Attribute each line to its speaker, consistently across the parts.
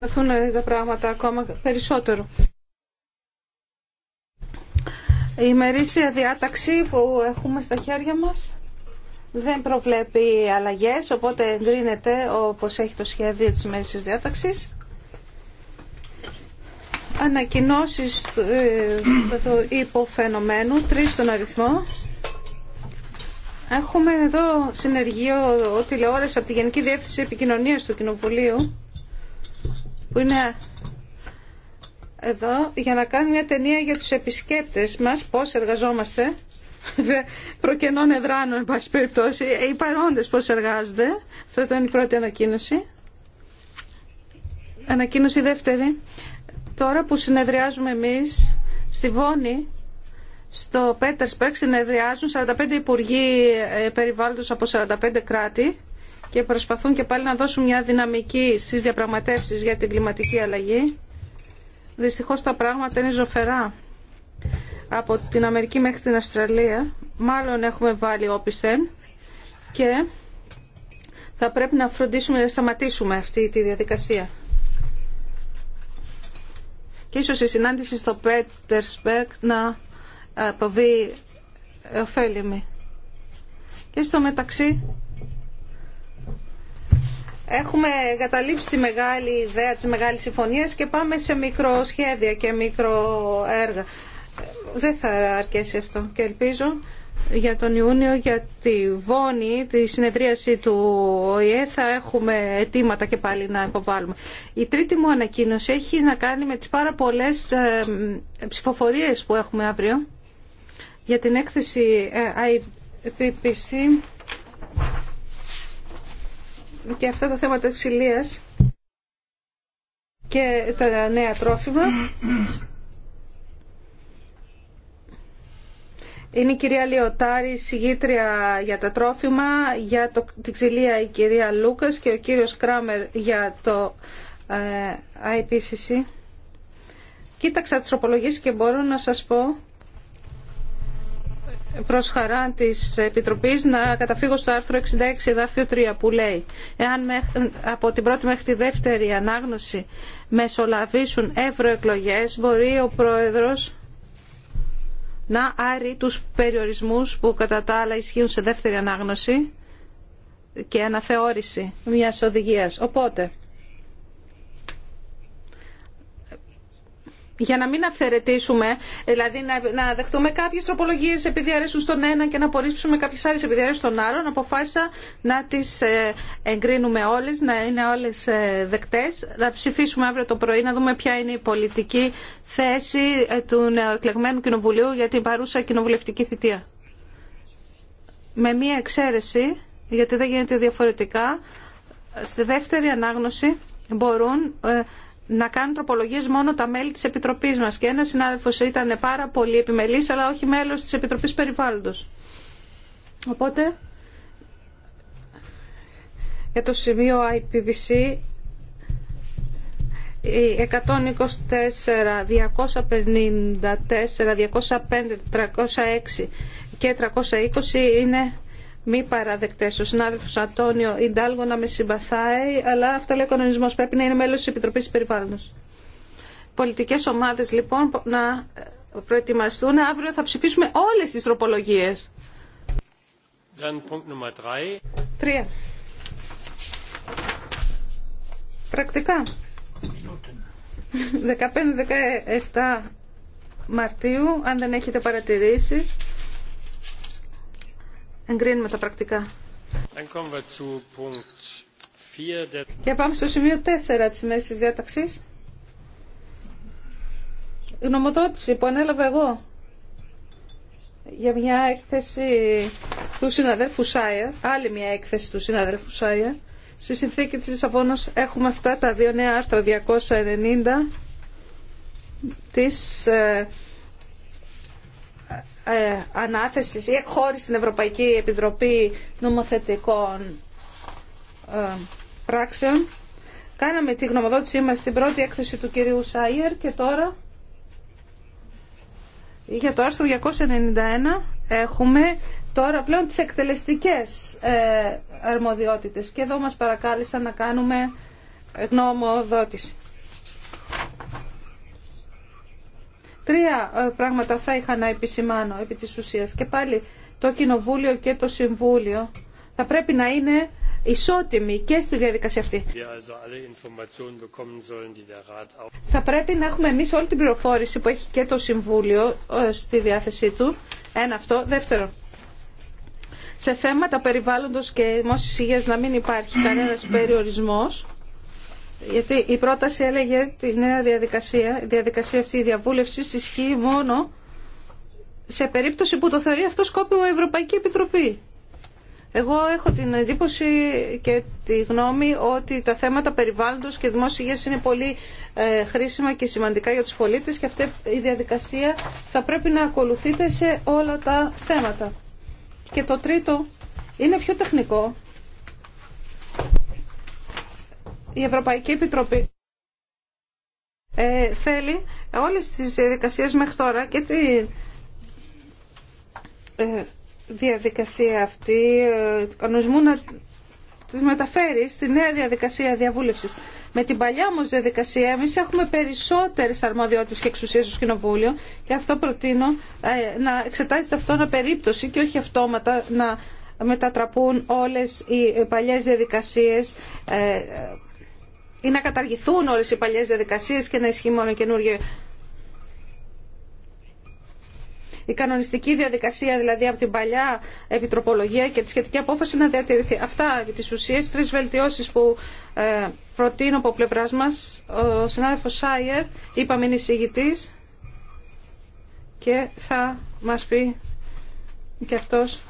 Speaker 1: βελτιωθούν ε, τα πράγματα ακόμα περισσότερο. Η ημερήσια διάταξη που έχουμε στα χέρια μας δεν προβλέπει αλλαγές, οπότε εγκρίνεται όπως έχει το σχέδιο της ημερήσιας διάταξης. Ανακοινώσεις του ε, υποφαινομένου, τρεις στον αριθμό. Έχουμε εδώ συνεργείο τηλεόραση από τη Γενική Διεύθυνση Επικοινωνίας του Κοινοβουλίου που είναι εδώ για να κάνουμε μια ταινία για τους επισκέπτες μας, πώς εργαζόμαστε, προκενών εδράνων, εν πάση περιπτώσει, οι παρόντες πώς εργάζονται. Αυτό ήταν η πρώτη ανακοίνωση. Ανακοίνωση δεύτερη. Τώρα που συνεδριάζουμε εμείς στη Βόνη, στο Πέτερσπερκ συνεδριάζουν 45 υπουργοί ε, περιβάλλοντος από 45 κράτη και προσπαθούν και πάλι να δώσουν μια δυναμική στις διαπραγματεύσεις για την κλιματική αλλαγή. Δυστυχώς τα πράγματα είναι ζωφερά από την Αμερική μέχρι την Αυστραλία. Μάλλον έχουμε βάλει όπισθεν και θα πρέπει να φροντίσουμε να σταματήσουμε αυτή τη διαδικασία. Και ίσως η συνάντηση στο Πέτερσπερκ να ε, αποβεί ωφέλιμη. Και στο μεταξύ έχουμε καταλήψει τη μεγάλη ιδέα της μεγάλης συμφωνίας και πάμε σε μικροσχέδια και μικροέργα. Δεν θα αρκέσει αυτό και ελπίζω για τον Ιούνιο για τη Βόνη, τη συνεδρίαση του ΟΗΕ θα έχουμε αιτήματα και πάλι να υποβάλουμε. Η τρίτη μου ανακοίνωση έχει να κάνει με τις πάρα πολλές ε, ψηφοφορίες που έχουμε αύριο για την έκθεση ε, IPPC και αυτά τα θέματα ξυλίας και τα νέα τρόφιμα. Είναι η κυρία Λιωτάρη, συγγήτρια για τα τρόφιμα, για το, την ξυλία η κυρία Λούκας και ο κύριος Κράμερ για το ε, IPCC. Κοίταξα τις τροπολογίες και μπορώ να σας πω προς χαρά της Επιτροπής να καταφύγω στο άρθρο 66 εδάφιο 3 που λέει εάν από την πρώτη μέχρι τη δεύτερη ανάγνωση μεσολαβήσουν ευρωεκλογές μπορεί ο Πρόεδρος να άρει τους περιορισμούς που κατά τα άλλα ισχύουν σε δεύτερη ανάγνωση και αναθεώρηση μια οδηγίας. Οπότε, για να μην αυθαιρετήσουμε, δηλαδή να, δεχτούμε κάποιες τροπολογίες επειδή αρέσουν στον ένα και να απορρίψουμε κάποιες άλλες επειδή αρέσουν στον άλλον, αποφάσισα να τις ε, εγκρίνουμε όλες, να είναι όλες ε, δεκτές. Θα ψηφίσουμε αύριο το πρωί να δούμε ποια είναι η πολιτική θέση ε, του νεοεκλεγμένου κοινοβουλίου για την παρούσα κοινοβουλευτική θητεία. Με μία εξαίρεση, γιατί δεν γίνεται διαφορετικά, στη δεύτερη ανάγνωση μπορούν να κάνουν τροπολογίες μόνο τα μέλη της Επιτροπής μας και ένα συνάδελφο ήταν πάρα πολύ επιμελής αλλά όχι μέλος της Επιτροπής Περιβάλλοντος. Οπότε για το σημείο IPVC οι 124, 254, 205, 306 και 320 είναι μη παραδεκτές. Ο συνάδελφος Αντώνιο Ιντάλγο να με συμπαθάει, αλλά αυτά λέει ο οικονομισμό Πρέπει να είναι μέλος τη Επιτροπή Περιβάλλοντος. Πολιτικέ ομάδε λοιπόν να ε, προετοιμαστούν. Αύριο θα ψηφίσουμε όλε τι τροπολογίε. Τρία. Πρακτικά. 15-17 Μαρτίου, αν δεν έχετε παρατηρήσεις. Εγκρίνουμε τα πρακτικά.
Speaker 2: Και πάμε στο σημείο
Speaker 1: 4 της ημέρης της διάταξης. Η γνωμοδότηση που ανέλαβα εγώ για μια έκθεση του συναδέλφου Σάιερ, άλλη μια έκθεση του συναδέλφου Σάιερ. Στη συνθήκη της Λισαβόνας έχουμε αυτά τα δύο νέα άρθρα 290 της ε, ε, ανάθεσης ή χώρις στην Ευρωπαϊκή Επιτροπή Νομοθετικών ε, Πράξεων. Κάναμε τη γνωμοδότησή μας στην πρώτη έκθεση του κυρίου Σάιερ και τώρα για το άρθρο 291 έχουμε τώρα πλέον τις εκτελεστικές ε, αρμοδιότητες και εδώ μας παρακάλεσαν να κάνουμε γνωμοδότηση. Τρία ε, πράγματα θα είχα να επισημάνω επί της ουσίας. Και πάλι το Κοινοβούλιο και το Συμβούλιο θα πρέπει να είναι ισότιμοι και στη διαδικασία αυτή. Θα πρέπει να έχουμε εμείς όλη την πληροφόρηση που έχει και το Συμβούλιο ε, στη διάθεσή του. Ένα αυτό. Δεύτερο, σε θέματα περιβάλλοντος και δημόσιας υγείας να μην υπάρχει κανένας περιορισμός γιατί η πρόταση έλεγε τη νέα διαδικασία, η διαδικασία αυτή η διαβούλευση ισχύει μόνο σε περίπτωση που το θεωρεί αυτό σκόπιμο η Ευρωπαϊκή Επιτροπή. Εγώ έχω την εντύπωση και τη γνώμη ότι τα θέματα περιβάλλοντος και δημόσιας είναι πολύ ε, χρήσιμα και σημαντικά για τους πολίτες και αυτή η διαδικασία θα πρέπει να ακολουθείται σε όλα τα θέματα. Και το τρίτο είναι πιο τεχνικό η Ευρωπαϊκή Επιτροπή ε, θέλει όλες τις διαδικασίες μέχρι τώρα και τη ε, διαδικασία αυτή ε, κανονισμού να τις μεταφέρει στη νέα διαδικασία διαβούλευσης. Με την παλιά όμω διαδικασία εμεί έχουμε περισσότερε αρμόδιότητες και εξουσίες στο Κοινοβούλιο και αυτό προτείνω ε, να εξετάζεται αυτό ένα περίπτωση και όχι αυτόματα να μετατραπούν όλες οι παλιές διαδικασίες ή να καταργηθούν όλες οι παλιές διαδικασίες και να ισχύει μόνο καινούργια. Η κανονιστική διαδικασία, δηλαδή από την παλιά επιτροπολογία και τη σχετική απόφαση να διατηρηθεί. Αυτά για τη ουσία, τρει βελτιώσει που ε, προτείνω από πλευρά μα. Ο συνάδελφο Σάιερ, είπαμε, είναι εισηγητή και θα μα πει και αυτός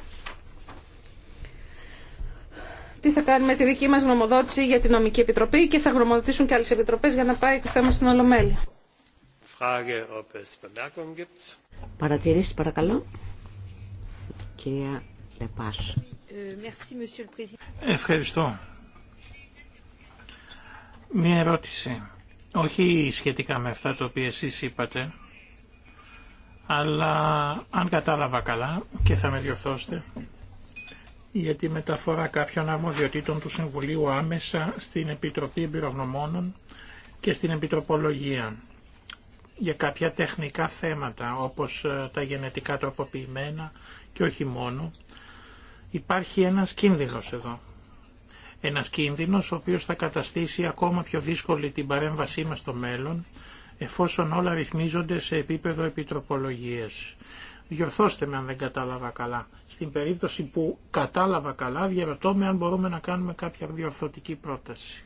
Speaker 1: τι θα κάνουμε τη δική μας γνωμοδότηση για την νομική επιτροπή και θα γνωμοδοτήσουν και άλλες επιτροπές για να πάει το θέμα
Speaker 2: στην Ολομέλεια.
Speaker 3: Παρατηρήσεις παρακαλώ. Κυρία Λεπάς.
Speaker 2: Ευχαριστώ. Μία ερώτηση. Όχι σχετικά με αυτά τα οποία εσείς είπατε, αλλά αν κατάλαβα καλά και θα με διορθώσετε, για τη μεταφορά κάποιων αρμοδιοτήτων του Συμβουλίου άμεσα στην Επιτροπή Εμπειρογνωμόνων και στην Επιτροπολογία για κάποια τεχνικά θέματα όπως ε, τα γενετικά τροποποιημένα και όχι μόνο. Υπάρχει ένας κίνδυνος εδώ. Ένας κίνδυνος ο οποίος θα καταστήσει ακόμα πιο δύσκολη την παρέμβασή μας στο μέλλον εφόσον όλα ρυθμίζονται σε επίπεδο επιτροπολογίας. Διορθώστε με αν δεν κατάλαβα καλά. Στην περίπτωση που κατάλαβα καλά, διαρωτώ με αν μπορούμε να κάνουμε κάποια διορθωτική πρόταση.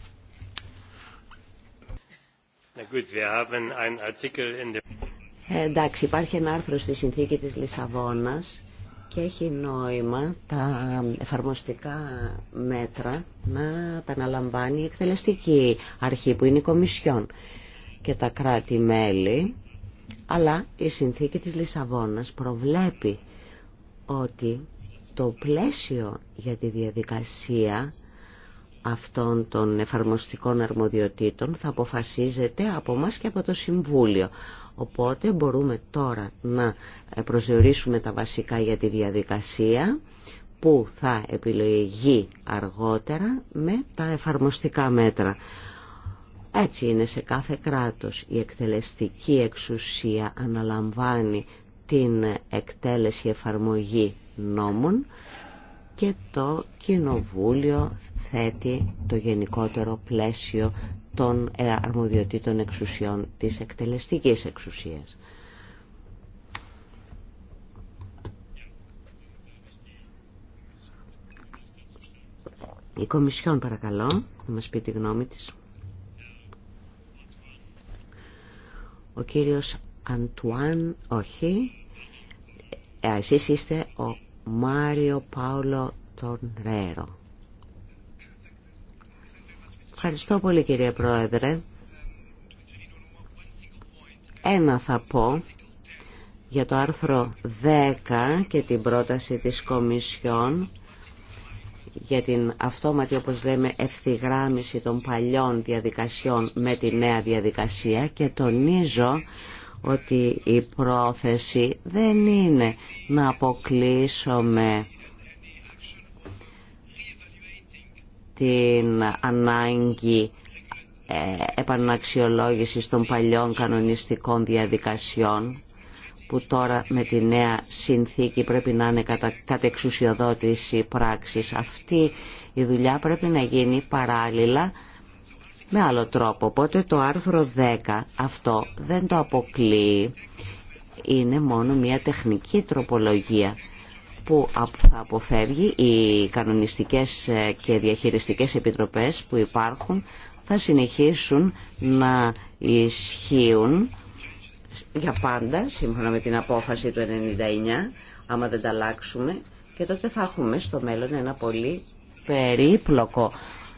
Speaker 3: Ε, εντάξει, υπάρχει ένα άρθρο στη συνθήκη της Λισαβόνας και έχει νόημα τα εφαρμοστικά μέτρα να τα αναλαμβάνει η εκτελεστική αρχή που είναι η Κομισιόν και τα κράτη-μέλη αλλά η συνθήκη της Λισαβόνας προβλέπει ότι το πλαίσιο για τη διαδικασία αυτών των εφαρμοστικών αρμοδιοτήτων θα αποφασίζεται από μας και από το Συμβούλιο. Οπότε μπορούμε τώρα να προσδιορίσουμε τα βασικά για τη διαδικασία που θα επιλογεί αργότερα με τα εφαρμοστικά μέτρα. Έτσι είναι σε κάθε κράτος. Η εκτελεστική εξουσία αναλαμβάνει την εκτέλεση εφαρμογή νόμων και το Κοινοβούλιο θέτει το γενικότερο πλαίσιο των ε, αρμοδιοτήτων εξουσιών της εκτελεστικής εξουσίας. Η Κομισιόν παρακαλώ να μας πει τη γνώμη της. Ο κύριος Αντουάν, όχι. Ε, εσείς είστε ο Μάριο Παύλο Τονρέρο. Ευχαριστώ πολύ κύριε Πρόεδρε. Ένα θα πω για το άρθρο 10 και την πρόταση της Κομισιόν για την αυτόματη, όπως λέμε, ευθυγράμμιση των παλιών διαδικασιών με τη νέα διαδικασία και τονίζω ότι η πρόθεση δεν είναι να αποκλείσουμε την ανάγκη ε, επαναξιολόγησης των παλιών κανονιστικών διαδικασιών που τώρα με τη νέα συνθήκη πρέπει να είναι κατα, κατεξουσιοδότηση πράξης. Αυτή η δουλειά πρέπει να γίνει παράλληλα με άλλο τρόπο. Οπότε το άρθρο 10 αυτό δεν το αποκλείει. Είναι μόνο μια τεχνική τροπολογία που θα αποφεύγει οι κανονιστικές ε, και διαχειριστικές επιτροπές που υπάρχουν θα συνεχίσουν να ισχύουν για πάντα, σύμφωνα με την απόφαση του 99, άμα δεν τα αλλάξουμε, και τότε θα έχουμε στο μέλλον ένα πολύ περίπλοκο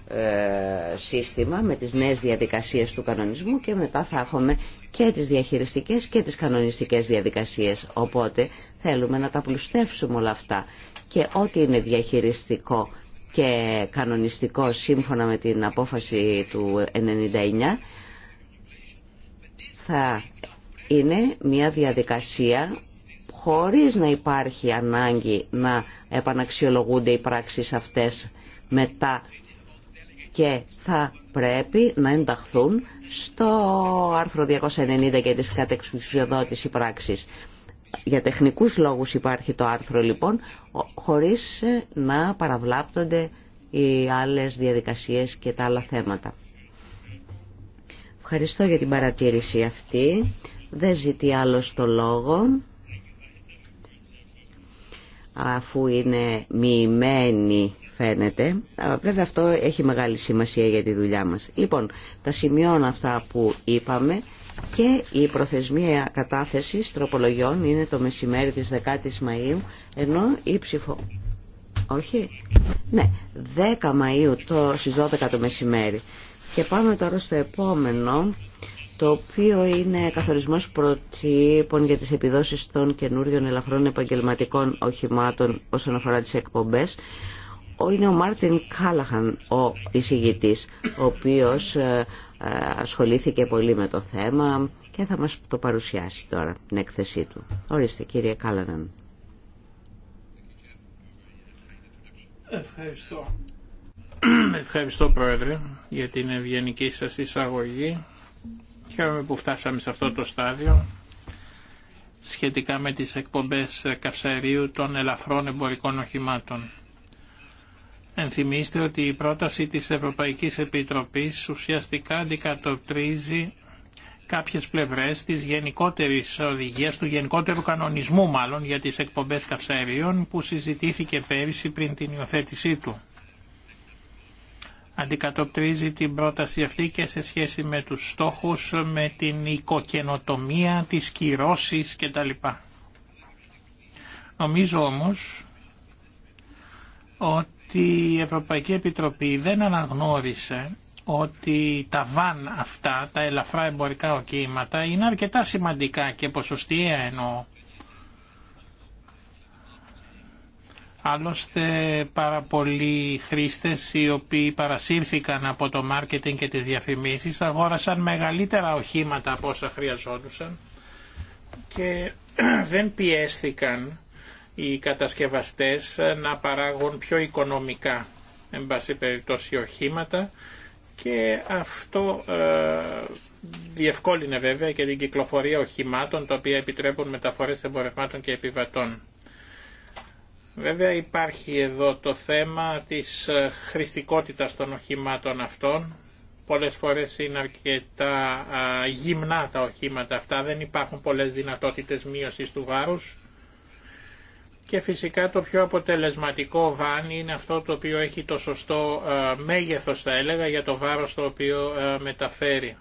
Speaker 3: ε, σύστημα με τις νέες διαδικασίες του κανονισμού και μετά θα έχουμε και τις διαχειριστικές και τις κανονιστικές διαδικασίες. Οπότε θέλουμε να τα πλουστεύσουμε όλα αυτά και ό,τι είναι διαχειριστικό και κανονιστικό σύμφωνα με την απόφαση του 99 θα είναι μια διαδικασία χωρίς να υπάρχει ανάγκη να επαναξιολογούνται οι πράξεις αυτές μετά και θα πρέπει να ενταχθούν στο άρθρο 290 για τις κατεξουσιοδότηση πράξης. Για τεχνικούς λόγους υπάρχει το άρθρο λοιπόν, χωρίς ε, να παραβλάπτονται οι άλλες διαδικασίες και τα άλλα θέματα. Ευχαριστώ για την παρατήρηση αυτή. Δεν ζητεί άλλο το λόγο. Αφού είναι μοιημένη φαίνεται. Βέβαια αυτό έχει μεγάλη σημασία για τη δουλειά μας. Λοιπόν, τα σημειώνω αυτά που είπαμε και η προθεσμία κατάθεση τροπολογιών είναι το μεσημέρι της 10ης Μαΐου, ενώ η ψηφο... Όχι, ναι, 10 Μαΐου το, στις 12 το μεσημέρι. Και πάμε τώρα στο επόμενο το οποίο είναι καθορισμός προτύπων για τις επιδόσεις των καινούριων ελαφρών επαγγελματικών οχημάτων όσον αφορά τις εκπομπές. Είναι ο Μάρτιν Κάλαχαν ο εισηγητής, ο οποίος ε, ε, ασχολήθηκε πολύ με το θέμα και θα μας το παρουσιάσει τώρα την έκθεσή του. Ορίστε κύριε Κάλαχαν.
Speaker 2: Ευχαριστώ. Ευχαριστώ Πρόεδρε για την ευγενική σας εισαγωγή Χαίρομαι που φτάσαμε σε αυτό το στάδιο σχετικά με τις εκπομπές καυσαερίου των ελαφρών εμπορικών οχημάτων. Ενθυμίστε ότι η πρόταση της Ευρωπαϊκής Επιτροπής ουσιαστικά αντικατοπτρίζει κάποιες πλευρές της γενικότερης οδηγίας, του γενικότερου κανονισμού μάλλον για τις εκπομπές καυσαερίων που συζητήθηκε πέρυσι πριν την υιοθέτησή του αντικατοπτρίζει την πρόταση αυτή και σε σχέση με τους στόχους, με την οικοκαινοτομία, τις κυρώσεις κτλ. Νομίζω όμως ότι η Ευρωπαϊκή Επιτροπή δεν αναγνώρισε ότι τα βαν αυτά, τα ελαφρά εμπορικά οχήματα, είναι αρκετά σημαντικά και ποσοστιαία εννοώ Άλλωστε πάρα πολλοί χρήστες οι οποίοι παρασύρθηκαν από το μάρκετινγκ και τις διαφημίσεις αγόρασαν μεγαλύτερα οχήματα από όσα χρειαζόντουσαν και δεν πιέστηκαν οι κατασκευαστές να παράγουν πιο οικονομικά εν πάση περιπτώσει οχήματα και αυτό ε, διευκόλυνε βέβαια και την κυκλοφορία οχημάτων τα οποία επιτρέπουν μεταφορές εμπορευμάτων και επιβατών. Βέβαια υπάρχει εδώ το θέμα της ε, χρηστικότητας των οχημάτων αυτών. Πολλές φορές είναι αρκετά γυμνά τα οχήματα αυτά, δεν υπάρχουν πολλές δυνατότητες μείωσης του βάρους. Και φυσικά το πιο αποτελεσματικό βάν είναι αυτό το οποίο έχει το σωστό μέγεθος θα έλεγα για το βάρος το οποίο μεταφέρει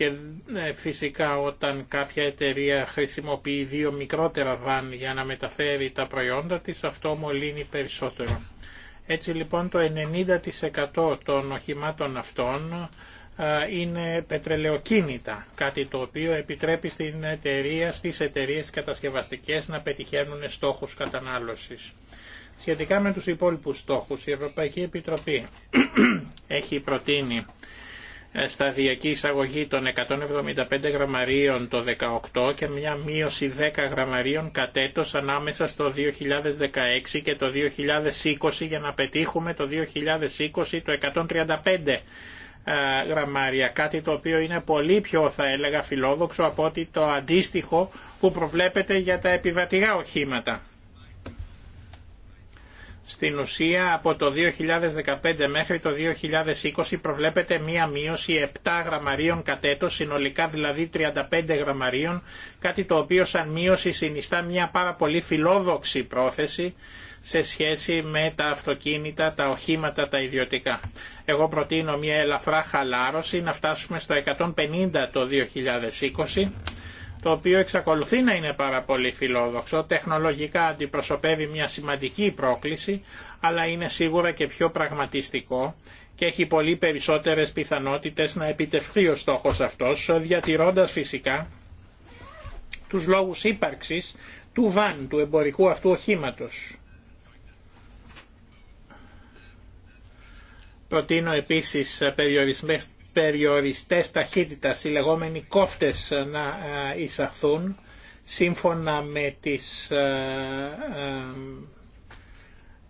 Speaker 2: και ναι, φυσικά όταν κάποια εταιρεία χρησιμοποιεί δύο μικρότερα βαν για να μεταφέρει τα προϊόντα της, αυτό μολύνει περισσότερο. Έτσι λοιπόν το 90% των οχημάτων αυτών ε, είναι πετρελαιοκίνητα, κάτι το οποίο επιτρέπει στην εταιρεία, στις εταιρείες κατασκευαστικές να πετυχαίνουν στόχους κατανάλωσης. Σχετικά με τους υπόλοιπους στόχους, η Ευρωπαϊκή Επιτροπή έχει προτείνει ε, σταδιακή εισαγωγή των 175 γραμμαρίων το 2018 και μια μείωση 10 γραμμαρίων κατέτος ανάμεσα στο 2016 και το 2020 για να πετύχουμε το 2020 το 135 ε, γραμμάρια, κάτι το οποίο είναι πολύ πιο θα έλεγα φιλόδοξο από ότι το αντίστοιχο που προβλέπεται για τα επιβατικά οχήματα. Στην ουσία από το 2015 μέχρι το 2020 προβλέπεται μία μείωση 7 γραμμαρίων κατέτος, συνολικά δηλαδή 35 γραμμαρίων, κάτι το οποίο σαν μείωση συνιστά μία πάρα πολύ φιλόδοξη πρόθεση σε σχέση με τα αυτοκίνητα, τα οχήματα, τα ιδιωτικά. Εγώ προτείνω μία ελαφρά χαλάρωση να φτάσουμε στο 150 το 2020 το οποίο εξακολουθεί να είναι πάρα πολύ φιλόδοξο, τεχνολογικά αντιπροσωπεύει μια σημαντική πρόκληση, αλλά είναι σίγουρα και πιο πραγματιστικό και έχει πολύ περισσότερες πιθανότητες να επιτευχθεί ο στόχος αυτός, διατηρώντας φυσικά τους λόγους ύπαρξης του βαν, του εμπορικού αυτού οχήματος. Προτείνω επίσης περιορισμένες περιοριστές ταχύτητας, οι λεγόμενοι κόφτες ε, να ε, εισαχθούν σύμφωνα με, τις, ε,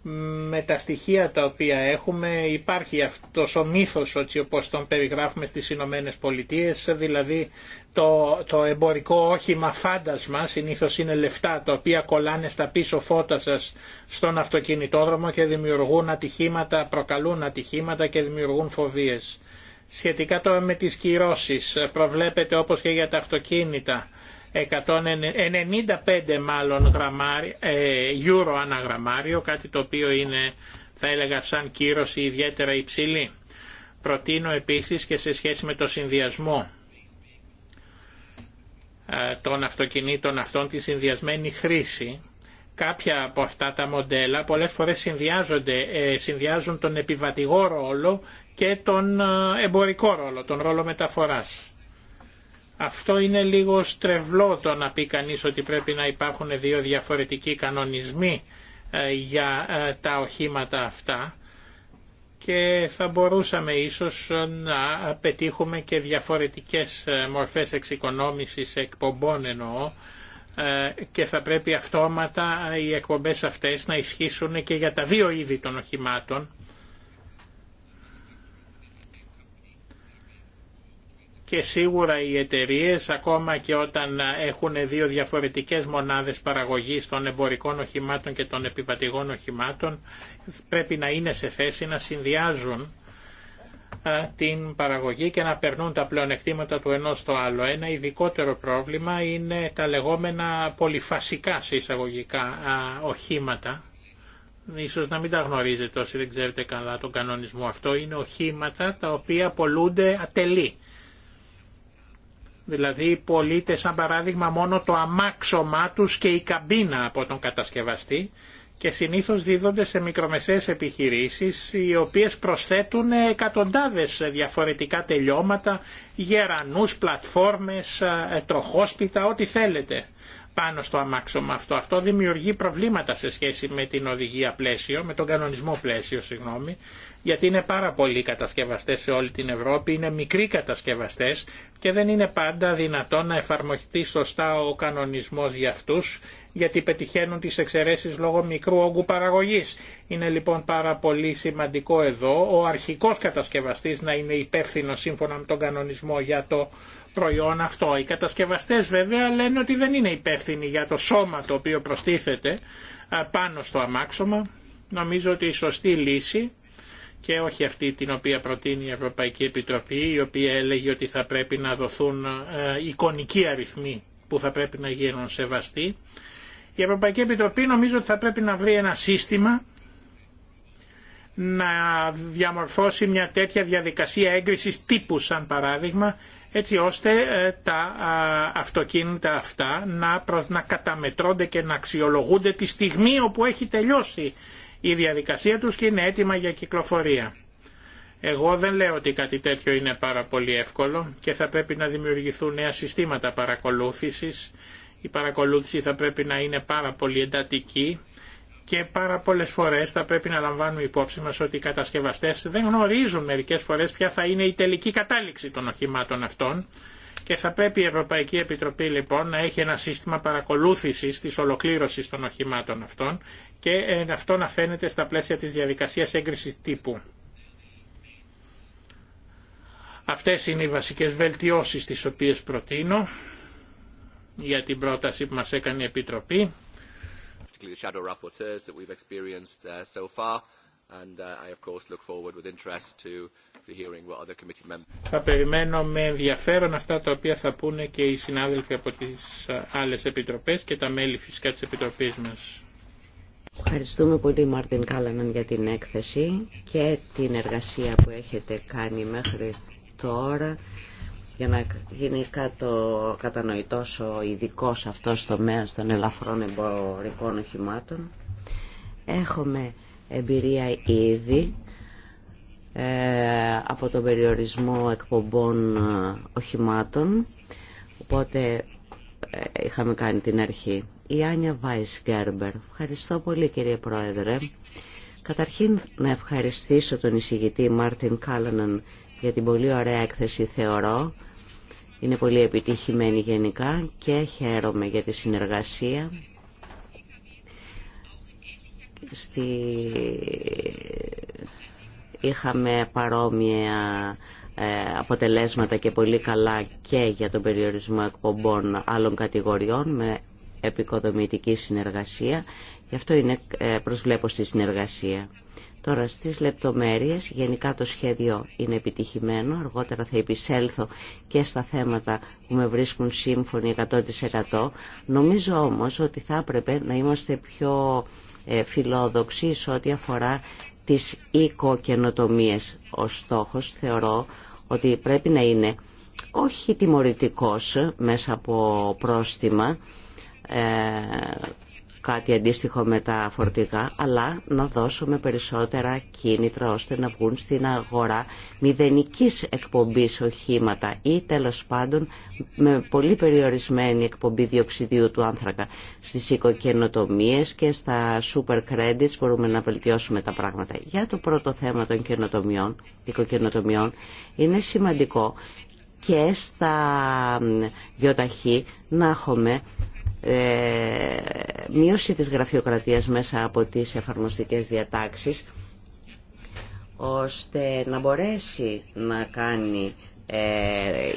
Speaker 2: με τα στοιχεία τα οποία έχουμε υπάρχει αυτός ο μύθος ότι όπως τον περιγράφουμε στις Ηνωμένε Πολιτείες δηλαδή το, το εμπορικό όχημα φάντασμα συνήθως είναι λεφτά τα οποία κολλάνε στα πίσω φώτα σας στον αυτοκινητόδρομο και δημιουργούν ατυχήματα, προκαλούν ατυχήματα και δημιουργούν φοβίες Σχετικά τώρα με τις κυρώσεις, προβλέπεται όπως και για τα αυτοκίνητα 195 μάλλον γραμμάρι, ε, euro αναγραμμάριο, κάτι το οποίο είναι θα έλεγα σαν κύρωση ιδιαίτερα υψηλή. Προτείνω επίσης και σε σχέση με το συνδυασμό ε, των αυτοκινήτων αυτών τη συνδυασμένη χρήση. Κάποια από αυτά τα μοντέλα πολλές φορές ε, συνδυάζουν τον επιβατηγό ρόλο και τον ε, εμπορικό ρόλο, τον ρόλο μεταφοράς. Αυτό είναι λίγο στρεβλό το να πει κανείς ότι πρέπει να υπάρχουν δύο διαφορετικοί κανονισμοί ε, για ε, τα οχήματα αυτά και θα μπορούσαμε ίσως να πετύχουμε και διαφορετικές μορφές εξοικονόμησης εκπομπών εννοώ και θα πρέπει αυτόματα οι εκπομπές αυτές να ισχύσουν και για τα δύο είδη των οχημάτων και σίγουρα οι εταιρείε, ακόμα και όταν έχουν δύο διαφορετικές μονάδες παραγωγής των εμπορικών οχημάτων και των επιβατηγών οχημάτων, πρέπει να είναι σε θέση να συνδυάζουν την παραγωγή και να περνούν τα πλεονεκτήματα του ενός στο άλλο. Ένα ειδικότερο πρόβλημα είναι τα λεγόμενα πολυφασικά σε εισαγωγικά οχήματα. Ίσως να μην τα γνωρίζετε όσοι δεν ξέρετε καλά τον κανονισμό αυτό. Είναι οχήματα τα οποία πολλούνται ατελεί Δηλαδή οι πολίτες σαν παράδειγμα μόνο το αμάξωμά τους και η καμπίνα από τον κατασκευαστή και συνήθως δίδονται σε μικρομεσαίες επιχειρήσεις οι οποίες προσθέτουν εκατοντάδες διαφορετικά τελειώματα, γερανούς, πλατφόρμες, ε, τροχόσπιτα, ό,τι θέλετε πάνω στο αμάξωμα αυτό. Αυτό δημιουργεί προβλήματα σε σχέση με την οδηγία πλαίσιο, με τον κανονισμό πλαίσιο, συγγνώμη, γιατί είναι πάρα πολλοί κατασκευαστές σε όλη την Ευρώπη, είναι μικροί κατασκευαστές και δεν είναι πάντα δυνατό να εφαρμοστεί σωστά ο κανονισμός για αυτούς, γιατί πετυχαίνουν τις εξαιρέσεις λόγω μικρού όγκου παραγωγής. Είναι λοιπόν πάρα πολύ σημαντικό εδώ ο αρχικός κατασκευαστής να είναι υπεύθυνο σύμφωνα με τον κανονισμό για το προϊόν αυτό. Οι κατασκευαστές βέβαια λένε ότι δεν είναι υπεύθυνοι για το σώμα το οποίο προστίθεται πάνω στο αμάξωμα. Νομίζω ότι η σωστή λύση και όχι αυτή την οποία προτείνει η Ευρωπαϊκή Επιτροπή, η οποία έλεγε ότι θα πρέπει να δοθούν ε, εικονικοί αριθμοί που θα πρέπει να γίνουν σεβαστοί. Η Ευρωπαϊκή Επιτροπή νομίζω ότι θα πρέπει να βρει ένα σύστημα να διαμορφώσει μια τέτοια διαδικασία έγκρισης τύπου σαν παράδειγμα έτσι ώστε ε, τα αυτοκίνητα αυτά να, να καταμετρώνται και να αξιολογούνται τη στιγμή όπου έχει τελειώσει η διαδικασία τους και είναι έτοιμα για κυκλοφορία. Εγώ δεν λέω ότι κάτι τέτοιο είναι πάρα πολύ εύκολο και θα πρέπει να δημιουργηθούν νέα συστήματα παρακολούθησης. Η παρακολούθηση θα πρέπει να είναι πάρα πολύ εντατική και πάρα πολλές φορές θα πρέπει να λαμβάνουμε υπόψη μας ότι οι κατασκευαστές δεν γνωρίζουν μερικές φορές ποια θα είναι η τελική κατάληξη των οχημάτων αυτών και θα πρέπει η Ευρωπαϊκή Επιτροπή λοιπόν να έχει ένα σύστημα παρακολούθησης της ολοκλήρωσης των οχημάτων αυτών και ε, αυτό να φαίνεται στα πλαίσια της διαδικασίας έγκρισης τύπου. Αυτές είναι οι βασικές βελτιώσεις τις οποίες προτείνω για την πρόταση που μας έκανε η Επιτροπή. Θα περιμένω με ενδιαφέρον αυτά τα οποία θα πούνε και οι συνάδελφοι από τις ε, άλλες επιτροπές και τα μέλη φυσικά της επιτροπής μας.
Speaker 3: Ευχαριστούμε πολύ Μάρτιν Κάλλαναν για την έκθεση και την εργασία που έχετε κάνει μέχρι τώρα για να γίνει κάτω κατανοητός ο ειδικό αυτός τομέας των ελαφρών εμπορικών οχημάτων. Έχουμε εμπειρία ήδη ε, από τον περιορισμό εκπομπών ε, οχημάτων οπότε ε, είχαμε κάνει την αρχή η Άνια Βάις Γκέρμπερ ευχαριστώ πολύ κύριε Πρόεδρε καταρχήν να ευχαριστήσω τον εισηγητή Μάρτιν Κάλλαναν για την πολύ ωραία έκθεση θεωρώ είναι πολύ επιτυχημένη γενικά και χαίρομαι για τη συνεργασία στη... είχαμε παρόμοια ε, αποτελέσματα και πολύ καλά και για τον περιορισμό εκπομπών άλλων κατηγοριών με επικοδομητική συνεργασία. Γι' αυτό είναι ε, προσβλέπω στη συνεργασία. Τώρα στις λεπτομέρειες, γενικά το σχέδιο είναι επιτυχημένο, αργότερα θα επισέλθω και στα θέματα που με βρίσκουν σύμφωνοι 100%. Νομίζω όμως ότι θα έπρεπε να είμαστε πιο ε, φιλόδοξη σε ό,τι αφορά τις οικοκαινοτομίες. Ο στόχος θεωρώ ότι πρέπει να είναι όχι τιμωρητικός μέσα από πρόστιμα ε, κάτι αντίστοιχο με τα φορτηγά, αλλά να δώσουμε περισσότερα κίνητρα ώστε να βγουν στην αγορά μηδενικής εκπομπής οχήματα ή τέλος πάντων με πολύ περιορισμένη εκπομπή διοξιδίου του άνθρακα. Στις οικοκαινοτομίες και στα super credits μπορούμε να βελτιώσουμε τα πράγματα. Για το πρώτο θέμα των οικοκαινοτομιών είναι σημαντικό και στα βιοταχή να έχουμε ε, μείωση της γραφειοκρατίας μέσα από τις εφαρμοστικές διατάξεις ώστε να μπορέσει να κάνει ε,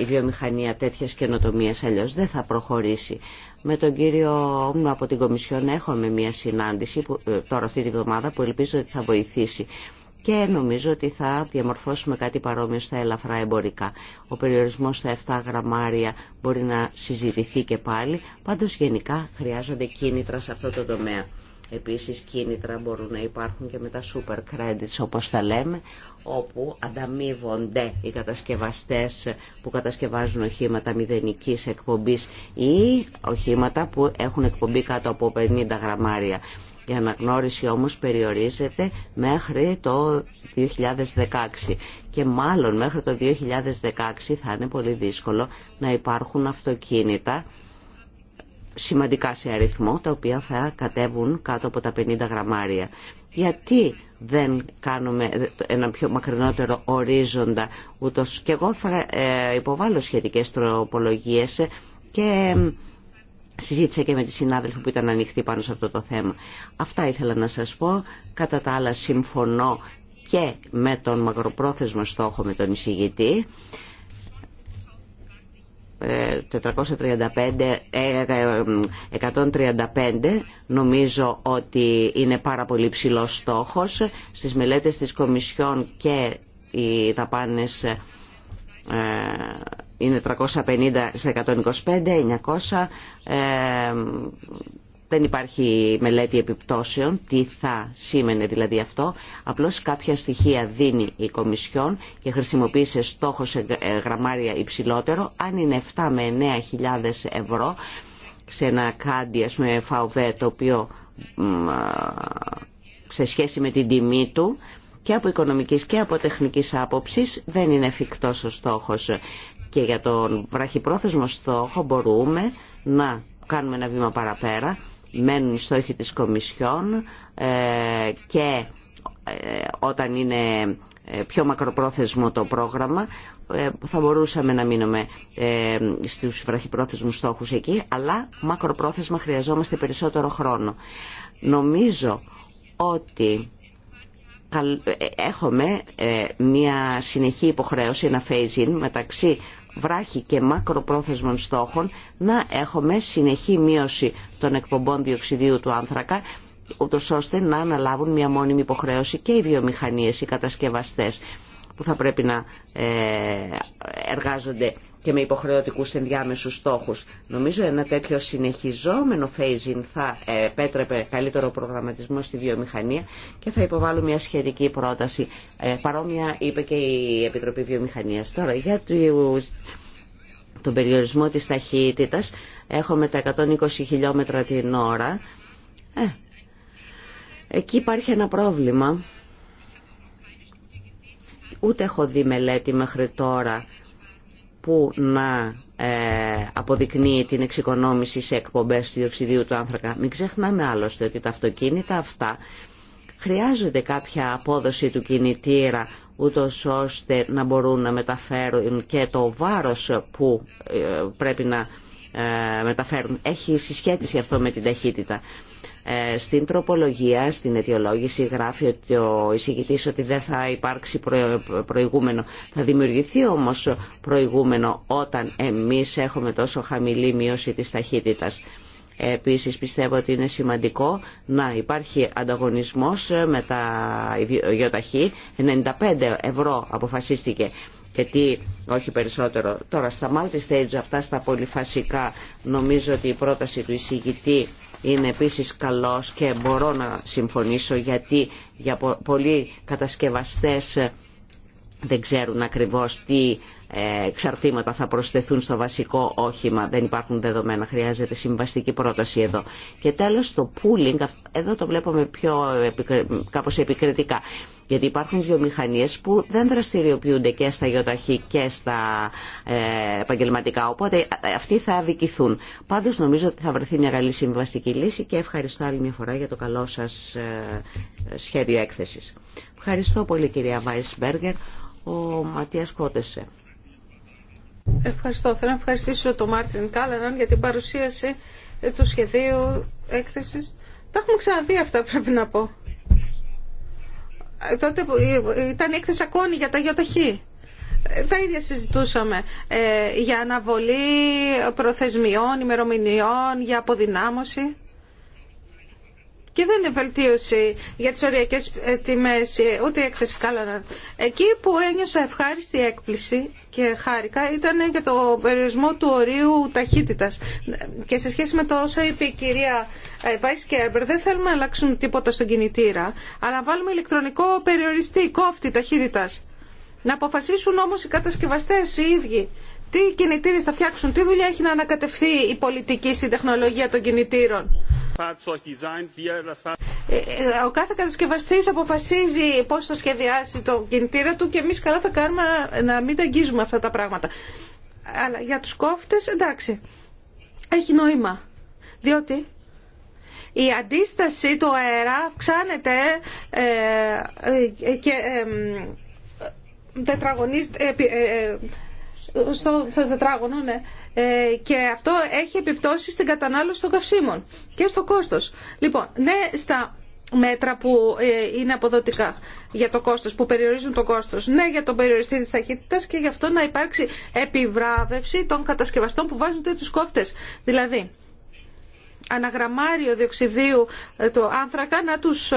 Speaker 3: η βιομηχανία τέτοιες καινοτομίες αλλιώς δεν θα προχωρήσει. Με τον κύριο Όμνο από την Κομισιόν έχουμε μια συνάντηση ε, τώρα αυτή τη βδομάδα που ελπίζω ότι θα βοηθήσει και νομίζω ότι θα διαμορφώσουμε κάτι παρόμοιο στα ελαφρά εμπορικά. Ο περιορισμός στα 7 γραμμάρια μπορεί να συζητηθεί και πάλι, πάντως γενικά χρειάζονται κίνητρα σε αυτό το τομέα. Επίσης κίνητρα μπορούν να υπάρχουν και με τα super credits όπως τα λέμε, όπου ανταμείβονται οι κατασκευαστές που κατασκευάζουν οχήματα μηδενικής εκπομπής ή οχήματα που έχουν εκπομπή κάτω από 50 γραμμάρια. Η αναγνώριση όμως περιορίζεται μέχρι το 2016 και μάλλον μέχρι το 2016 θα είναι πολύ δύσκολο να υπάρχουν αυτοκίνητα σημαντικά σε αριθμό τα οποία θα κατέβουν κάτω από τα 50 γραμμάρια. Γιατί δεν κάνουμε ένα πιο μακρινότερο ορίζοντα ούτως και εγώ θα ε, υποβάλω σχετικές τροπολογίες και Συζήτησα και με τη συνάδελφη που ήταν ανοιχτή πάνω σε αυτό το θέμα. Αυτά ήθελα να σας πω. Κατά τα άλλα συμφωνώ και με τον μακροπρόθεσμο στόχο με τον εισηγητή. 435, ε, 135 ε, ε, νομίζω ότι είναι πάρα πολύ ψηλός στόχος στις μελέτες της Κομισιόν και οι δαπάνες είναι 350 σε 125, 900. Ε, δεν υπάρχει μελέτη επιπτώσεων, τι θα σήμαινε δηλαδή αυτό. Απλώς κάποια στοιχεία δίνει η Κομισιόν και χρησιμοποιεί σε στόχο σε ε, γραμμάρια υψηλότερο. Αν είναι 7 με 9.000 ευρώ σε ένα κάντι, ας πούμε, το οποίο σε σχέση με την τιμή του και από οικονομικής και από τεχνικής άποψης δεν είναι εφικτός ο στόχος και για τον βραχυπρόθεσμο στόχο μπορούμε να κάνουμε ένα βήμα παραπέρα. Μένουν οι στόχοι της Κομισιόν ε, και ε, όταν είναι ε, πιο μακροπρόθεσμο το πρόγραμμα θα μπορούσαμε να μείνουμε στους βραχυπρόθεσμους στόχους εκεί αλλά μακροπρόθεσμα χρειαζόμαστε περισσότερο χρόνο. Νομίζω ότι έχουμε μια συνεχή υποχρέωση, ένα phase-in μεταξύ βράχη και μακροπρόθεσμων στόχων να έχουμε συνεχή μείωση των εκπομπών διοξιδίου του άνθρακα ούτως ώστε να αναλάβουν μια μόνιμη υποχρέωση και οι βιομηχανίες, οι κατασκευαστές που θα πρέπει να ε, εργάζονται και με υποχρεωτικούς ενδιάμεσους στόχους. Νομίζω ένα τέτοιο συνεχιζόμενο phasing θα ε, επέτρεπε καλύτερο προγραμματισμό στη βιομηχανία και θα υποβάλω μια σχετική πρόταση. Ε, παρόμοια είπε και η Επιτροπή Βιομηχανίας. Τώρα για τον περιορισμό της ταχύτητας έχουμε τα 120 χιλιόμετρα την ώρα. Ε, εκεί υπάρχει ένα πρόβλημα. Ούτε έχω δει μελέτη μέχρι τώρα που να ε, αποδεικνύει την εξοικονόμηση σε εκπομπές του διοξιδίου του άνθρακα. Μην ξεχνάμε άλλωστε ότι τα αυτοκίνητα αυτά χρειάζονται κάποια απόδοση του κινητήρα ούτω ώστε να μπορούν να μεταφέρουν και το βάρος που ε, πρέπει να ε, μεταφέρουν. Έχει συσχέτιση αυτό με την ταχύτητα. Ε, στην τροπολογία, στην αιτιολόγηση γράφει ότι ο εισηγητής ότι δεν θα υπάρξει προηγούμενο. Θα δημιουργηθεί όμως προηγούμενο όταν εμείς έχουμε τόσο χαμηλή μείωση της ταχύτητας. Επίσης πιστεύω ότι είναι σημαντικό να υπάρχει ανταγωνισμός με τα ιδιοταχή. 95 ευρώ αποφασίστηκε και τι όχι περισσότερο. Τώρα στα multi αυτά στα πολυφασικά νομίζω ότι η πρόταση του εισηγητή είναι επίσης καλός και μπορώ να συμφωνήσω γιατί για πολλοί κατασκευαστές ε, δεν ξέρουν ακριβώς τι ε, εξαρτήματα θα προσθεθούν στο βασικό όχημα. Δεν υπάρχουν δεδομένα, χρειάζεται συμβαστική πρόταση εδώ. Και τέλος το pooling, εδώ το βλέπουμε πιο, κάπως επικριτικά. Γιατί υπάρχουν βιομηχανίε που δεν δραστηριοποιούνται και στα γεωταχή και στα ε, επαγγελματικά. Οπότε ε, ε, αυτοί θα αδικηθούν. Πάντως νομίζω ότι θα βρεθεί μια καλή συμβαστική λύση και ευχαριστώ άλλη μια φορά για το καλό σας ε, σχέδιο έκθεσης. Ευχαριστώ πολύ κυρία Βάισμπεργκερ. Ο Ματίας Κότεσε.
Speaker 1: Ευχαριστώ. Θέλω να ευχαριστήσω τον Μάρτιν Κάλαναν για την παρουσίαση του σχεδίου έκθεσης. Τα έχουμε ξαναδεί αυτά πρέπει να πω τότε ε, ήταν η έκθεση ακόμη για τα ΙΟΤΑΧΗ. Ε, τα ίδια συζητούσαμε ε, για αναβολή προθεσμιών, ημερομηνιών, για αποδυνάμωση και δεν είναι βελτίωση για τις οριακές ε, τιμές ε, ούτε η έκθεση Κάλαναν. Εκεί που ένιωσα ευχάριστη έκπληση και χάρηκα ήταν για το περιορισμό του ορίου ταχύτητας. Και σε σχέση με το όσα είπε η κυρία ε, Βάις Κέρμπερ, δεν θέλουμε να αλλάξουν τίποτα στον κινητήρα, αλλά να βάλουμε ηλεκτρονικό περιοριστή, κόφτη ταχύτητας. Να αποφασίσουν όμως οι κατασκευαστές οι ίδιοι τι κινητήρες θα φτιάξουν, τι δουλειά έχει να ανακατευθεί η πολιτική στην τεχνολογία των κινητήρων ε, ε, ο κάθε κατασκευαστή αποφασίζει πώς θα σχεδιάσει το κινητήρα του και εμεί καλά θα κάνουμε να μην τα αγγίζουμε αυτά τα πράγματα. Αλλά για τους κόφτες εντάξει, έχει νόημα. Διότι η αντίσταση του αέρα αυξάνεται ε, και τετραγωνίζεται στο τετράγωνο, ναι. Ε, και αυτό έχει επιπτώσει στην κατανάλωση των καυσίμων και στο κόστος. Λοιπόν, ναι στα μέτρα που ε, είναι αποδοτικά για το κόστος, που περιορίζουν το κόστος. Ναι για τον περιοριστή της ταχύτητας και γι' αυτό να υπάρξει επιβράβευση των κατασκευαστών που βάζουν τους κόφτες. Δηλαδή, αναγραμμάριο διοξιδίου ε, του άνθρακα να τους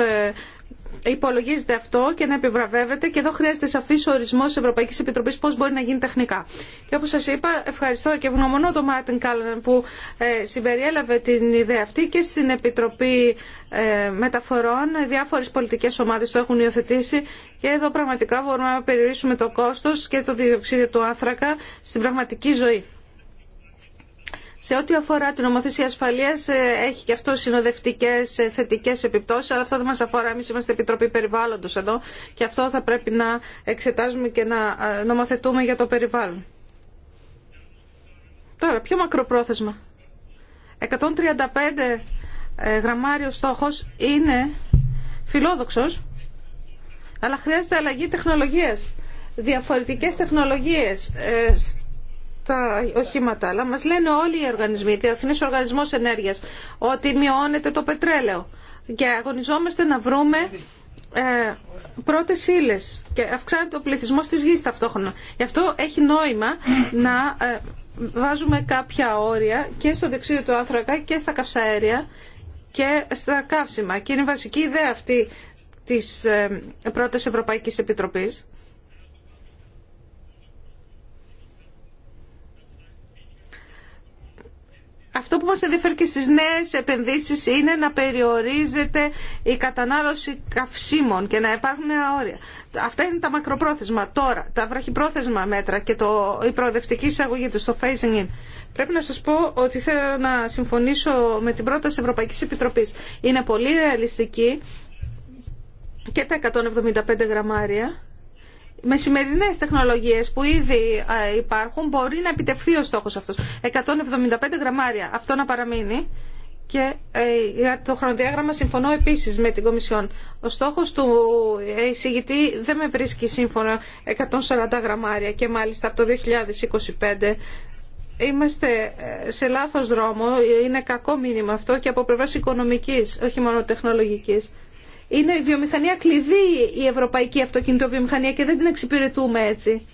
Speaker 1: υπολογίζεται αυτό και να επιβραβεύεται και εδώ χρειάζεται σαφής ορισμός της Ευρωπαϊκής Επιτροπής πώς μπορεί να γίνει τεχνικά. Και όπως σας είπα, ευχαριστώ και ευγνωμονώ τον Μάρτιν Κάλλεν που ε, συμπεριέλαβε την ιδέα αυτή και στην Επιτροπή ε, Μεταφορών. διάφορες πολιτικές ομάδες το έχουν υιοθετήσει και εδώ πραγματικά μπορούμε να περιορίσουμε το κόστος και το διοξίδιο του άνθρακα στην πραγματική ζωή. Σε ό,τι αφορά την νομοθεσία ασφαλεία, ε, έχει και αυτό συνοδευτικέ ε, θετικέ επιπτώσει, αλλά αυτό δεν μα αφορά. Εμεί είμαστε Επιτροπή Περιβάλλοντο εδώ και αυτό θα πρέπει να εξετάζουμε και να ε, νομοθετούμε για το περιβάλλον. Τώρα, πιο μακροπρόθεσμα. 135 γραμμάριο στόχος είναι φιλόδοξος, αλλά χρειάζεται αλλαγή τεχνολογίας, διαφορετικές τεχνολογίες τα οχήματα, αλλά μας λένε όλοι οι οργανισμοί, Διεθνής Οργανισμός Ενέργειας, ότι μειώνεται το πετρέλαιο και αγωνιζόμαστε να βρούμε ε, πρώτες και αυξάνεται ο πληθυσμός της γης ταυτόχρονα. Γι' αυτό έχει νόημα να ε, βάζουμε κάποια όρια και στο δεξίδιο του άνθρακα και στα καυσαέρια και στα καύσιμα. Και είναι η βασική ιδέα αυτή της ε, πρώτης Ευρωπαϊκής Επιτροπής αυτό που μας ενδιαφέρει και στις νέες επενδύσεις είναι να περιορίζεται η κατανάλωση καυσίμων και να υπάρχουν νέα όρια. Αυτά είναι τα μακροπρόθεσμα. Τώρα, τα βραχυπρόθεσμα μέτρα και το, η προοδευτική εισαγωγή του, το phasing in. Πρέπει να σας πω ότι θέλω να συμφωνήσω με την πρόταση Ευρωπαϊκής Επιτροπής. Είναι πολύ ρεαλιστική και τα 175 γραμμάρια με σημερινέ τεχνολογίε που ήδη ε, υπάρχουν μπορεί να επιτευχθεί ο στόχο αυτό. 175 γραμμάρια. Αυτό να παραμείνει. Και ε, για το χρονοδιάγραμμα συμφωνώ επίση με την Κομισιόν. Ο στόχο του ε, εισηγητή δεν με βρίσκει σύμφωνα 140 γραμμάρια και μάλιστα από το 2025 είμαστε σε λάθος δρόμο, είναι κακό μήνυμα αυτό και από πλευράς οικονομικής, όχι μόνο τεχνολογικής είναι η βιομηχανία κλειδί η ευρωπαϊκή αυτοκινητοβιομηχανία και δεν την εξυπηρετούμε έτσι.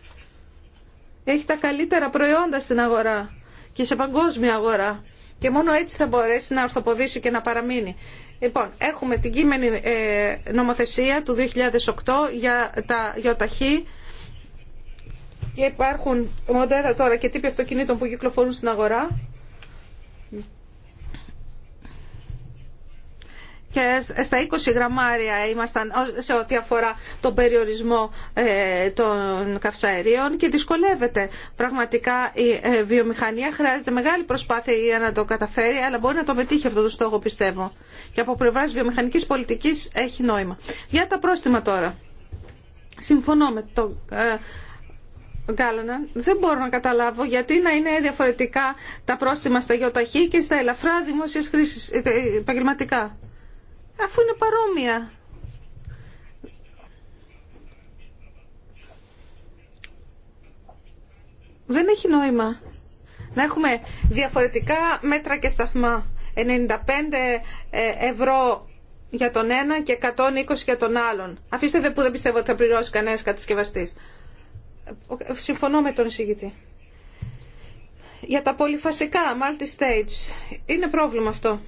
Speaker 1: Έχει τα καλύτερα προϊόντα στην αγορά και σε παγκόσμια αγορά. Και μόνο έτσι θα μπορέσει να ορθοποδήσει και να παραμείνει. Λοιπόν, έχουμε την κείμενη ε, νομοθεσία του 2008 για τα και Υπάρχουν μοντέλα τώρα και τύποι αυτοκινήτων που κυκλοφορούν στην αγορά. και στα 20 γραμμάρια ήμασταν σε ό,τι αφορά τον περιορισμό ε, των καυσαερίων και δυσκολεύεται πραγματικά η ε, βιομηχανία. Χρειάζεται μεγάλη προσπάθεια για να το καταφέρει, αλλά μπορεί να το πετύχει αυτό το στόχο, πιστεύω. Και από πλευρά βιομηχανική πολιτική έχει νόημα. Για τα πρόστιμα τώρα. Συμφωνώ με τον ε, Γκάλανα, δεν μπορώ να καταλάβω γιατί να είναι διαφορετικά τα πρόστιμα στα γεωταχή και στα ελαφρά δημόσια χρήση επαγγελματικά αφού είναι παρόμοια. Δεν έχει νόημα να έχουμε διαφορετικά μέτρα και σταθμά. 95 ε, ευρώ για τον ένα και 120 για τον άλλον. Αφήστε δε που δεν πιστεύω ότι θα πληρώσει κανένα κατασκευαστή. Συμφωνώ με τον εισηγητή. Για τα πολυφασικά, multi-stage, είναι πρόβλημα αυτό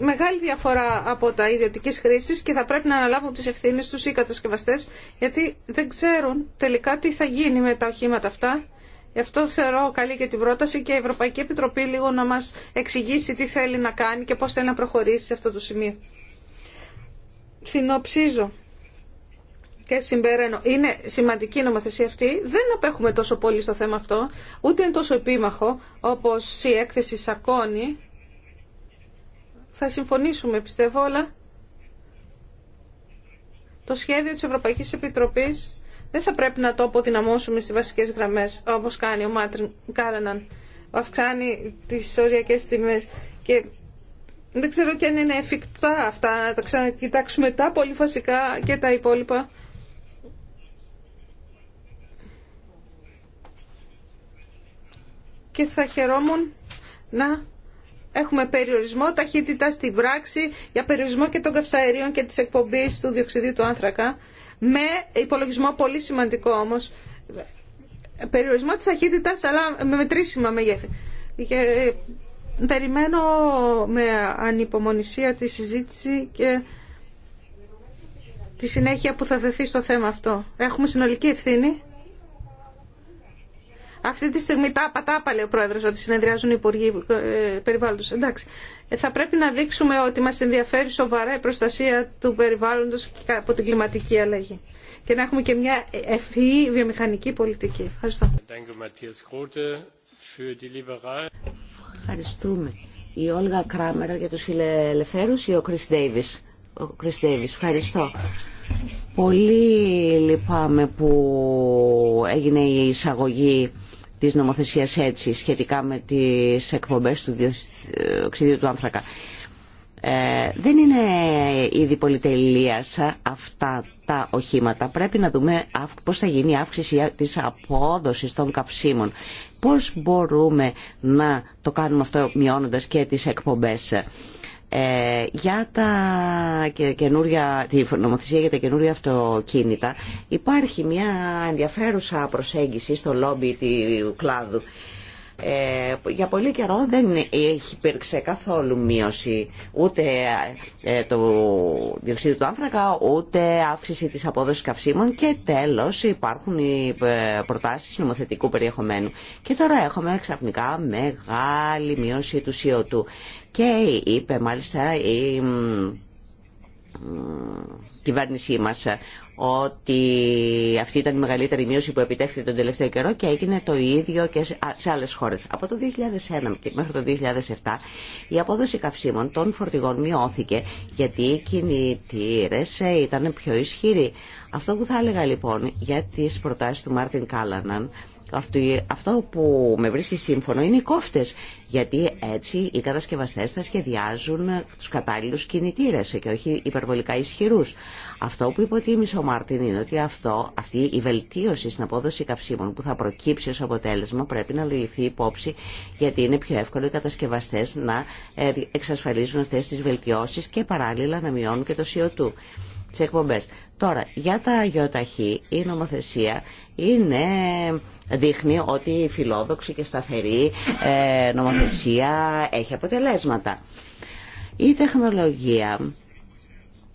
Speaker 1: μεγάλη διαφορά από τα ιδιωτική χρήση και θα πρέπει να αναλάβουν τι ευθύνε του οι κατασκευαστέ, γιατί δεν ξέρουν τελικά τι θα γίνει με τα οχήματα αυτά. Γι' αυτό θεωρώ καλή και την πρόταση και η Ευρωπαϊκή Επιτροπή λίγο να μα εξηγήσει τι θέλει να κάνει και πώ θέλει να προχωρήσει σε αυτό το σημείο. Συνοψίζω και συμπεραίνω. Είναι σημαντική η νομοθεσία αυτή. Δεν απέχουμε τόσο πολύ στο θέμα αυτό, ούτε είναι τόσο επίμαχο όπω η έκθεση Σακώνη θα συμφωνήσουμε πιστεύω, αλλά το σχέδιο της Ευρωπαϊκής Επιτροπής δεν θα πρέπει να το αποδυναμώσουμε στις βασικές γραμμές, όπως κάνει ο Μάτριν που Αυξάνει τις οριακές τιμές και δεν ξέρω και αν είναι εφικτά αυτά, να τα ξανακοιτάξουμε τα πολύ φασικά και τα υπόλοιπα. Και θα χαιρόμουν να έχουμε περιορισμό ταχύτητα στην πράξη για περιορισμό και των καυσαερίων και της εκπομπής του διοξιδίου του άνθρακα με υπολογισμό πολύ σημαντικό όμως περιορισμό της ταχύτητας αλλά με μετρήσιμα μεγέθη. Και ε, περιμένω με ανυπομονησία τη συζήτηση και τη συνέχεια που θα δεθεί στο θέμα αυτό. Έχουμε συνολική ευθύνη αυτή τη στιγμή τα τάπα λέει ο πρόεδρος ότι συνεδριάζουν οι υπουργοί ε, περιβάλλοντος. Εντάξει. Ε, θα πρέπει να δείξουμε ότι μας ενδιαφέρει σοβαρά η προστασία του περιβάλλοντος από την κλιματική αλλαγή. Και να έχουμε και μια ευφυή βιομηχανική πολιτική. Ευχαριστώ. Ευχαριστούμε. Η
Speaker 3: Όλγα Κράμερα για του φιλελευθέρου ή ο Κρι Ντέιβι. Ο Ευχαριστώ. Πολύ λυπάμαι που έγινε η εισαγωγή της νομοθεσίας έτσι σχετικά με τις εκπομπές του οξυδίου του άνθρακα. Ε, δεν είναι ήδη πολυτελείας αυτά τα οχήματα. Πρέπει να δούμε πώς θα γίνει η αύξηση της απόδοσης των καυσίμων. Πώς μπορούμε να το κάνουμε αυτό μειώνοντας και τις εκπομπές. Ε, για τα και, τη νομοθεσία για τα καινούρια αυτοκίνητα υπάρχει μια ενδιαφέρουσα προσέγγιση στο λόμπι του κλάδου. Ε, για πολύ καιρό δεν έχει υπήρξε καθόλου μείωση ούτε ε, του διοξείδιο του άνθρακα ούτε αύξηση της απόδοσης καυσίμων και τέλος υπάρχουν οι ε, προτάσεις νομοθετικού περιεχομένου. Και τώρα έχουμε ξαφνικά μεγάλη μείωση του CO2. Και είπε μάλιστα η κυβέρνησή μας ότι αυτή ήταν η μεγαλύτερη μείωση που επιτέχθηκε τον τελευταίο καιρό και έγινε το ίδιο και σε άλλες χώρες. Από το 2001 μέχρι το 2007 η απόδοση καυσίμων των φορτηγών μειώθηκε γιατί οι κινητήρε ε, ήταν πιο ισχυροί. Αυτό που θα έλεγα λοιπόν για τι προτάσει του Μάρτιν Κάλαναν αυτό που με βρίσκει σύμφωνο είναι οι κόφτες, γιατί έτσι οι κατασκευαστές θα σχεδιάζουν τους κατάλληλους κινητήρες και όχι υπερβολικά ισχυρούς. Αυτό που υποτίμησε ο Μάρτιν είναι ότι αυτό, αυτή η βελτίωση στην απόδοση καυσίμων που θα προκύψει ως αποτέλεσμα πρέπει να λυθεί υπόψη γιατί είναι πιο εύκολο οι κατασκευαστές να ε, εξασφαλίζουν αυτές τις βελτιώσεις και παράλληλα να μειώνουν και το CO2 εκπομπέ. Τώρα, για τα αγιοταχή, η νομοθεσία είναι, δείχνει ότι η φιλόδοξη και σταθερή ε, νομοθεσία έχει αποτελέσματα. Η τεχνολογία,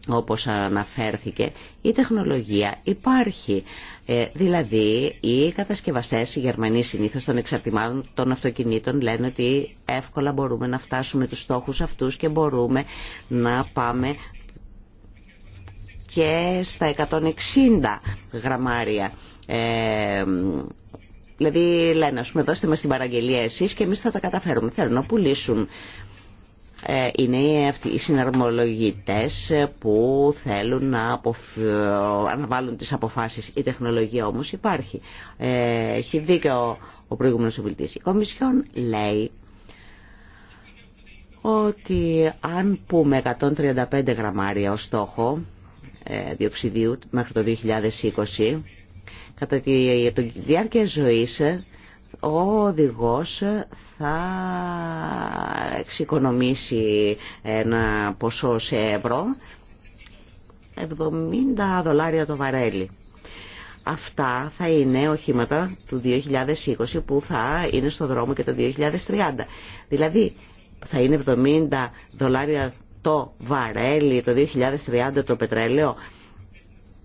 Speaker 3: όπως αναφέρθηκε, η τεχνολογία υπάρχει. Ε, δηλαδή, οι κατασκευαστές, οι Γερμανοί συνήθως των εξαρτημάτων των αυτοκινήτων λένε ότι εύκολα μπορούμε να φτάσουμε τους στόχους αυτούς και μπορούμε να πάμε και στα 160 γραμμάρια ε, δηλαδή λένε, ας πούμε, δώστε μας την παραγγελία εσείς και εμείς θα τα καταφέρουμε. Θέλουν να πουλήσουν. Ε, είναι αυτοί οι συναρμολογητές που θέλουν να αναβάλουν τις αποφάσεις. Η τεχνολογία όμως υπάρχει. Ε, έχει δίκαιο ο προηγούμενος ομιλητής. Η Κομισιόν λέει ότι αν πούμε 135 γραμμάρια ως στόχο ε, διοξιδίου μέχρι το 2020 Κατά τη διάρκεια ζωής ο οδηγός θα εξοικονομήσει ένα ποσό σε ευρώ, 70 δολάρια το βαρέλι. Αυτά θα είναι οχήματα του 2020 που θα είναι στο δρόμο και το 2030. Δηλαδή θα είναι 70 δολάρια το βαρέλι, το 2030 το πετρέλαιο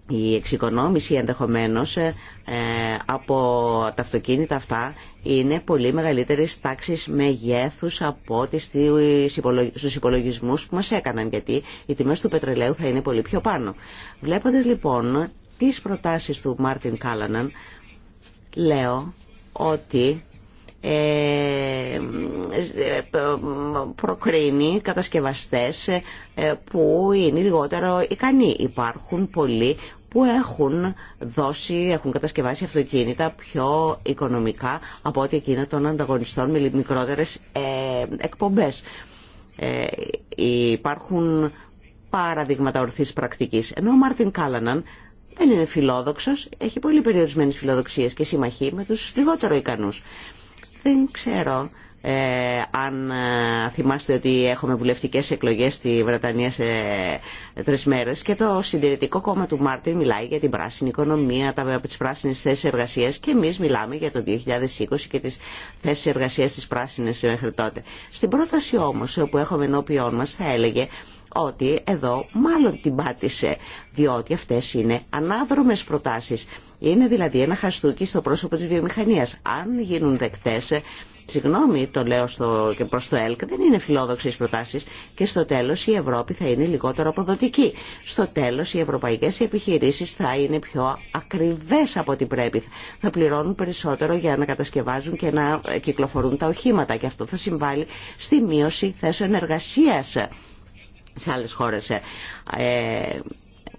Speaker 3: η εξοικονόμηση ενδεχομένως ε, από τα αυτοκίνητα αυτά είναι πολύ μεγαλύτερη τάξη μεγέθους από ό,τι στους υπολογισμούς που μας έκαναν γιατί οι τιμές του πετρελαίου θα είναι πολύ πιο πάνω. Βλέποντας λοιπόν τις προτάσεις του Μάρτιν Κάλαναν λέω ότι ε, προκρίνει κατασκευαστές ε, που είναι λιγότερο ικανοί. Υπάρχουν πολλοί που έχουν δώσει, έχουν κατασκευάσει αυτοκίνητα πιο οικονομικά από ό,τι εκείνα των ανταγωνιστών με μικρότερες ε, εκπομπές. Υπάρχουν παραδείγματα ορθής πρακτικής. Ενώ ο Μάρτιν Κάλαναν δεν είναι φιλόδοξος, έχει πολύ περιορισμένες φιλοδοξίες και συμμαχή με τους λιγότερο ικανούς. Δεν ξέρω ε, αν ε, θυμάστε ότι έχουμε βουλευτικές εκλογές στη Βρετανία σε ε, τρεις μέρες και το συντηρητικό κόμμα του Μάρτιν μιλάει για την πράσινη οικονομία, τα, ε, τις πράσινες θέσεις εργασίας και εμείς μιλάμε για το 2020 και τις θέσεις εργασίας της πράσινες μέχρι τότε. Στην πρόταση όμως που έχουμε ενώπιόν μας θα έλεγε ότι εδώ μάλλον την πάτησε, διότι αυτές είναι ανάδρομες προτάσεις. Είναι δηλαδή ένα χαστούκι στο πρόσωπο της βιομηχανίας. Αν γίνουν δεκτές, ε, συγγνώμη το λέω και προς το ΕΛΚ, δεν είναι φιλόδοξες προτάσεις και στο τέλος η Ευρώπη θα είναι λιγότερο αποδοτική. Στο τέλος οι ευρωπαϊκές επιχειρήσεις θα είναι πιο ακριβές από ό,τι πρέπει. Θα πληρώνουν περισσότερο για να κατασκευάζουν και να κυκλοφορούν τα οχήματα και αυτό θα συμβάλλει στη μείωση θέσεων εργασίας σε άλλες χώρες. Ε, ε,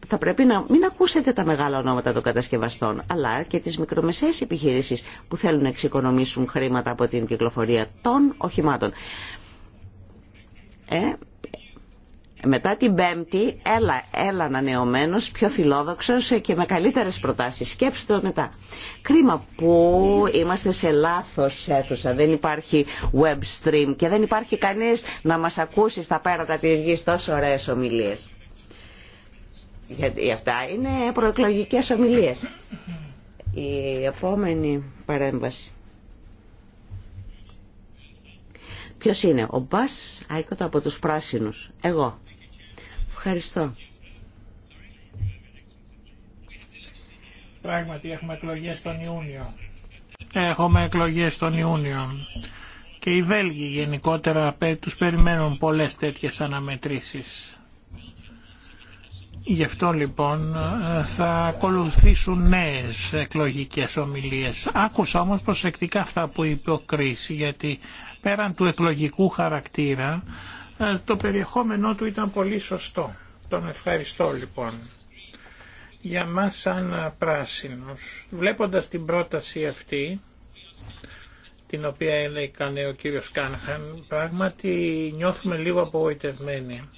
Speaker 3: θα πρέπει να μην ακούσετε τα μεγάλα ονόματα των κατασκευαστών, αλλά και τις μικρομεσαίες επιχειρήσεις που θέλουν να εξοικονομήσουν χρήματα από την κυκλοφορία των οχημάτων. Ε, μετά την Πέμπτη έλα, έλα ανανεωμένος, πιο φιλόδοξος και με καλύτερες προτάσεις. Σκέψτε το μετά. Κρίμα που είμαστε σε λάθος αίθουσα. Δεν υπάρχει web stream και δεν υπάρχει κανεί να μας ακούσει στα πέρατα τη γη τόσο ωραίε ομιλίε. Γιατί αυτά είναι προεκλογικές ομιλίε. Η επόμενη παρέμβαση. Ποιος είναι, ο Μπάς Άικοτα από τους Πράσινους. Εγώ. Ευχαριστώ.
Speaker 2: Πράγματι έχουμε εκλογές τον Ιούνιο. Έχουμε εκλογές τον Ιούνιο. Και οι Βέλγοι γενικότερα τους περιμένουν πολλές τέτοιες αναμετρήσεις. Γι' αυτό λοιπόν θα ακολουθήσουν νέες εκλογικές ομιλίες. Άκουσα όμως προσεκτικά αυτά που είπε ο Κρίση γιατί πέραν του εκλογικού χαρακτήρα ε, το περιεχόμενό του ήταν πολύ σωστό. Τον ευχαριστώ λοιπόν. Για μας σαν πράσινος. βλέποντας την πρόταση αυτή, την οποία έκανε ο κύριος Κάνχαν, πράγματι νιώθουμε λίγο απογοητευμένοι.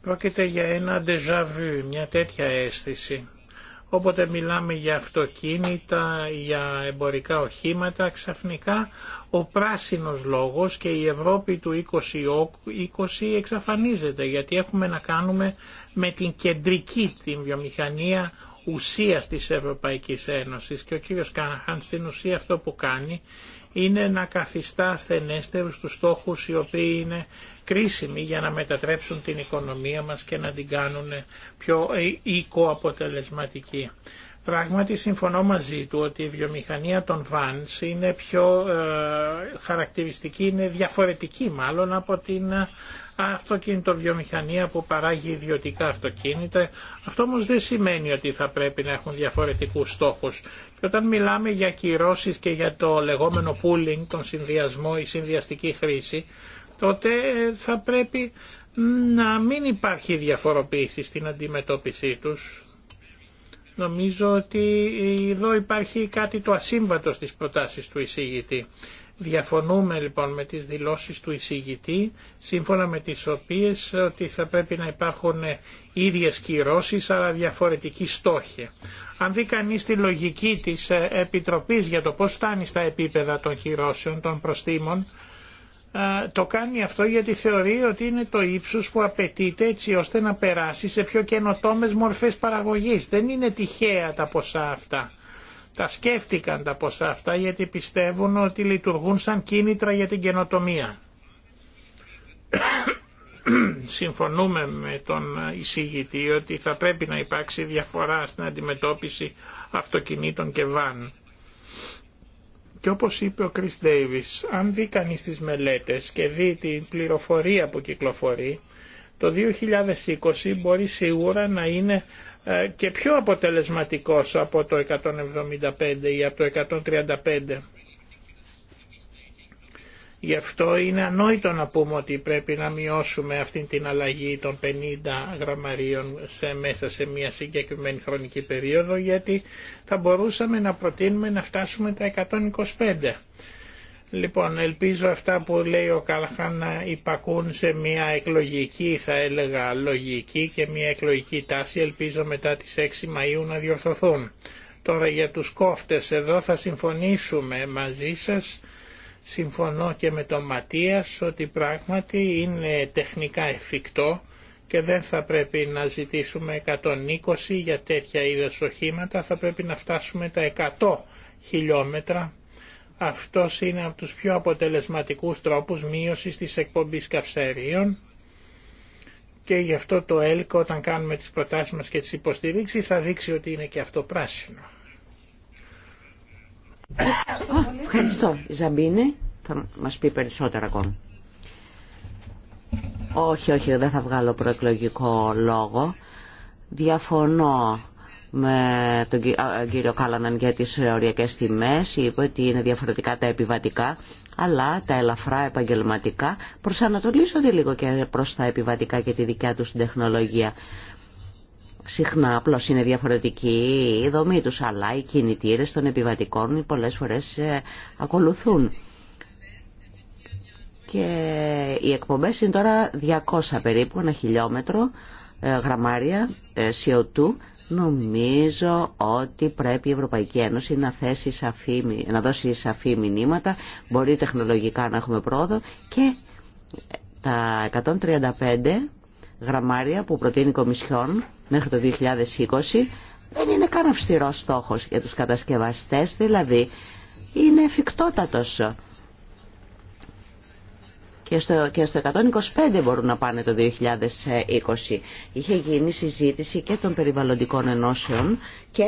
Speaker 2: Πρόκειται για ένα déjà μια τέτοια αίσθηση Όποτε μιλάμε για αυτοκίνητα, για εμπορικά οχήματα, ξαφνικά ο πράσινος λόγος και η Ευρώπη του 2020 εξαφανίζεται γιατί έχουμε να κάνουμε με την κεντρική την βιομηχανία ουσία της Ευρωπαϊκής Ένωσης και ο κύριος Κάναχαν στην ουσία αυτό που κάνει είναι να καθιστά ασθενέστερους τους στόχους οι οποίοι είναι κρίσιμοι για να μετατρέψουν την οικονομία μας και να την κάνουν πιο οικοαποτελεσματική. Πράγματι συμφωνώ μαζί του ότι η βιομηχανία των Vans είναι πιο ε, χαρακτηριστική, είναι διαφορετική μάλλον από την ε, βιομηχανία που παράγει ιδιωτικά αυτοκίνητα. Αυτό όμως δεν σημαίνει ότι θα πρέπει να έχουν διαφορετικούς στόχους. Και όταν μιλάμε για κυρώσεις και για το λεγόμενο pooling, τον συνδυασμό ή συνδυαστική χρήση, τότε ε, θα πρέπει να μην υπάρχει διαφοροποίηση στην αντιμετώπιση τους. Νομίζω ότι εδώ υπάρχει κάτι το ασύμβατο στις προτάσεις του εισηγητή. Διαφωνούμε λοιπόν με τις δηλώσεις του εισηγητή, σύμφωνα με τις οποίες ε, ότι θα πρέπει να υπάρχουν ε, ίδιες κυρώσεις αλλά διαφορετικοί στόχοι. Αν δει κανείς τη λογική της Επιτροπής για το πώς φτάνει στα επίπεδα των κυρώσεων, των προστήμων, το κάνει αυτό γιατί θεωρεί ότι είναι το ύψος που απαιτείται έτσι ώστε να περάσει σε πιο καινοτόμες μορφές παραγωγής. Δεν είναι τυχαία τα ποσά αυτά. Τα σκέφτηκαν τα ποσά αυτά γιατί πιστεύουν ότι λειτουργούν σαν κίνητρα για την καινοτομία. Συμφωνούμε με τον εισηγητή ότι θα πρέπει να υπάρξει διαφορά στην αντιμετώπιση αυτοκινήτων και βαν. Και όπως είπε ο Chris Davis, αν δει κανείς τις μελέτες και δει την πληροφορία που κυκλοφορεί, το 2020 μπορεί σίγουρα να είναι ε, και πιο αποτελεσματικός από το 175 ή από το 135. Γι' αυτό είναι ανόητο να πούμε ότι πρέπει να μειώσουμε αυτή την αλλαγή των 50 γραμμαρίων σε, μέσα σε μια συγκεκριμένη χρονική περίοδο γιατί θα μπορούσαμε να προτείνουμε να φτάσουμε τα 125. Λοιπόν, ελπίζω αυτά που λέει ο Καλχάν να υπακούν σε μια εκλογική, θα έλεγα, λογική και μια εκλογική τάση. Ελπίζω μετά τις 6 Μαΐου να διορθωθούν. Τώρα για τους κόφτες εδώ θα συμφωνήσουμε μαζί σας Συμφωνώ και με τον Ματίας ότι πράγματι είναι τεχνικά εφικτό και δεν θα πρέπει να ζητήσουμε 120 για τέτοια είδες οχήματα, θα πρέπει να φτάσουμε τα 100 χιλιόμετρα. Αυτό είναι από τους πιο αποτελεσματικούς τρόπους μείωσης της εκπομπής καυσαερίων και γι' αυτό το ΕΛΚ όταν κάνουμε τις προτάσεις μας και τις υποστηρίξεις θα δείξει ότι είναι και αυτό πράσινο. Ευχαριστώ.
Speaker 3: Η Ζαμπίνη θα μα πει περισσότερα ακόμα. Όχι, όχι, δεν θα βγάλω προεκλογικό λόγο. Διαφωνώ με τον κύριο Κάλαναν για τις οριακές τιμές. Είπε ότι είναι διαφορετικά τα επιβατικά, αλλά τα ελαφρά επαγγελματικά προσανατολίζονται λίγο και προς τα επιβατικά και τη δικιά τους τεχνολογία. Συχνά απλώ είναι διαφορετική η δομή τους, αλλά οι κινητήρε των επιβατικών πολλές φορές ε, ακολουθούν. Και οι εκπομπέ είναι τώρα 200 περίπου, ένα χιλιόμετρο, ε, γραμμάρια, ε, CO2. Νομίζω ότι πρέπει η Ευρωπαϊκή Ένωση να, θέσει σαφή, να δώσει σαφή μηνύματα, μπορεί τεχνολογικά να έχουμε πρόοδο και τα 135 γραμμάρια που προτείνει η Κομισιόν μέχρι το 2020 δεν είναι καν αυστηρό στόχος για τους κατασκευαστές, δηλαδή είναι εφικτότατος. Και στο, και στο 125 μπορούν να πάνε το 2020. Είχε γίνει συζήτηση και των περιβαλλοντικών ενώσεων και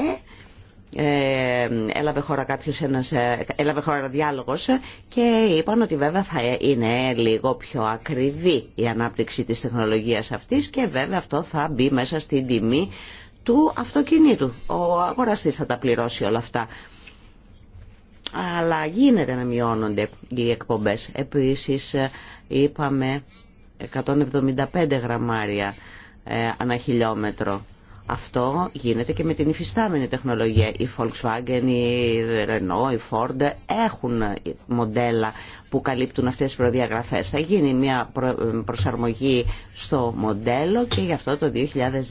Speaker 3: ε, έλαβε χώρα κάποιος ένας, ε, έλαβε χώρα διάλογος και είπαν ότι βέβαια θα είναι λίγο πιο ακριβή η ανάπτυξη της τεχνολογίας αυτής και βέβαια αυτό θα μπει μέσα στην τιμή του αυτοκινήτου. Ο αγοραστής θα τα πληρώσει όλα αυτά. Αλλά γίνεται να μειώνονται οι εκπομπές. Επίσης ε, είπαμε 175 γραμμάρια ανά χιλιόμετρο αυτό γίνεται και με την υφιστάμενη τεχνολογία. Η Volkswagen, η Renault, η Ford έχουν μοντέλα που καλύπτουν αυτές τις προδιαγραφές. Θα γίνει μια προσαρμογή στο μοντέλο και γι' αυτό το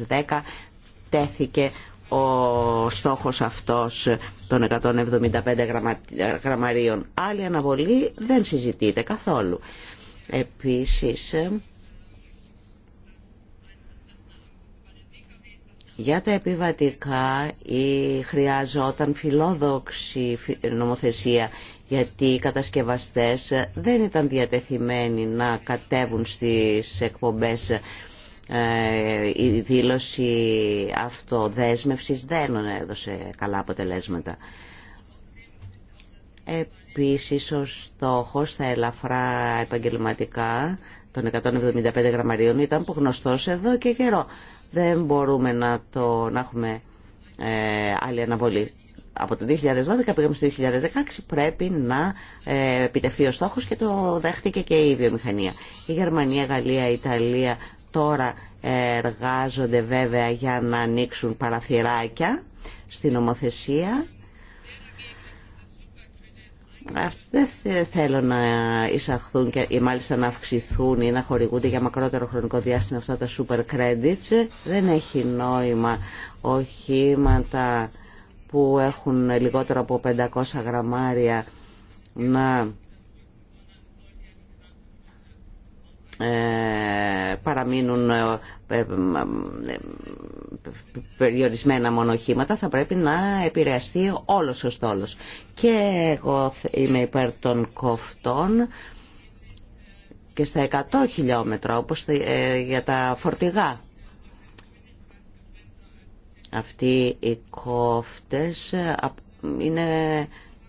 Speaker 3: 2010 τέθηκε ο στόχος αυτός των 175 γραμμαρίων. Άλλη αναβολή δεν συζητείται καθόλου. Επίσης, Για τα επιβατικά ή χρειάζονταν φιλόδοξη νομοθεσία γιατί οι κατασκευαστές δεν ήταν διατεθειμένοι να κατέβουν στις εκπομπές ε, η δήλωση αυτοδέσμευσης δεν έδωσε καλά αποτελέσματα. Επίσης ο στόχος στα ελαφρά επαγγελματικά των 175 γραμμαρίων ήταν που γνωστός εδώ και καιρό δεν μπορούμε να, το, να έχουμε ε, άλλη αναβολή. Από το 2012 πήγαμε στο 2016, πρέπει να ε, επιτευχθεί ο στόχος και το δέχτηκε και η βιομηχανία. Η Γερμανία, η Γαλλία, η Ιταλία τώρα ε, εργάζονται βέβαια για να ανοίξουν παραθυράκια στην ομοθεσία δεν θέλω να εισαχθούν και, ή μάλιστα να αυξηθούν ή να χορηγούνται για μακρότερο χρονικό διάστημα αυτά τα super credits. Δεν έχει νόημα οχήματα που έχουν λιγότερο από 500 γραμμάρια να Ε, παραμείνουν ε, ε, περιορισμένα μονοχήματα θα πρέπει να επηρεαστεί όλος ο στόλος. Και εγώ είμαι υπέρ των κοφτών και στα 100 χιλιόμετρα όπως για τα φορτηγά. Αυτοί οι κόφτες είναι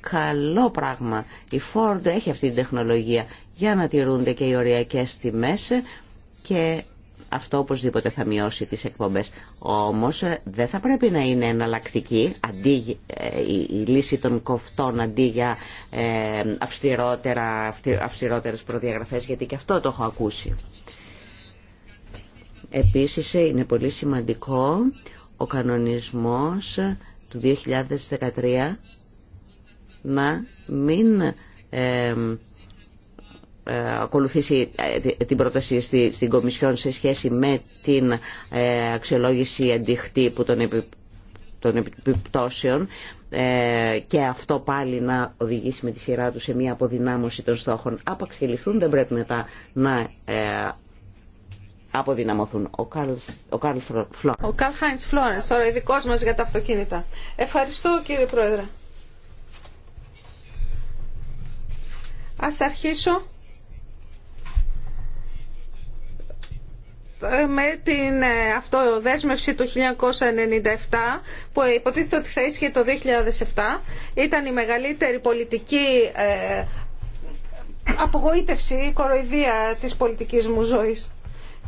Speaker 3: καλό πράγμα. Η Ford έχει αυτή την τεχνολογία για να τηρούνται και οι οριακές τιμές και αυτό οπωσδήποτε θα μειώσει τις εκπομπές. Όμως ε, δεν θα πρέπει να είναι εναλλακτική αντί, ε, η, λύση των κοφτών αντί για ε, αυστηρότερα, αυστηρότερες προδιαγραφές γιατί και αυτό το έχω ακούσει. Επίσης ε, είναι πολύ σημαντικό ο κανονισμός του 2013 να μην ε, ακολουθήσει ε, την πρόταση στην Κομισιόν σε σχέση με την ε, αξιολόγηση αντιχτή που των επιπτώσεων ε, και αυτό πάλι να οδηγήσει με τη σειρά του σε μια αποδυνάμωση των στόχων. Άπαξ δεν πρέπει μετά να αποδυναμωθούν. Ο Καρλ ο
Speaker 1: Φλόρενς. Ο Καρλ για τα αυτοκίνητα. Ευχαριστώ κύριε Πρόεδρε. Ας αρχίσω με την ε, αυτοδέσμευση του 1997 που υποτίθεται ότι θα ίσχυε το 2007. Ήταν η μεγαλύτερη πολιτική ε, απογοήτευση ή κοροϊδία της πολιτικής μου ζωής.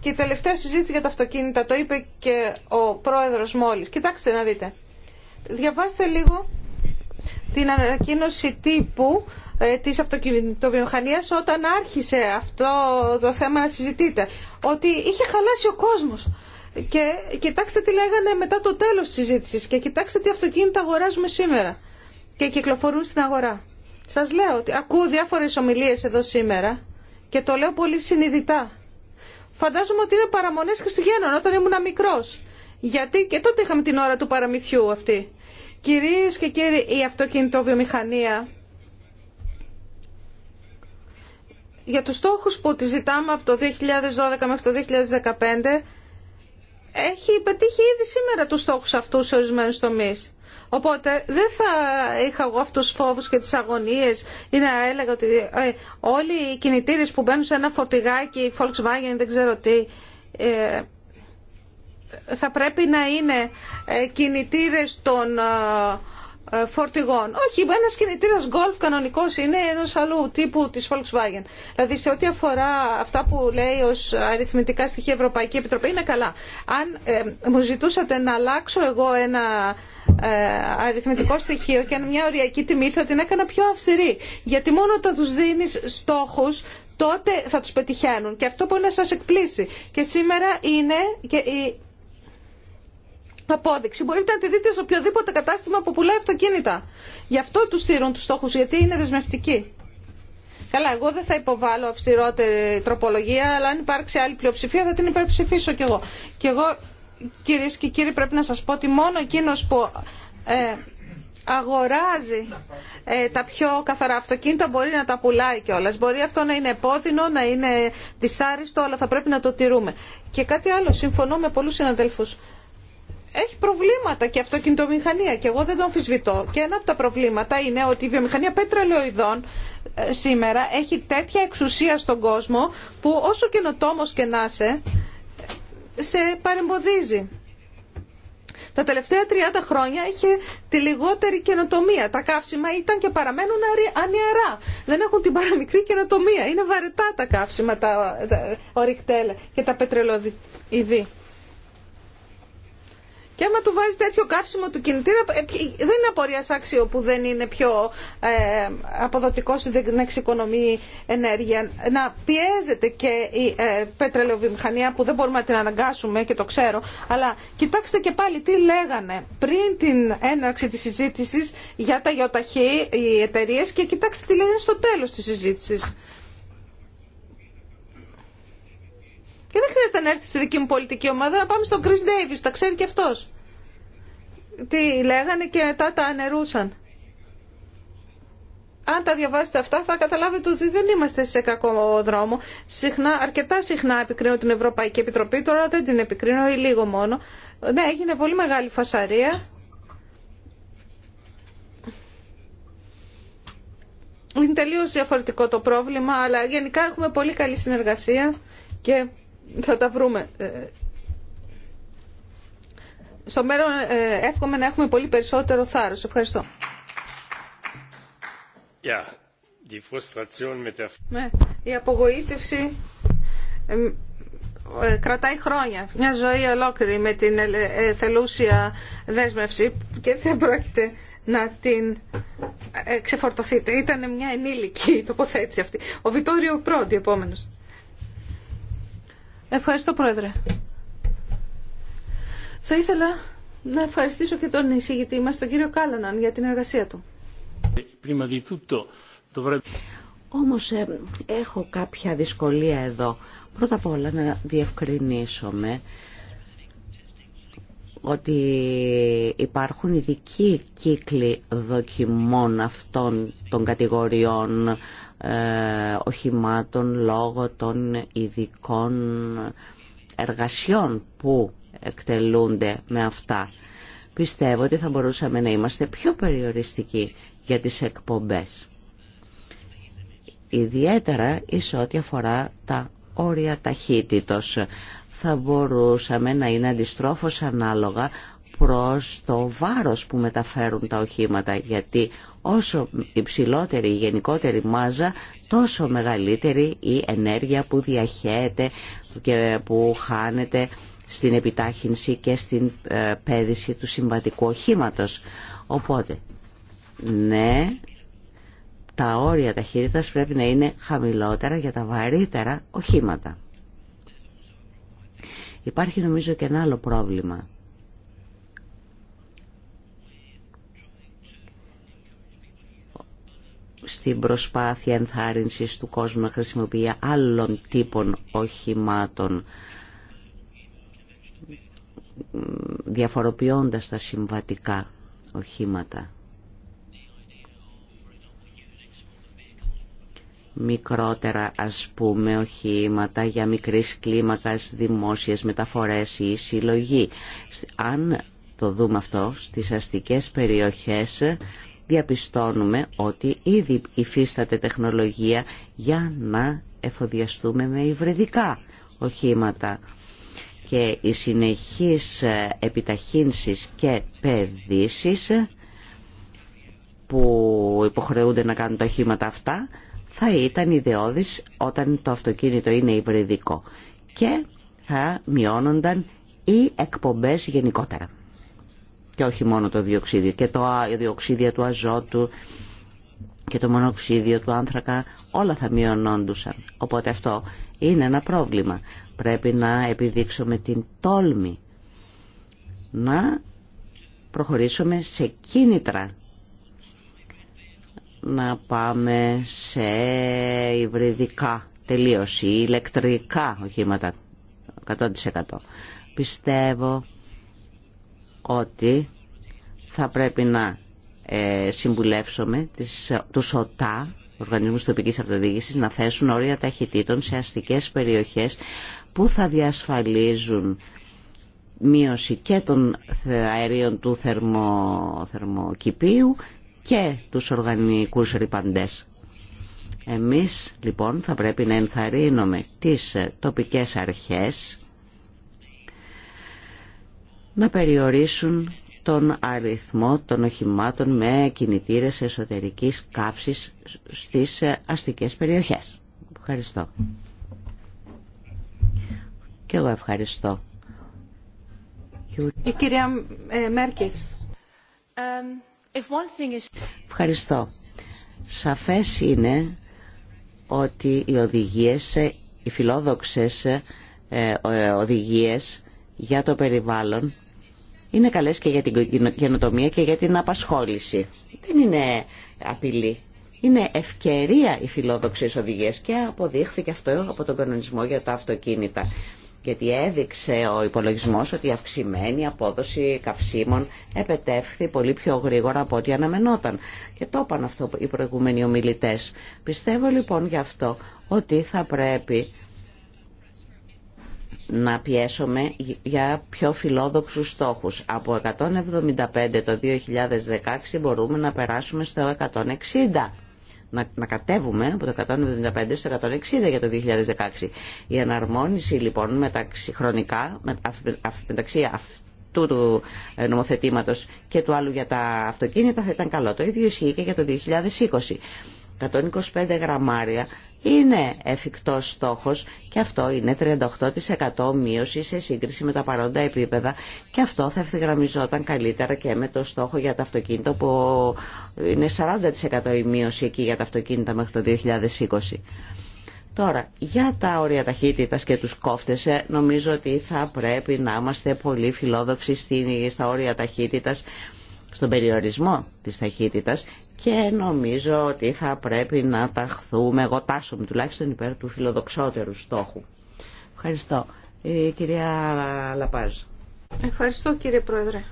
Speaker 1: Και η τελευταία συζήτηση για τα αυτοκίνητα το είπε και ο πρόεδρος μόλις. Κοιτάξτε να δείτε. Διαβάστε λίγο την ανακοίνωση τύπου ε, της αυτοκινητοβιομηχανίας όταν άρχισε αυτό το θέμα να συζητείται. Ότι είχε χαλάσει ο κόσμος. Και κοιτάξτε τι λέγανε μετά το τέλος της συζήτησης και κοιτάξτε τι αυτοκίνητα αγοράζουμε σήμερα και κυκλοφορούν στην αγορά. Σας λέω ότι ακούω διάφορες ομιλίες εδώ σήμερα και το λέω πολύ συνειδητά. Φαντάζομαι ότι είναι παραμονές Χριστουγέννων όταν ήμουν μικρός. Γιατί και τότε είχαμε την ώρα του παραμυθιού αυτή. Κυρίες και κύριοι, η αυτοκινητοβιομηχανία για τους στόχους που τη ζητάμε από το 2012 μέχρι το 2015 έχει πετύχει ήδη σήμερα τους στόχους αυτούς σε ορισμένους τομείς. Οπότε δεν θα είχα εγώ αυτούς τους φόβους και τις αγωνίες ή να έλεγα ότι ε, όλοι οι κινητήρες που μπαίνουν σε ένα φορτηγάκι, Volkswagen, δεν ξέρω τι, ε, θα πρέπει να είναι ε, κινητήρες των ε, ε, φορτηγών. Όχι, ένα κινητήρα γκολφ κανονικό είναι ενό αλλού τύπου τη Volkswagen. Δηλαδή, σε ό,τι αφορά αυτά που λέει ω αριθμητικά στοιχεία Ευρωπαϊκή Επιτροπή, είναι καλά. Αν ε, μου ζητούσατε να αλλάξω εγώ ένα ε, αριθμητικό στοιχείο και μια οριακή τιμή, θα την έκανα πιο αυστηρή. Γιατί μόνο όταν του δίνει στόχου, τότε θα του πετυχαίνουν. Και αυτό μπορεί να σα εκπλήσει. Και σήμερα είναι. Και η απόδειξη. Μπορείτε να τη δείτε σε οποιοδήποτε κατάστημα που πουλάει αυτοκίνητα. Γι' αυτό του στηρούν του στόχου, γιατί είναι δεσμευτικοί. Καλά, εγώ δεν θα υποβάλω αυστηρότερη τροπολογία, αλλά αν υπάρξει άλλη πλειοψηφία θα την υπερψηφίσω κι εγώ. Και εγώ, κυρίε και κύριοι, πρέπει να σα πω ότι μόνο εκείνο που. Ε, αγοράζει ε, τα πιο καθαρά αυτοκίνητα, μπορεί να τα πουλάει κιόλα. Μπορεί αυτό να είναι επώδυνο, να είναι δυσάριστο, αλλά θα πρέπει να το τηρούμε. Και κάτι άλλο, συμφωνώ με πολλού συναδέλφου έχει προβλήματα και αυτοκινητομηχανία και εγώ δεν το αμφισβητώ. Και ένα από τα προβλήματα είναι ότι η βιομηχανία πετρελαιοειδών ε, σήμερα έχει τέτοια εξουσία στον κόσμο που όσο καινοτόμο και να είσαι, σε παρεμποδίζει. Τα τελευταία 30 χρόνια είχε τη λιγότερη καινοτομία. Τα καύσιμα ήταν και παραμένουν ανιαρά. Δεν έχουν την παραμικρή καινοτομία. Είναι βαρετά τα καύσιμα, τα ορυκτέλα και τα πετρελαιοειδή. Και άμα του βάζει τέτοιο κάψιμο του κινητήρα, ε, ε, δεν είναι απορία άξιο που δεν είναι πιο ε, αποδοτικό δεν εξοικονομεί ενέργεια. Να πιέζεται και η ε, πετρελαιοβιομηχανία που δεν μπορούμε να την αναγκάσουμε και το ξέρω. Αλλά κοιτάξτε και πάλι τι λέγανε πριν την έναρξη τη συζήτηση για τα γεωταχή οι εταιρείε και κοιτάξτε τι λένε στο τέλο τη συζήτηση. Και δεν χρειάζεται να έρθει στη δική μου πολιτική ομάδα να πάμε στον Chris Davis, τα ξέρει και αυτός. Τι λέγανε και μετά τα ανερούσαν. Αν τα διαβάσετε αυτά θα καταλάβετε ότι δεν είμαστε σε κακό δρόμο. Συχνά, αρκετά συχνά επικρίνω την Ευρωπαϊκή Επιτροπή, τώρα δεν την επικρίνω ή λίγο μόνο. Ναι, έγινε πολύ μεγάλη φασαρία. Είναι τελείως διαφορετικό το πρόβλημα, αλλά γενικά έχουμε πολύ καλή συνεργασία και θα τα βρούμε. Ε, στο μέλλον ε, εύχομαι να έχουμε πολύ περισσότερο θάρρος. Ευχαριστώ. Ναι, η απογοήτευση ε, κρατάει χρόνια, μια ζωή ολόκληρη με την θελούσια δέσμευση και δεν πρόκειται να την ξεφορτωθείτε. Ήταν μια ενήλικη τοποθέτηση αυτή. Ο Βιτόριο Πρόντι, επόμενος. Ευχαριστώ, Πρόεδρε. Θα ήθελα να ευχαριστήσω και τον εισηγητή μας, τον κύριο Κάλαναν, για την εργασία του.
Speaker 3: Όμως ε, έχω κάποια δυσκολία εδώ. Πρώτα απ' όλα να διευκρινίσουμε ότι υπάρχουν ειδικοί κύκλοι δοκιμών αυτών των κατηγοριών ε, οχημάτων λόγω των ειδικών εργασιών που εκτελούνται με αυτά. Πιστεύω ότι θα μπορούσαμε να είμαστε πιο περιοριστικοί για τις εκπομπές. Ιδιαίτερα εις ό,τι αφορά τα όρια ταχύτητος. Θα μπορούσαμε να είναι αντιστρόφως ανάλογα προς το βάρος που μεταφέρουν τα οχήματα γιατί όσο υψηλότερη η γενικότερη μάζα τόσο μεγαλύτερη η ενέργεια που διαχέεται και που χάνεται στην επιτάχυνση και στην ε, πέδηση του συμβατικού οχήματος. Οπότε, ναι, τα όρια ταχύτητας πρέπει να είναι χαμηλότερα για τα βαρύτερα οχήματα. Υπάρχει νομίζω και ένα άλλο πρόβλημα. στην προσπάθεια ενθάρρυνσης του κόσμου να χρησιμοποιεί άλλων τύπων οχημάτων διαφοροποιώντας τα συμβατικά οχήματα. Μικρότερα ας πούμε οχήματα για μικρής κλίμακας δημόσιες μεταφορές ή συλλογή. Αν το δούμε αυτό, στις αστικές περιοχές διαπιστώνουμε ότι ήδη υφίσταται τεχνολογία για να εφοδιαστούμε με υβριδικά οχήματα και οι συνεχείς ε, επιταχύνσεις και παιδίσεις που υποχρεούνται να κάνουν τα οχήματα αυτά θα ήταν ιδεώδης όταν το αυτοκίνητο είναι υβριδικό και θα μειώνονταν οι εκπομπές γενικότερα και όχι μόνο το διοξίδιο και το διοξίδιο του αζότου και το μονοξίδιο του άνθρακα όλα θα μειωνόντουσαν οπότε αυτό είναι ένα πρόβλημα πρέπει να επιδείξουμε την τόλμη να προχωρήσουμε σε κίνητρα να πάμε σε υβριδικά τελείωση ή ηλεκτρικά οχήματα 100% πιστεύω ότι θα πρέπει να ε, συμβουλεύσουμε τις, τους ΟΤΑ, οργανισμούς τοπικής αυτοδιοίκησης, να θέσουν όρια ταχυτήτων σε αστικές περιοχές που θα διασφαλίζουν μείωση και των αερίων του θερμο, θερμοκηπίου και τους οργανικούς ρηπαντές. Εμείς λοιπόν θα πρέπει να ενθαρρύνουμε τις ε, τοπικές αρχές να περιορίσουν τον αριθμό των οχημάτων με κινητήρες εσωτερικής κάψης στις αστικές περιοχές. Ευχαριστώ. Και εγώ ευχαριστώ.
Speaker 1: Η κυρία ε, um,
Speaker 3: Ευχαριστώ. Σαφές είναι ότι οι οδηγίες, οι φιλόδοξες ε, ε, οδηγίες για το περιβάλλον είναι καλές και για την καινοτομία και για την απασχόληση. Δεν είναι απειλή. Είναι ευκαιρία οι φιλόδοξες οδηγίες και αποδείχθηκε αυτό από τον κανονισμό για τα αυτοκίνητα. Γιατί έδειξε ο υπολογισμός ότι η αυξημένη απόδοση καυσίμων επετεύχθη πολύ πιο γρήγορα από ό,τι αναμενόταν. Και το είπαν αυτό οι προηγούμενοι ομιλητές. Πιστεύω λοιπόν γι' αυτό ότι θα πρέπει να πιέσουμε για πιο φιλόδοξους στόχους. Από 175 το 2016 μπορούμε να περάσουμε στο 160. Να, να κατέβουμε από το 175 στο 160 για το 2016. Η εναρμόνιση λοιπόν μεταξύ, χρονικά, με, μεταξύ αυτού του ε, νομοθετήματος και του άλλου για τα αυτοκίνητα θα ήταν καλό. Το ίδιο ισχύει και για το 2020. 125 γραμμάρια είναι εφικτός στόχος και αυτό είναι 38% μείωση σε σύγκριση με τα παρόντα επίπεδα και αυτό θα ευθυγραμμιζόταν καλύτερα και με το στόχο για τα αυτοκίνητα που είναι 40% η μείωση εκεί για τα αυτοκίνητα μέχρι το 2020. Τώρα, για τα όρια ταχύτητα και τους κόφτες, ε, νομίζω ότι θα πρέπει να είμαστε πολύ φιλόδοξοι στα όρια ταχύτητας στον περιορισμό της ταχύτητας και νομίζω ότι θα πρέπει να ταχθούμε, εγώ τάσομαι τουλάχιστον υπέρ του φιλοδοξότερου στόχου. Ευχαριστώ. Η κυρία Λαπάζ.
Speaker 1: Ευχαριστώ κύριε Πρόεδρε.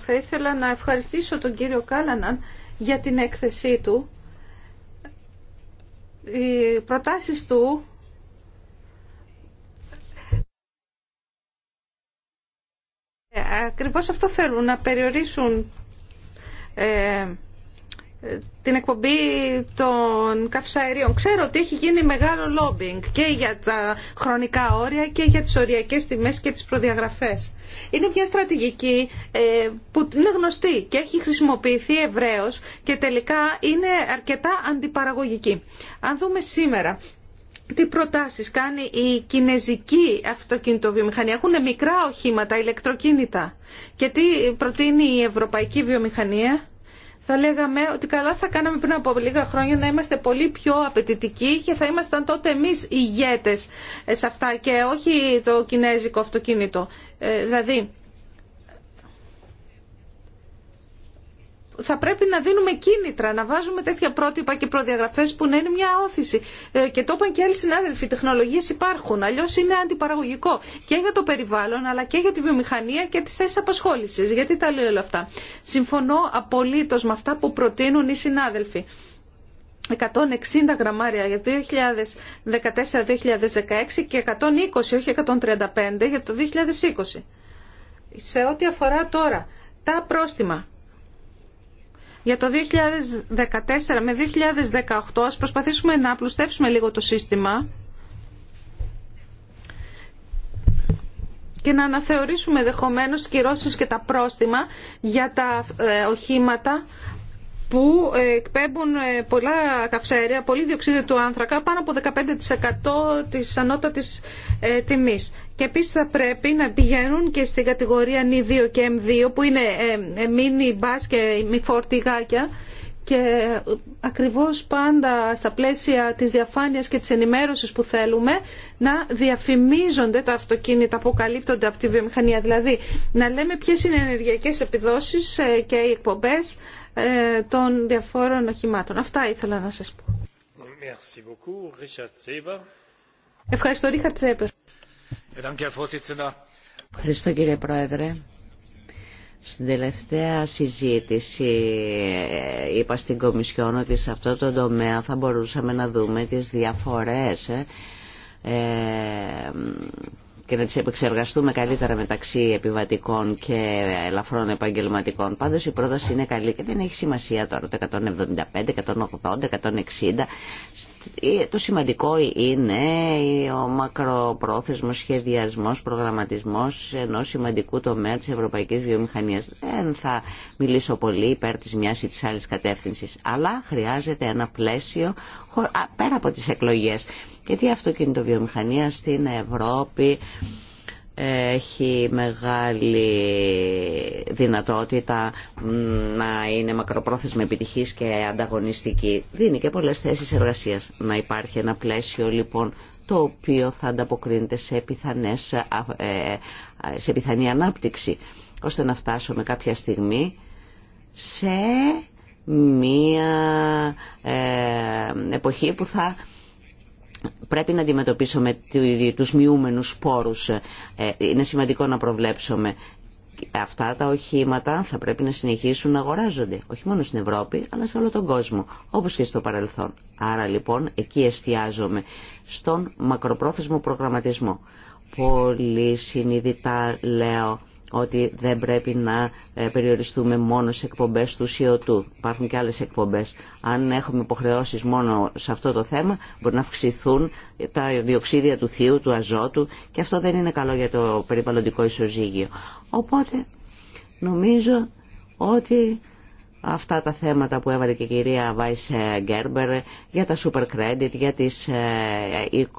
Speaker 1: Θα ήθελα να ευχαριστήσω τον κύριο Κάλαναν για την έκθεσή του. Οι προτάσεις του ε, ακριβώς αυτό θέλουν να περιορίσουν ε, την εκπομπή των καυσαερίων. Ξέρω ότι έχει γίνει μεγάλο λόμπινγκ και για τα χρονικά όρια και για τις οριακές τιμές και τις προδιαγραφές. Είναι μια στρατηγική ε, που είναι γνωστή και έχει χρησιμοποιηθεί ευρέως και τελικά είναι αρκετά αντιπαραγωγική. Αν δούμε σήμερα τι προτάσεις κάνει η κινέζικη αυτοκινητοβιομηχανία. Έχουν μικρά οχήματα, ηλεκτροκίνητα. Και τι προτείνει η ευρωπαϊκή βιομηχανία. Θα λέγαμε ότι καλά θα κάναμε πριν από λίγα χρόνια να είμαστε πολύ πιο απαιτητικοί και θα ήμασταν τότε εμείς ηγέτε σε αυτά και όχι το κινέζικο αυτοκίνητο. Ε, δηλαδή, θα πρέπει να δίνουμε κίνητρα, να βάζουμε τέτοια πρότυπα και προδιαγραφέ που να είναι μια όθηση. Ε, και το είπαν και άλλοι συνάδελφοι, οι τεχνολογίες υπάρχουν, Αλλιώ είναι αντιπαραγωγικό και για το περιβάλλον αλλά και για τη βιομηχανία και τις θέσει απασχόληση. Γιατί τα λέω όλα αυτά. Συμφωνώ απολύτω με αυτά που προτείνουν οι συνάδελφοι. 160 γραμμάρια για 2014-2016 και 120 όχι 135 για το 2020. Σε ό,τι αφορά τώρα τα πρόστιμα για το 2014 με 2018 ας προσπαθήσουμε να απλουστεύσουμε λίγο το σύστημα και να αναθεωρήσουμε δεχομένως κυρώσεις και τα πρόστιμα για τα ε, οχήματα που ε, εκπέμπουν ε, πολλά καυσαέρια, πολύ διοξείδιο του άνθρακα, πάνω από 15% της ανώτατης ε, τιμής. Και επίσης θα πρέπει να πηγαίνουν και στην κατηγορία N2 και M2, που είναι μίνι μπας και μη φορτηγάκια, και ακριβώς πάντα στα πλαίσια της διαφάνειας και της ενημέρωσης που θέλουμε να διαφημίζονται τα αυτοκίνητα που καλύπτονται από τη βιομηχανία. Δηλαδή να λέμε ποιες είναι οι ενεργειακές επιδόσεις και οι εκπομπές ε, των διαφόρων οχημάτων. Αυτά ήθελα να σας πω. Ευχαριστώ, Ρίχαρτ Τσέπερ. Ευχαριστώ, κύριε Πρόεδρε.
Speaker 3: Στην τελευταία συζήτηση ε, είπα στην Κομισιόν ότι σε αυτό το τομέα θα μπορούσαμε να δούμε τις διαφορές ε, και να τις επεξεργαστούμε καλύτερα μεταξύ επιβατικών και ελαφρών επαγγελματικών. Πάντως η πρόταση είναι καλή και δεν έχει σημασία τώρα το 175, 180, 160. Το σημαντικό είναι ο μακροπρόθεσμος σχεδιασμός, προγραμματισμός ενός σημαντικού τομέα της ευρωπαϊκής βιομηχανίας. Δεν θα μιλήσω πολύ υπέρ της μιας ή της άλλης κατεύθυνσης, αλλά χρειάζεται ένα πλαίσιο πέρα από τις εκλογές γιατί η αυτοκινητοβιομηχανία στην Ευρώπη έχει μεγάλη δυνατότητα να είναι μακροπρόθεσμη επιτυχής και ανταγωνιστική. Δίνει και πολλές θέσεις εργασίας. Να υπάρχει ένα πλαίσιο λοιπόν το οποίο θα ανταποκρίνεται σε, πιθανές, ε, σε πιθανή ανάπτυξη ώστε να φτάσουμε κάποια στιγμή σε μία ε, εποχή που θα πρέπει να αντιμετωπίσουμε τους μειούμενους σπόρους. Ε, είναι σημαντικό να προβλέψουμε. Αυτά τα οχήματα θα πρέπει να συνεχίσουν να αγοράζονται, όχι μόνο στην Ευρώπη, αλλά σε όλο τον κόσμο, όπως και στο παρελθόν. Άρα λοιπόν εκεί εστιάζομαι, στον μακροπρόθεσμο προγραμματισμό. Πολύ συνειδητά λέω ότι δεν πρέπει να ε, περιοριστούμε μόνο σε εκπομπές του σιωτού. Υπάρχουν και άλλες εκπομπές. Αν έχουμε υποχρεώσεις μόνο σε αυτό το θέμα, μπορεί να αυξηθούν τα διοξίδια του θείου, του αζότου και αυτό δεν είναι καλό για το περιβαλλοντικό ισοζύγιο. Οπότε νομίζω ότι αυτά τα θέματα που έβαλε και η κυρία Βάις ε, Γκέρμπερ για τα super credit, για τις ε,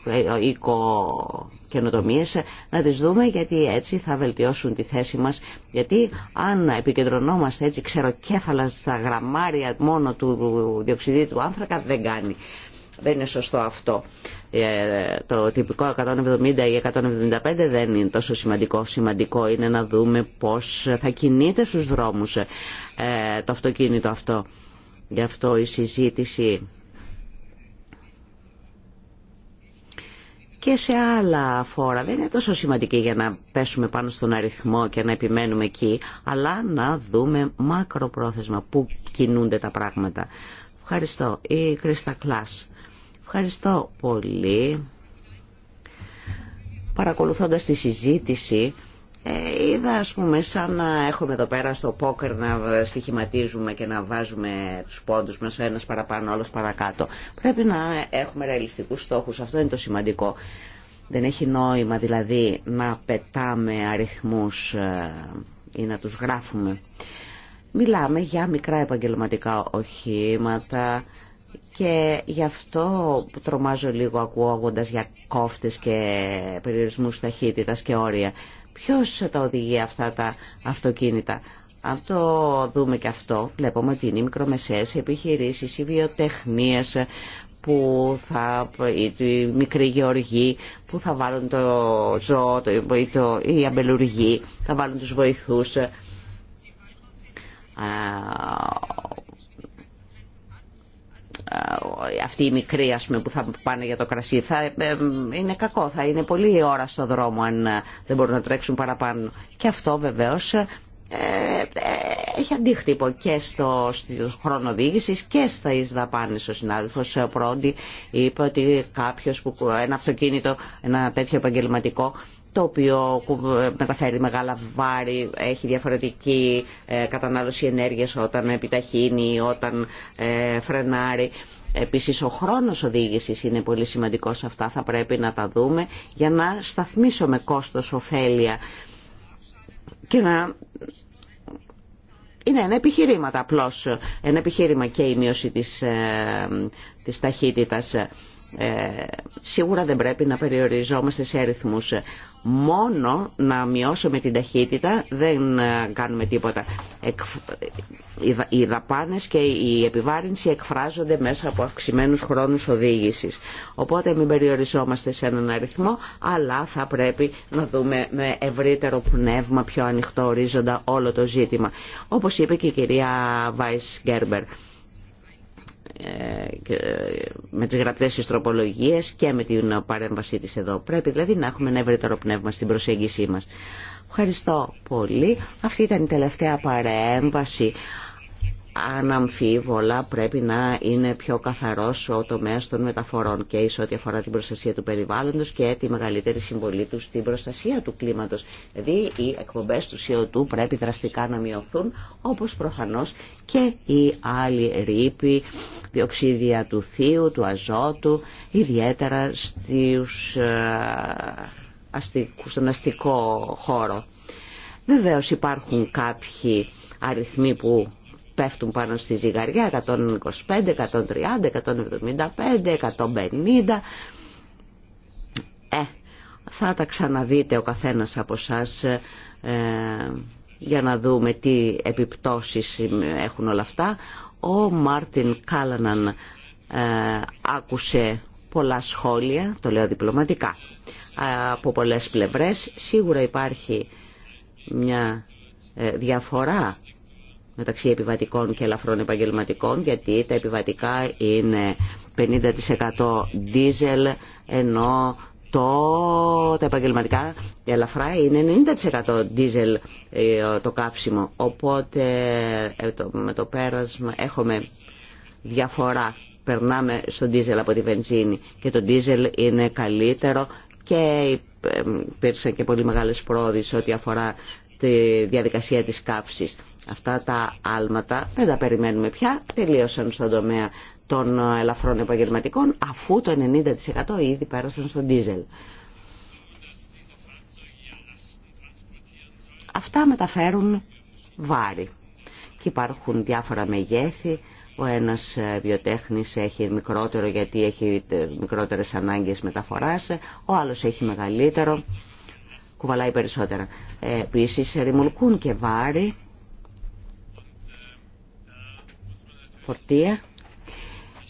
Speaker 3: ε, οικοκαινοτομίες να τις δούμε γιατί έτσι θα βελτιώσουν τη θέση μας γιατί αν επικεντρωνόμαστε έτσι ξεροκέφαλα στα γραμμάρια μόνο του διοξιδίου του άνθρακα δεν κάνει δεν είναι σωστό αυτό. Ε, το τυπικό 170 ή 175 δεν είναι τόσο σημαντικό. Σημαντικό είναι να δούμε πώς θα κινείται στους δρόμους ε, το αυτοκίνητο αυτό. Γι' αυτό η συζήτηση και σε άλλα φόρα. Δεν είναι τόσο σημαντική για να πέσουμε πάνω στον αριθμό και να επιμένουμε εκεί, αλλά να δούμε μακροπρόθεσμα πού κινούνται τα πράγματα. Ευχαριστώ. Η Κρίστα Κλάς. Ευχαριστώ πολύ. Παρακολουθώντας τη συζήτηση, ε, είδα ας πούμε σαν να έχουμε εδώ πέρα στο πόκερ να στοιχηματίζουμε και να βάζουμε τους πόντους μας ο ένας παραπάνω, όλος παρακάτω. Πρέπει να έχουμε ρεαλιστικούς στόχους, αυτό είναι το σημαντικό. Δεν έχει νόημα δηλαδή να πετάμε αριθμούς ε, ή να τους γράφουμε. Μιλάμε για μικρά επαγγελματικά οχήματα, και γι' αυτό τρομάζω λίγο ακούγοντα για κόφτες και περιορισμούς ταχύτητας και όρια. Ποιος τα οδηγεί αυτά τα αυτοκίνητα. Αν το δούμε και αυτό, βλέπουμε ότι είναι οι μικρομεσαίες επιχειρήσεις, οι βιοτεχνίες που θα, ή τη μικρή που θα βάλουν το ζώο το, ή, θα βάλουν τους βοηθούς. Ε, αυτή η μικροί ας που θα πάνε για το κρασί θα, ε, ε, είναι κακό, θα είναι πολύ ώρα στο δρόμο αν δεν μπορούν να τρέξουν παραπάνω και αυτό βεβαίως ε, έχει αντίχτυπο και στο, στο χρόνο οδήγηση και στα εισδαπάνες ο συνάδελφος πρώτη είπε ότι κάποιος που ένα αυτοκίνητο, ένα τέτοιο επαγγελματικό το οποίο ε, μεταφέρει μεγάλα βάρη, έχει διαφορετική ε, κατανάλωση ενέργειας όταν επιταχύνει, όταν ε, φρενάρει. Επίσης ο χρόνος οδήγησης είναι πολύ σημαντικός αυτά, θα πρέπει να τα δούμε για να σταθμίσουμε κόστος ωφέλεια και να... Είναι ένα επιχειρήμα απλώς, ένα επιχείρημα και η μείωση της, της ταχύτητας. Ε, σίγουρα δεν πρέπει να περιοριζόμαστε σε αριθμούς μόνο να μειώσουμε την ταχύτητα δεν ε, κάνουμε τίποτα. Ε, οι δαπάνες και η επιβάρυνση εκφράζονται μέσα από αυξημένους χρόνους οδήγησης. Οπότε μην περιοριζόμαστε σε έναν αριθμό, αλλά θα πρέπει να δούμε με ευρύτερο πνεύμα, πιο ανοιχτό ορίζοντα όλο το ζήτημα. Όπως είπε και η κυρία Βάις Γκέρμπερ. Ε, με τις γραπτές της και με την παρέμβασή της εδώ. Πρέπει δηλαδή να έχουμε ένα ευρύτερο πνεύμα στην προσέγγισή μας. Ευχαριστώ πολύ. Αυτή ήταν η τελευταία παρέμβαση αναμφίβολα πρέπει να είναι πιο καθαρός ο τομέας των μεταφορών και εις ό,τι αφορά την προστασία του περιβάλλοντος και τη μεγαλύτερη συμβολή του στην προστασία του κλίματος. Δηλαδή οι εκπομπές του CO2 πρέπει δραστικά να μειωθούν όπως προφανώς και οι άλλοι ρήποι, διοξίδια του θείου, του αζότου, ιδιαίτερα στους, ε, στον αστικό χώρο. Βεβαίως υπάρχουν κάποιοι αριθμοί που πέφτουν πάνω στη ζυγαριά 125, 130, 175, 150 ε, θα τα ξαναδείτε ο καθένας από σας ε, για να δούμε τι επιπτώσεις έχουν όλα αυτά. Ο Μάρτιν Κάλαναν ε, άκουσε πολλά σχόλια, το λέω διπλωματικά, από πολλές πλευρές. Σίγουρα υπάρχει μια ε, διαφορά μεταξύ επιβατικών και ελαφρών επαγγελματικών γιατί τα επιβατικά είναι 50% δίζελ ενώ το, τα επαγγελματικά ελαφρά είναι 90% δίζελ ε, το καύσιμο. Οπότε ε, με το πέρασμα έχουμε διαφορά. Περνάμε στο δίζελ από τη βενζίνη και το δίζελ είναι καλύτερο και ε, υπήρξαν και πολύ μεγάλες πρόοδοι ό,τι αφορά τη διαδικασία της κάψης. Αυτά τα άλματα δεν τα περιμένουμε πια, τελείωσαν στον τομέα των ελαφρών επαγγελματικών, αφού το 90% ήδη πέρασαν στον διζελ. Αυτά μεταφέρουν βάρη. Και υπάρχουν διάφορα μεγέθη. Ο ένας βιοτέχνης έχει μικρότερο γιατί έχει μικρότερες ανάγκες μεταφοράς, ο άλλος έχει μεγαλύτερο κουβαλάει περισσότερα. Ε, Επίση ρημουλκούν και βάρη, φορτία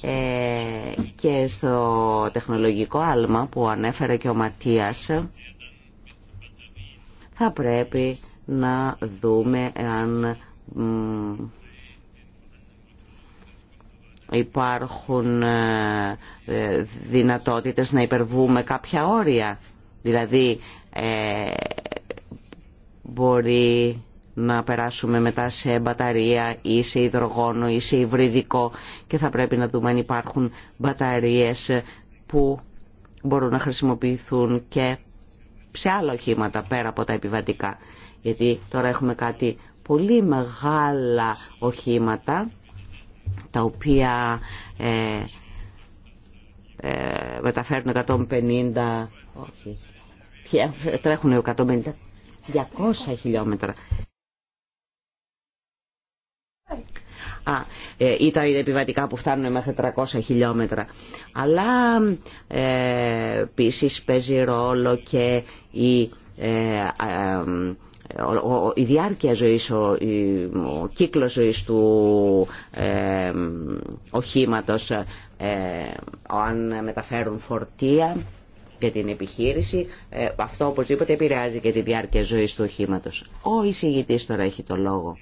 Speaker 3: ε, και στο τεχνολογικό άλμα που ανέφερε και ο Ματίας θα πρέπει να δούμε αν υπάρχουν ε, δυνατότητες να υπερβούμε κάποια όρια. Δηλαδή ε, μπορεί να περάσουμε μετά σε μπαταρία ή σε υδρογόνο ή σε υβριδικό και θα πρέπει να δούμε αν υπάρχουν μπαταρίες που μπορούν να χρησιμοποιηθούν και σε άλλα οχήματα πέρα από τα επιβατικά. Γιατί τώρα έχουμε κάτι πολύ μεγάλα οχήματα τα οποία ε, ε μεταφέρουν 150 τρέχουν 150-200 χιλιόμετρα. Α, ε, ή τα επιβατικά που φτάνουν μέχρι 300 χιλιόμετρα. Αλλά ε, επίση παίζει ρόλο και η, ε, ε διάρκεια ζωής, ο, ο κύκλος ζωής του ε, οχήματος, ε, αν μεταφέρουν φορτία και την επιχείρηση. Ε, αυτό οπωσδήποτε επηρεάζει και τη διάρκεια ζωή του οχήματο. Ο εισηγητή τώρα έχει το λόγο.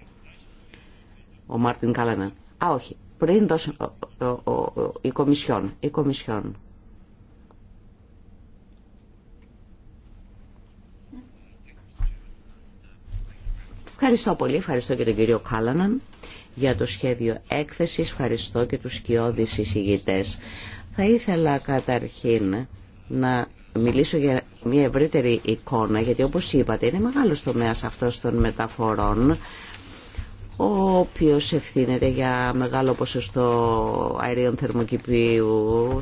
Speaker 3: Ο Μάρτιν Κάλαναν. Α, όχι. Πριν δώσω η Κομισιόν. Η Κομισιόν. Ευχαριστώ πολύ. Ευχαριστώ και τον κύριο Κάλαναν για το σχέδιο έκθεσης. Ευχαριστώ και τους σκιώδεις εισηγητές. Θα ήθελα καταρχήν να μιλήσω για μια ευρύτερη εικόνα, γιατί όπως είπατε είναι μεγάλος τομέας αυτός των μεταφορών, ο οποίος ευθύνεται για μεγάλο ποσοστό αερίων θερμοκηπίου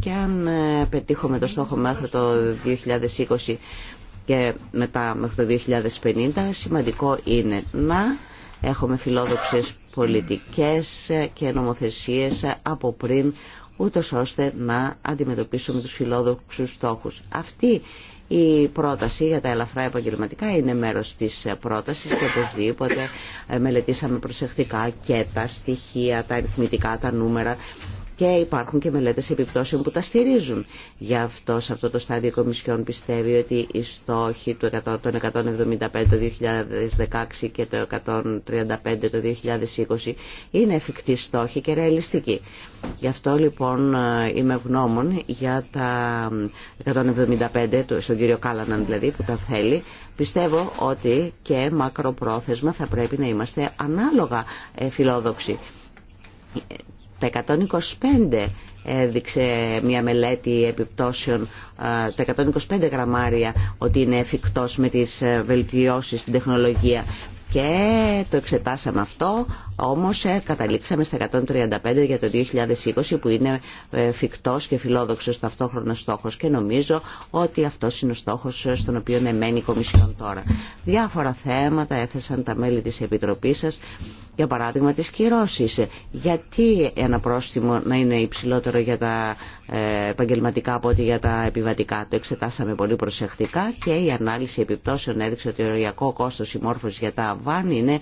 Speaker 3: και αν ε, πετύχουμε το στόχο μέχρι το 2020 και μετά μέχρι το 2050, σημαντικό είναι να έχουμε φιλόδοξες πολιτικές και νομοθεσίες από πριν ούτως ώστε να αντιμετωπίσουμε τους φιλόδοξους στόχους. Αυτή η πρόταση για τα ελαφρά επαγγελματικά είναι μέρος της πρότασης και οπωσδήποτε μελετήσαμε προσεκτικά και τα στοιχεία, τα αριθμητικά, τα νούμερα και υπάρχουν και μελέτες επιπτώσεων που τα στηρίζουν. Γι' αυτό σε αυτό το στάδιο η Κομισιόν πιστεύει ότι οι στόχοι του 100, των 175 το 2016 και το 135 το 2020 είναι εφικτοί στόχοι και ρεαλιστικοί. Γι' αυτό λοιπόν ε, είμαι γνώμων για τα 175, στον κύριο Κάλαναν δηλαδή που τα θέλει. Πιστεύω ότι και μακροπρόθεσμα θα πρέπει να είμαστε ανάλογα ε, φιλόδοξοι τα 125 έδειξε μια μελέτη επιπτώσεων, τα 125 γραμμάρια, ότι είναι εφικτός με τις ε, βελτιώσεις στην τεχνολογία και το εξετάσαμε αυτό, όμως ε, καταλήξαμε στα 135 για το 2020 που είναι ε, φυκτός και φιλόδοξος ταυτόχρονα στόχος και νομίζω ότι αυτό είναι ο στόχος ε, στον οποίο εμένει ναι, η Κομισιόν τώρα. Διάφορα θέματα έθεσαν τα μέλη της Επιτροπής σας, για παράδειγμα τις κυρώσεις. Γιατί ένα πρόστιμο να είναι υψηλότερο για τα επαγγελματικά από ότι για τα επιβατικά. Το εξετάσαμε πολύ προσεκτικά και η ανάλυση επιπτώσεων έδειξε ότι ο οριακό κόστος συμμόρφωση για τα Βάν είναι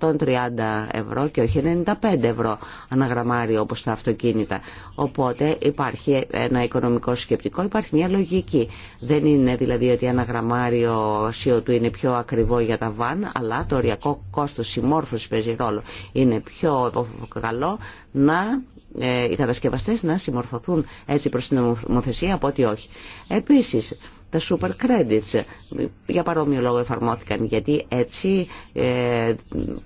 Speaker 3: 130 ευρώ και όχι 95 ευρώ αναγραμμάριο όπως τα αυτοκίνητα. Οπότε υπάρχει ένα οικονομικό σκεπτικό, υπάρχει μια λογική. Δεν είναι δηλαδή ότι ένα γραμμάριο σιωτού είναι πιο ακριβό για τα βαν, αλλά το οριακό κόστος συμμόρφωσης παίζει ρόλο. Είναι πιο καλό να ε, οι κατασκευαστές να συμμορφωθούν έτσι προς την νομοθεσία από ότι όχι. Επίσης, τα super credits. Για παρόμοιο λόγο εφαρμόθηκαν γιατί έτσι ε,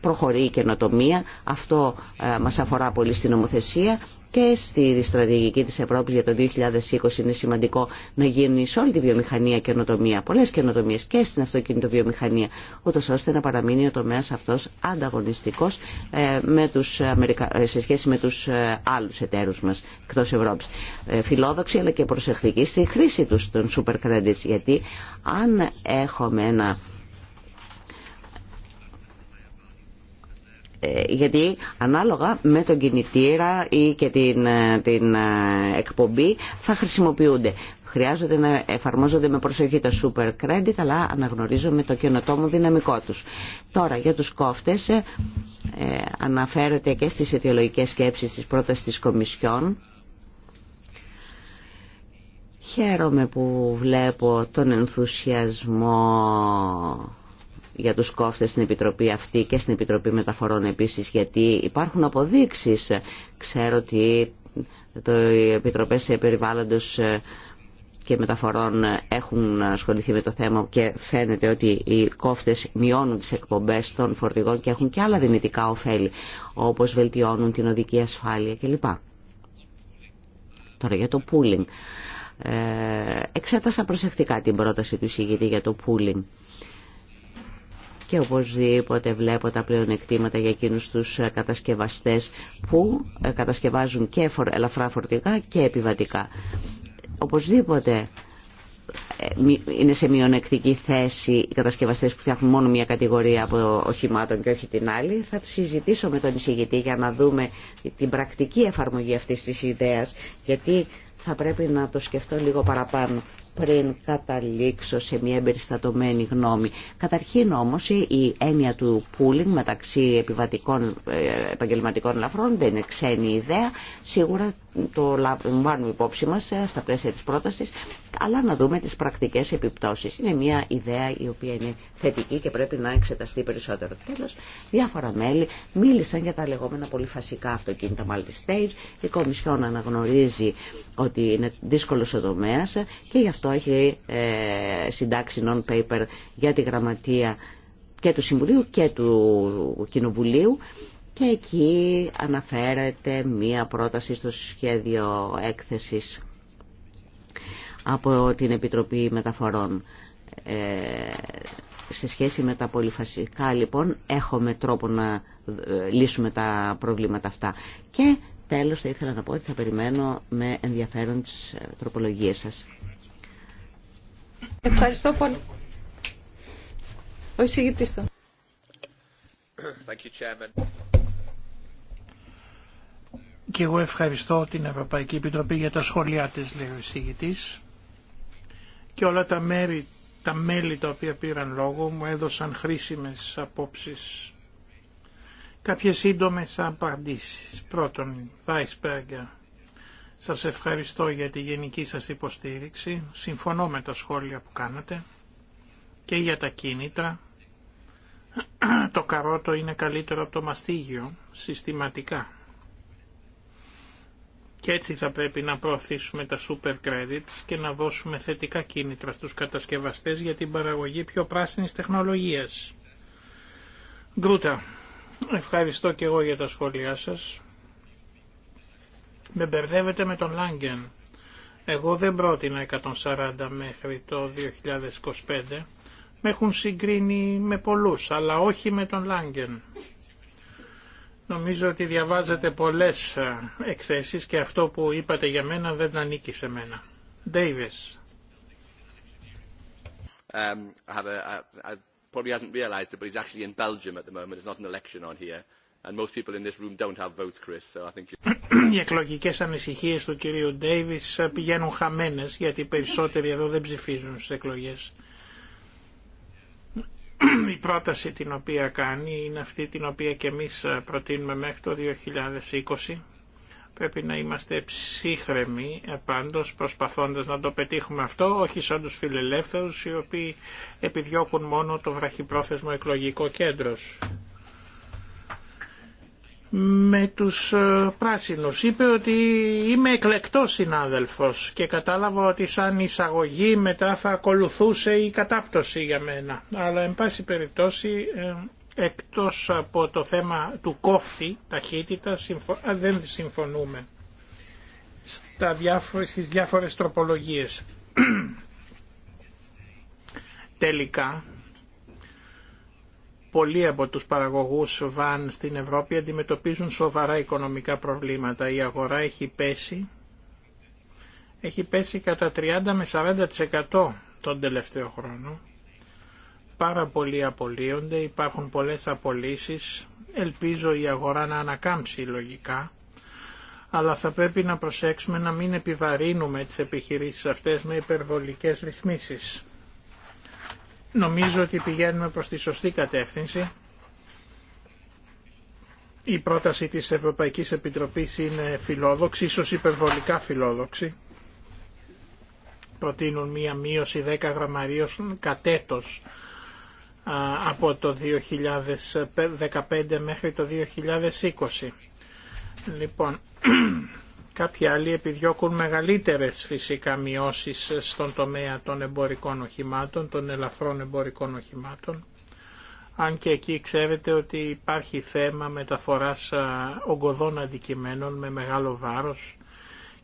Speaker 3: προχωρεί η καινοτομία. Αυτό ε, μας αφορά πολύ στην νομοθεσία και στη στρατηγική της Ευρώπη για το 2020 είναι σημαντικό να γίνει σε όλη τη βιομηχανία καινοτομία, πολλές καινοτομίες και στην αυτοκινητοβιομηχανία, ούτως ώστε να παραμείνει ο τομέας αυτός ανταγωνιστικός ε, με ε, ε, σε σχέση με τους άλλους εταίρους μας εκτός Ευρώπης. Φιλόδοξη αλλά και προσεκτική στη χρήση τους των super credits, γιατί αν έχουμε ένα Ε, γιατί ανάλογα με τον κινητήρα ή και την, ε, την ε, εκπομπή θα χρησιμοποιούνται. Χρειάζονται να εφαρμόζονται με προσοχή τα super credit, αλλά αναγνωρίζουμε το καινοτόμο δυναμικό τους. Τώρα, για τους κόφτες, ε, αναφέρεται και στις αιτιολογικές σκέψεις της πρόταση της Κομισιόν. Χαίρομαι που βλέπω τον ενθουσιασμό για τους κόφτες στην Επιτροπή αυτή και στην Επιτροπή Μεταφορών επίσης γιατί υπάρχουν αποδείξεις. Ξέρω ότι το, οι Επιτροπές Περιβάλλοντος ε, και Μεταφορών έχουν ασχοληθεί με το θέμα και φαίνεται ότι οι κόφτες μειώνουν τις εκπομπές των φορτηγών και έχουν και άλλα δυνητικά ωφέλη όπως βελτιώνουν την οδική ασφάλεια κλπ. Τώρα για το πούλινγκ. Ε, εξέτασα προσεκτικά την πρόταση του εισηγητή για το πούλινγκ και οπωσδήποτε βλέπω τα πλεονεκτήματα για εκείνους τους ε, κατασκευαστές που ε, κατασκευάζουν και ελαφρά φορτηγά και επιβατικά. Οπωσδήποτε ε, είναι σε μειονεκτική θέση οι κατασκευαστές που φτιάχνουν μόνο μια κατηγορία από οχημάτων και όχι την άλλη. Θα συζητήσω με τον εισηγητή για να δούμε την πρακτική εφαρμογή αυτής της ιδέας, γιατί θα πρέπει να το σκεφτώ λίγο παραπάνω πριν καταλήξω σε μια εμπεριστατωμένη γνώμη. Καταρχήν όμως η έννοια του pooling μεταξύ επιβατικών ε, επαγγελματικών λαφρών δεν είναι ξένη ιδέα. Σίγουρα το λαμβάνουμε υπόψη μας ε, στα πλαίσια της πρότασης, αλλά να δούμε τις πρακτικές επιπτώσεις. Είναι μια ιδέα η οποία είναι θετική και πρέπει να εξεταστεί περισσότερο. Τέλος, διάφορα μέλη μίλησαν για τα λεγόμενα πολυφασικά αυτοκίνητα multi-stage. Η Κομισιόν αναγνωρίζει ότι είναι δύσκολο ο τομέα και γι' αυτό έχει ε, συντάξει non-paper για τη γραμματεία και του Συμβουλίου και του Κοινοβουλίου και εκεί αναφέρεται μία πρόταση στο σχέδιο έκθεσης από την Επιτροπή Μεταφορών. Ε, σε σχέση με τα πολυφασικά λοιπόν έχουμε τρόπο να ε, λύσουμε τα προβλήματα αυτά. Και τέλος θα ήθελα να πω ότι θα περιμένω με ενδιαφέρον τις ε, τροπολογίες σας.
Speaker 1: Ευχαριστώ πολύ. Ο εισηγητής του.
Speaker 2: Και εγώ ευχαριστώ την Ευρωπαϊκή Επιτροπή για τα σχόλιά της, λέει ο εισηγητής. Και όλα τα, μέρη, τα μέλη τα οποία πήραν λόγο μου έδωσαν χρήσιμες απόψεις. Κάποιες σύντομες απαντήσεις. Πρώτον, Σα σας ευχαριστώ για τη γενική σας υποστήριξη. Συμφωνώ με τα σχόλια που κάνατε και για τα κίνητρα. Το καρότο είναι καλύτερο από το μαστίγιο, συστηματικά. Και έτσι θα πρέπει να προωθήσουμε τα super credits και να δώσουμε θετικά κίνητρα στους κατασκευαστές για την παραγωγή πιο πράσινης τεχνολογίας. Γκρούτα, ευχαριστώ και εγώ για τα σχόλιά σας. Με μπερδεύετε με τον Λάγκεν. Εγώ δεν πρότεινα 140 μέχρι το 2025. Με έχουν συγκρίνει με πολλούς, αλλά όχι με τον Λάγκεν. Νομίζω ότι διαβάζετε πολλές ε, εκθέσεις και αυτό που είπατε για μένα δεν ανήκει σε μένα. Davis. Um, I have a, I, I probably hasn't realised it, but he's actually in Belgium at the moment. It's not an election on here. And most people in this room don't have votes, Chris, so I think... Οι εκλογικές ανησυχίες του κυρίου Ντέιβις ε, πηγαίνουν χαμένες, γιατί οι περισσότεροι εδώ δεν ψηφίζουν στις εκλογές η πρόταση την οποία κάνει είναι αυτή την οποία και εμείς ε, προτείνουμε μέχρι το 2020. Πρέπει να είμαστε ψύχρεμοι ε, πάντως προσπαθώντας να το πετύχουμε αυτό, όχι σαν τους φιλελεύθερους οι οποίοι επιδιώκουν μόνο το βραχυπρόθεσμο εκλογικό κέντρο με τους ε, πράσινους. Είπε ότι είμαι εκλεκτός συνάδελφος και κατάλαβα ότι σαν εισαγωγή μετά θα ακολουθούσε η κατάπτωση για μένα. Αλλά εν πάση περιπτώσει ε, εκτός από το θέμα του κόφτη ταχύτητα δεν συμφωνούμε στα διάφορε στις διάφορες τροπολογίες. Τελικά πολλοί από τους παραγωγούς βαν στην Ευρώπη αντιμετωπίζουν σοβαρά οικονομικά προβλήματα. Η αγορά έχει πέσει, έχει πέσει κατά 30 με 40% τον τελευταίο χρόνο. Πάρα πολλοί απολύονται, υπάρχουν πολλές απολύσεις. Ελπίζω η αγορά να ανακάμψει λογικά, αλλά θα πρέπει να προσέξουμε να μην επιβαρύνουμε τις επιχειρήσεις αυτές με υπερβολικές ρυθμίσεις. Νομίζω ότι πηγαίνουμε προς τη σωστή κατεύθυνση. Η πρόταση της Ευρωπαϊκής Επιτροπής είναι φιλόδοξη, ίσως υπερβολικά φιλόδοξη. Προτείνουν μία μείωση 10 γραμμαρίων κατέτος από το 2015 μέχρι το 2020. Λοιπόν, Κάποιοι άλλοι επιδιώκουν μεγαλύτερες φυσικά μειώσεις στον τομέα των εμπορικών οχημάτων, των ελαφρών εμπορικών οχημάτων. Αν και εκεί ξέρετε ότι υπάρχει θέμα μεταφοράς ογκωδών αντικειμένων με μεγάλο βάρος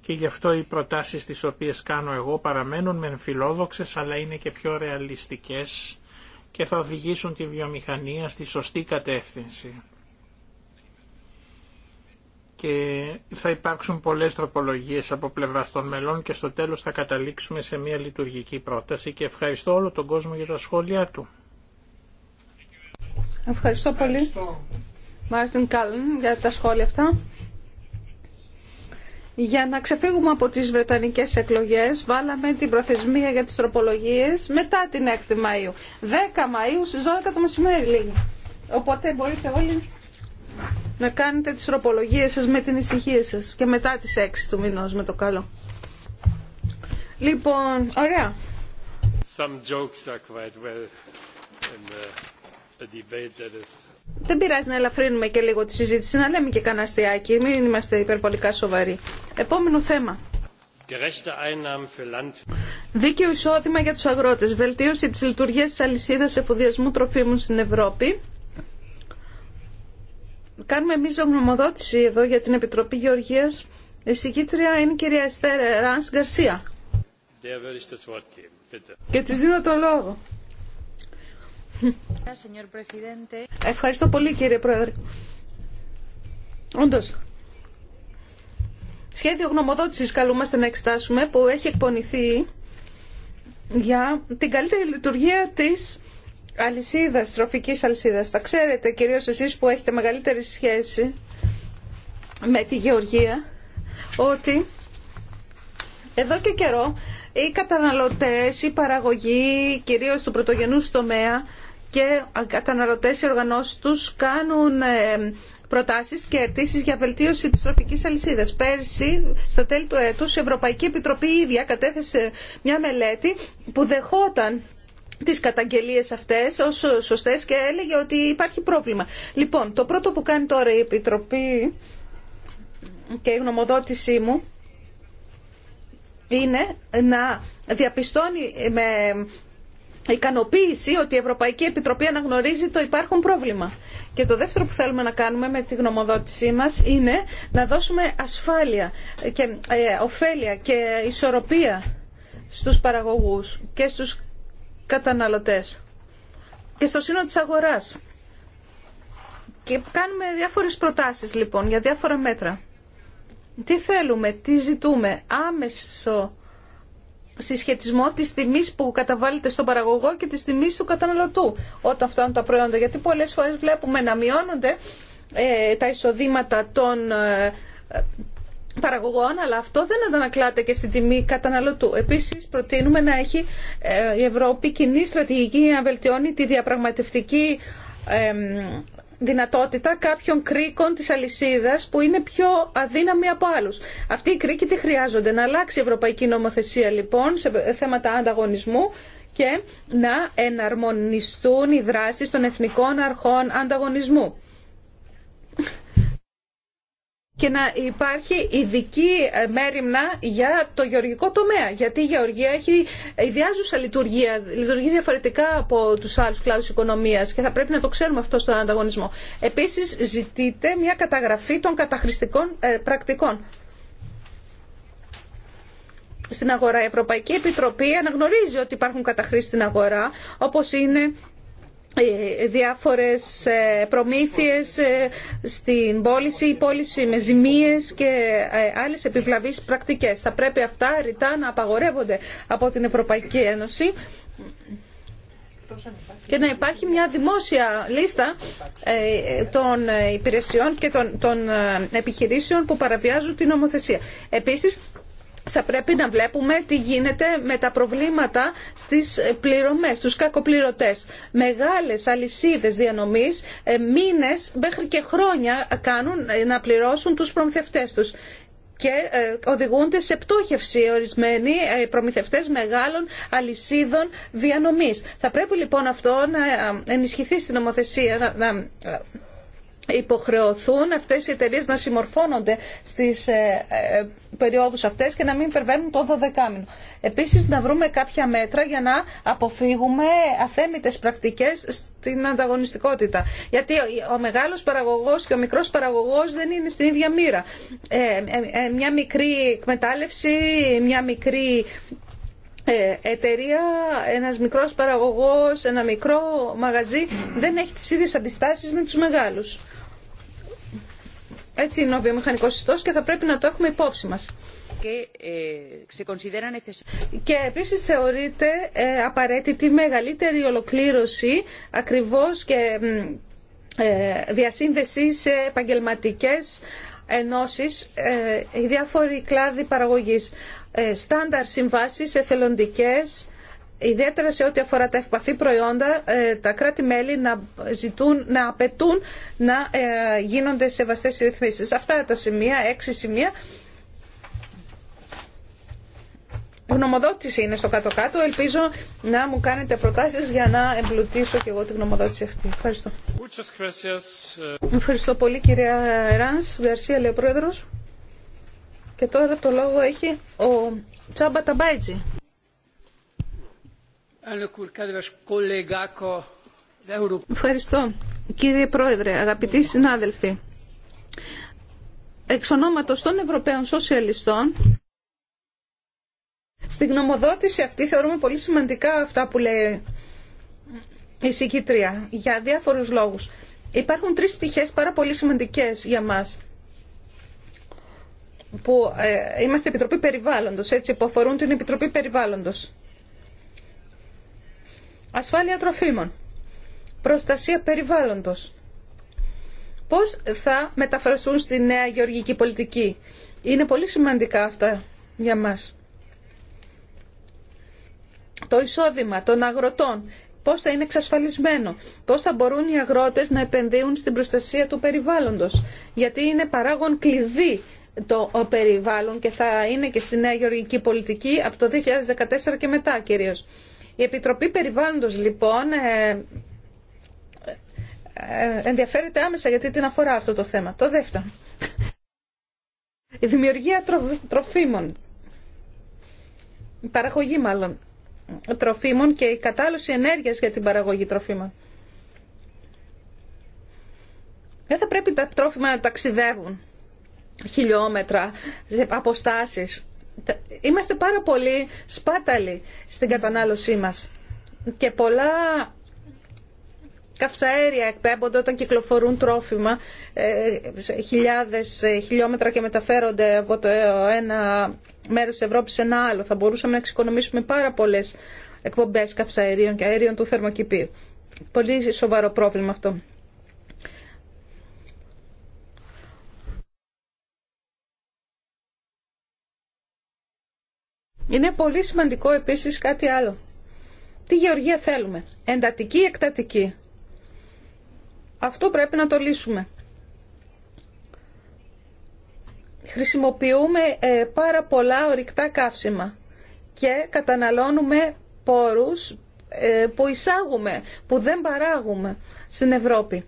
Speaker 2: και γι' αυτό οι προτάσεις τις οποίες κάνω εγώ παραμένουν με φιλόδοξες αλλά είναι και πιο ρεαλιστικές και θα οδηγήσουν τη βιομηχανία στη σωστή κατεύθυνση και θα υπάρξουν πολλές τροπολογίες από πλευρά των μελών και στο τέλος θα καταλήξουμε σε μια λειτουργική πρόταση και ευχαριστώ όλο τον κόσμο για τα σχόλιά του.
Speaker 1: Ευχαριστώ πολύ Μάρτιν Κάλλον για τα σχόλια αυτά. Για να ξεφύγουμε από τις Βρετανικές εκλογές βάλαμε την προθεσμία για τις τροπολογίες μετά την 6η Μαΐου. 10 Μαΐου στις 12 το μεσημέρι λίγη. Οπότε μπορείτε όλοι να κάνετε τις ροπολογίες σας με την ησυχία σας και μετά τις 6 του μηνός με το καλό. Λοιπόν, ωραία.
Speaker 2: Some jokes are quite well in the debate that is...
Speaker 1: Δεν πειράζει να ελαφρύνουμε και λίγο τη συζήτηση, να λέμε και κανένα αστεάκι, μην είμαστε υπερβολικά σοβαροί. Επόμενο θέμα. Δίκαιο εισόδημα για τους αγρότες. Βελτίωση της λειτουργίας της αλυσίδας εφοδιασμού τροφίμων στην Ευρώπη. Κάνουμε εμεί γνωμοδότηση εδώ για την Επιτροπή Γεωργία. Η συγκήτρια είναι η κυρία Εστέρ Ραν Γκαρσία. Και τη δίνω το λόγο. Ευχαριστώ πολύ κύριε Πρόεδρε. Όντω. Σχέδιο γνωμοδότησης καλούμαστε να εξετάσουμε που έχει εκπονηθεί για την καλύτερη λειτουργία της αλυσίδα, τροφικής Αλυσίδα. Τα ξέρετε κυρίως εσείς που έχετε μεγαλύτερη σχέση με τη γεωργία ότι εδώ και καιρό οι καταναλωτές, οι παραγωγοί κυρίως του πρωτογενού τομέα και οι καταναλωτές, οι οργανώσεις τους κάνουν ε, προτάσεις και αιτήσει για βελτίωση της τροφικής αλυσίδας. Πέρσι, στα τέλη του έτους, η Ευρωπαϊκή Επιτροπή ίδια κατέθεσε μια μελέτη που δεχόταν τις καταγγελίες αυτές όσο σωστές και έλεγε ότι υπάρχει πρόβλημα. Λοιπόν, το πρώτο που κάνει τώρα η Επιτροπή και η γνωμοδότησή μου είναι να διαπιστώνει με ικανοποίηση ότι η Ευρωπαϊκή Επιτροπή αναγνωρίζει το υπάρχον πρόβλημα. Και το δεύτερο που θέλουμε να κάνουμε με τη γνωμοδότησή μας είναι να δώσουμε ασφάλεια και ε, ωφέλεια και ισορροπία στους παραγωγούς και στους καταναλωτές και στο σύνολο της αγοράς. Και κάνουμε διάφορες προτάσεις λοιπόν για διάφορα μέτρα. Τι θέλουμε, τι ζητούμε, άμεσο συσχετισμό της τιμής που καταβάλλεται στον παραγωγό και της τιμής του καταναλωτού όταν φτάνουν τα προϊόντα. Γιατί πολλές φορές βλέπουμε να μειώνονται ε, τα εισοδήματα των ε, παραγωγών, αλλά αυτό δεν αντανακλάται και στην τιμή καταναλωτού. Επίσης, προτείνουμε να έχει ε, η Ευρώπη κοινή στρατηγική για να βελτιώνει τη διαπραγματευτική δυνατότητα κάποιων κρίκων της αλυσίδας που είναι πιο αδύναμοι από άλλους. Αυτοί οι κρίκοι τι χρειάζονται. Να αλλάξει η ευρωπαϊκή νομοθεσία λοιπόν σε θέματα ανταγωνισμού και να εναρμονιστούν οι δράσεις των εθνικών αρχών ανταγωνισμού και να υπάρχει ειδική μέρημνα για το γεωργικό τομέα. Γιατί η γεωργία έχει ιδιάζουσα λειτουργία, λειτουργεί διαφορετικά από τους άλλου κλάδου οικονομία και θα πρέπει να το ξέρουμε αυτό στον ανταγωνισμό. Επίσης ζητείται μια καταγραφή των καταχρηστικών ε, πρακτικών. Στην αγορά η Ευρωπαϊκή Επιτροπή αναγνωρίζει ότι υπάρχουν καταχρήσεις στην αγορά, όπως είναι ε, διάφορες ε, προμήθειες ε, στην πώληση ή πώληση με ζημίες και άλλες επιβλαβείς πρακτικές. Θα πρέπει αυτά ρητά να απαγορεύονται από την Ευρωπαϊκή Ένωση και να υπάρχει μια δημόσια λίστα των υπηρεσιών και των επιχειρήσεων που παραβιάζουν την νομοθεσία. Επίσης, θα πρέπει να βλέπουμε τι γίνεται με τα προβλήματα στις πληρωμές, τους κακοπληρωτές. Μεγάλες αλυσίδες διανομής ε, μήνες μέχρι και χρόνια κάνουν ε, να πληρώσουν τους προμηθευτές τους και ε, οδηγούνται σε πτώχευση ορισμένοι προμηθευτές μεγάλων αλυσίδων διανομής. Θα πρέπει λοιπόν αυτό να ενισχυθεί στην νομοθεσία, υποχρεωθούν αυτές οι εταιρείε να συμμορφώνονται στις ε, ε, περιόδους αυτές και να μην υπερβαίνουν το 12 μήνο. Επίσης να βρούμε κάποια μέτρα για να αποφύγουμε αθέμητες πρακτικές στην ανταγωνιστικότητα. Γιατί ο, μεγάλος παραγωγός και ο μικρός παραγωγός δεν είναι στην ίδια μοίρα. Ε, ε, ε, μια μικρή εκμετάλλευση, μια μικρή εταιρεία, ένας μικρός παραγωγός, ένα μικρό μαγαζί δεν έχει τις ίδιες αντιστάσεις με τους μεγάλους. Έτσι είναι ο βιομηχανικός ιστός και θα πρέπει να το έχουμε υπόψη μας. Και, ε, και επίσης θεωρείται ε, απαραίτητη μεγαλύτερη ολοκλήρωση ακριβώς και ε, διασύνδεση σε επαγγελματικές ενώσεις, ε, οι διάφοροι κλάδοι παραγωγής, στάνταρ συμβάσεις, εθελοντικές, ιδιαίτερα σε ό,τι αφορά τα ευπαθή προϊόντα, ε, τα κράτη-μέλη να ζητούν, να απαιτούν να ε, γίνονται σεβαστές ρυθμίσεις. Αυτά τα σημεία, έξι σημεία, γνωμοδότηση είναι στο κάτω-κάτω. Ελπίζω να μου κάνετε προτάσεις για να εμπλουτίσω και εγώ τη γνωμοδότηση αυτή. Ευχαριστώ. Ε. Ευχαριστώ πολύ κυρία Ράνς, Γκαρσία λέει Και τώρα το λόγο έχει ο Τσάμπα Ταμπάιτζη. Ευχαριστώ. Κύριε Πρόεδρε, αγαπητοί συνάδελφοι, εξ ονόματος των Ευρωπαίων Σοσιαλιστών, στην γνωμοδότηση αυτή θεωρούμε πολύ σημαντικά αυτά που λέει η συγκήτρια, για διάφορους λόγους. Υπάρχουν τρεις στοιχές πάρα πολύ σημαντικές για μας που ε, είμαστε Επιτροπή Περιβάλλοντος, έτσι, που αφορούν την Επιτροπή Περιβάλλοντος ασφάλεια τροφίμων, προστασία περιβάλλοντος. Πώς θα μεταφραστούν στη νέα γεωργική πολιτική. Είναι πολύ σημαντικά αυτά για μας. Το εισόδημα των αγροτών, πώς θα είναι εξασφαλισμένο, πώς θα μπορούν οι αγρότες να επενδύουν στην προστασία του περιβάλλοντος, γιατί είναι παράγον κλειδί το περιβάλλον και θα είναι και στη νέα γεωργική πολιτική από το 2014 και μετά κυρίως. Η Επιτροπή Περιβάλλοντος λοιπόν ε, ε, ενδιαφέρεται άμεσα γιατί την αφορά αυτό το θέμα. Το δεύτερο. Η δημιουργία τροφίμων. Η παραγωγή μάλλον τροφίμων και η κατάλωση ενέργειας για την παραγωγή τροφίμων. Δεν θα πρέπει τα τρόφιμα να ταξιδεύουν χιλιόμετρα, αποστάσεις είμαστε πάρα πολύ σπάταλοι στην κατανάλωσή μας και πολλά καυσαέρια εκπέμπονται όταν κυκλοφορούν τρόφιμα ε, χιλιάδες ε, χιλιόμετρα και μεταφέρονται από το ένα μέρος της Ευρώπης σε ένα άλλο. Θα μπορούσαμε να εξοικονομήσουμε πάρα πολλές εκπομπές καυσαερίων και αερίων του θερμοκηπίου. Πολύ σοβαρό πρόβλημα αυτό. Είναι πολύ σημαντικό επίσης κάτι άλλο. Τι γεωργία θέλουμε. Εντατική ή εκτατική. Αυτό πρέπει να το λύσουμε. Χρησιμοποιούμε ε, πάρα πολλά ορυκτά καύσιμα και καταναλώνουμε πόρους ε, που εισάγουμε, που δεν παράγουμε στην Ευρώπη.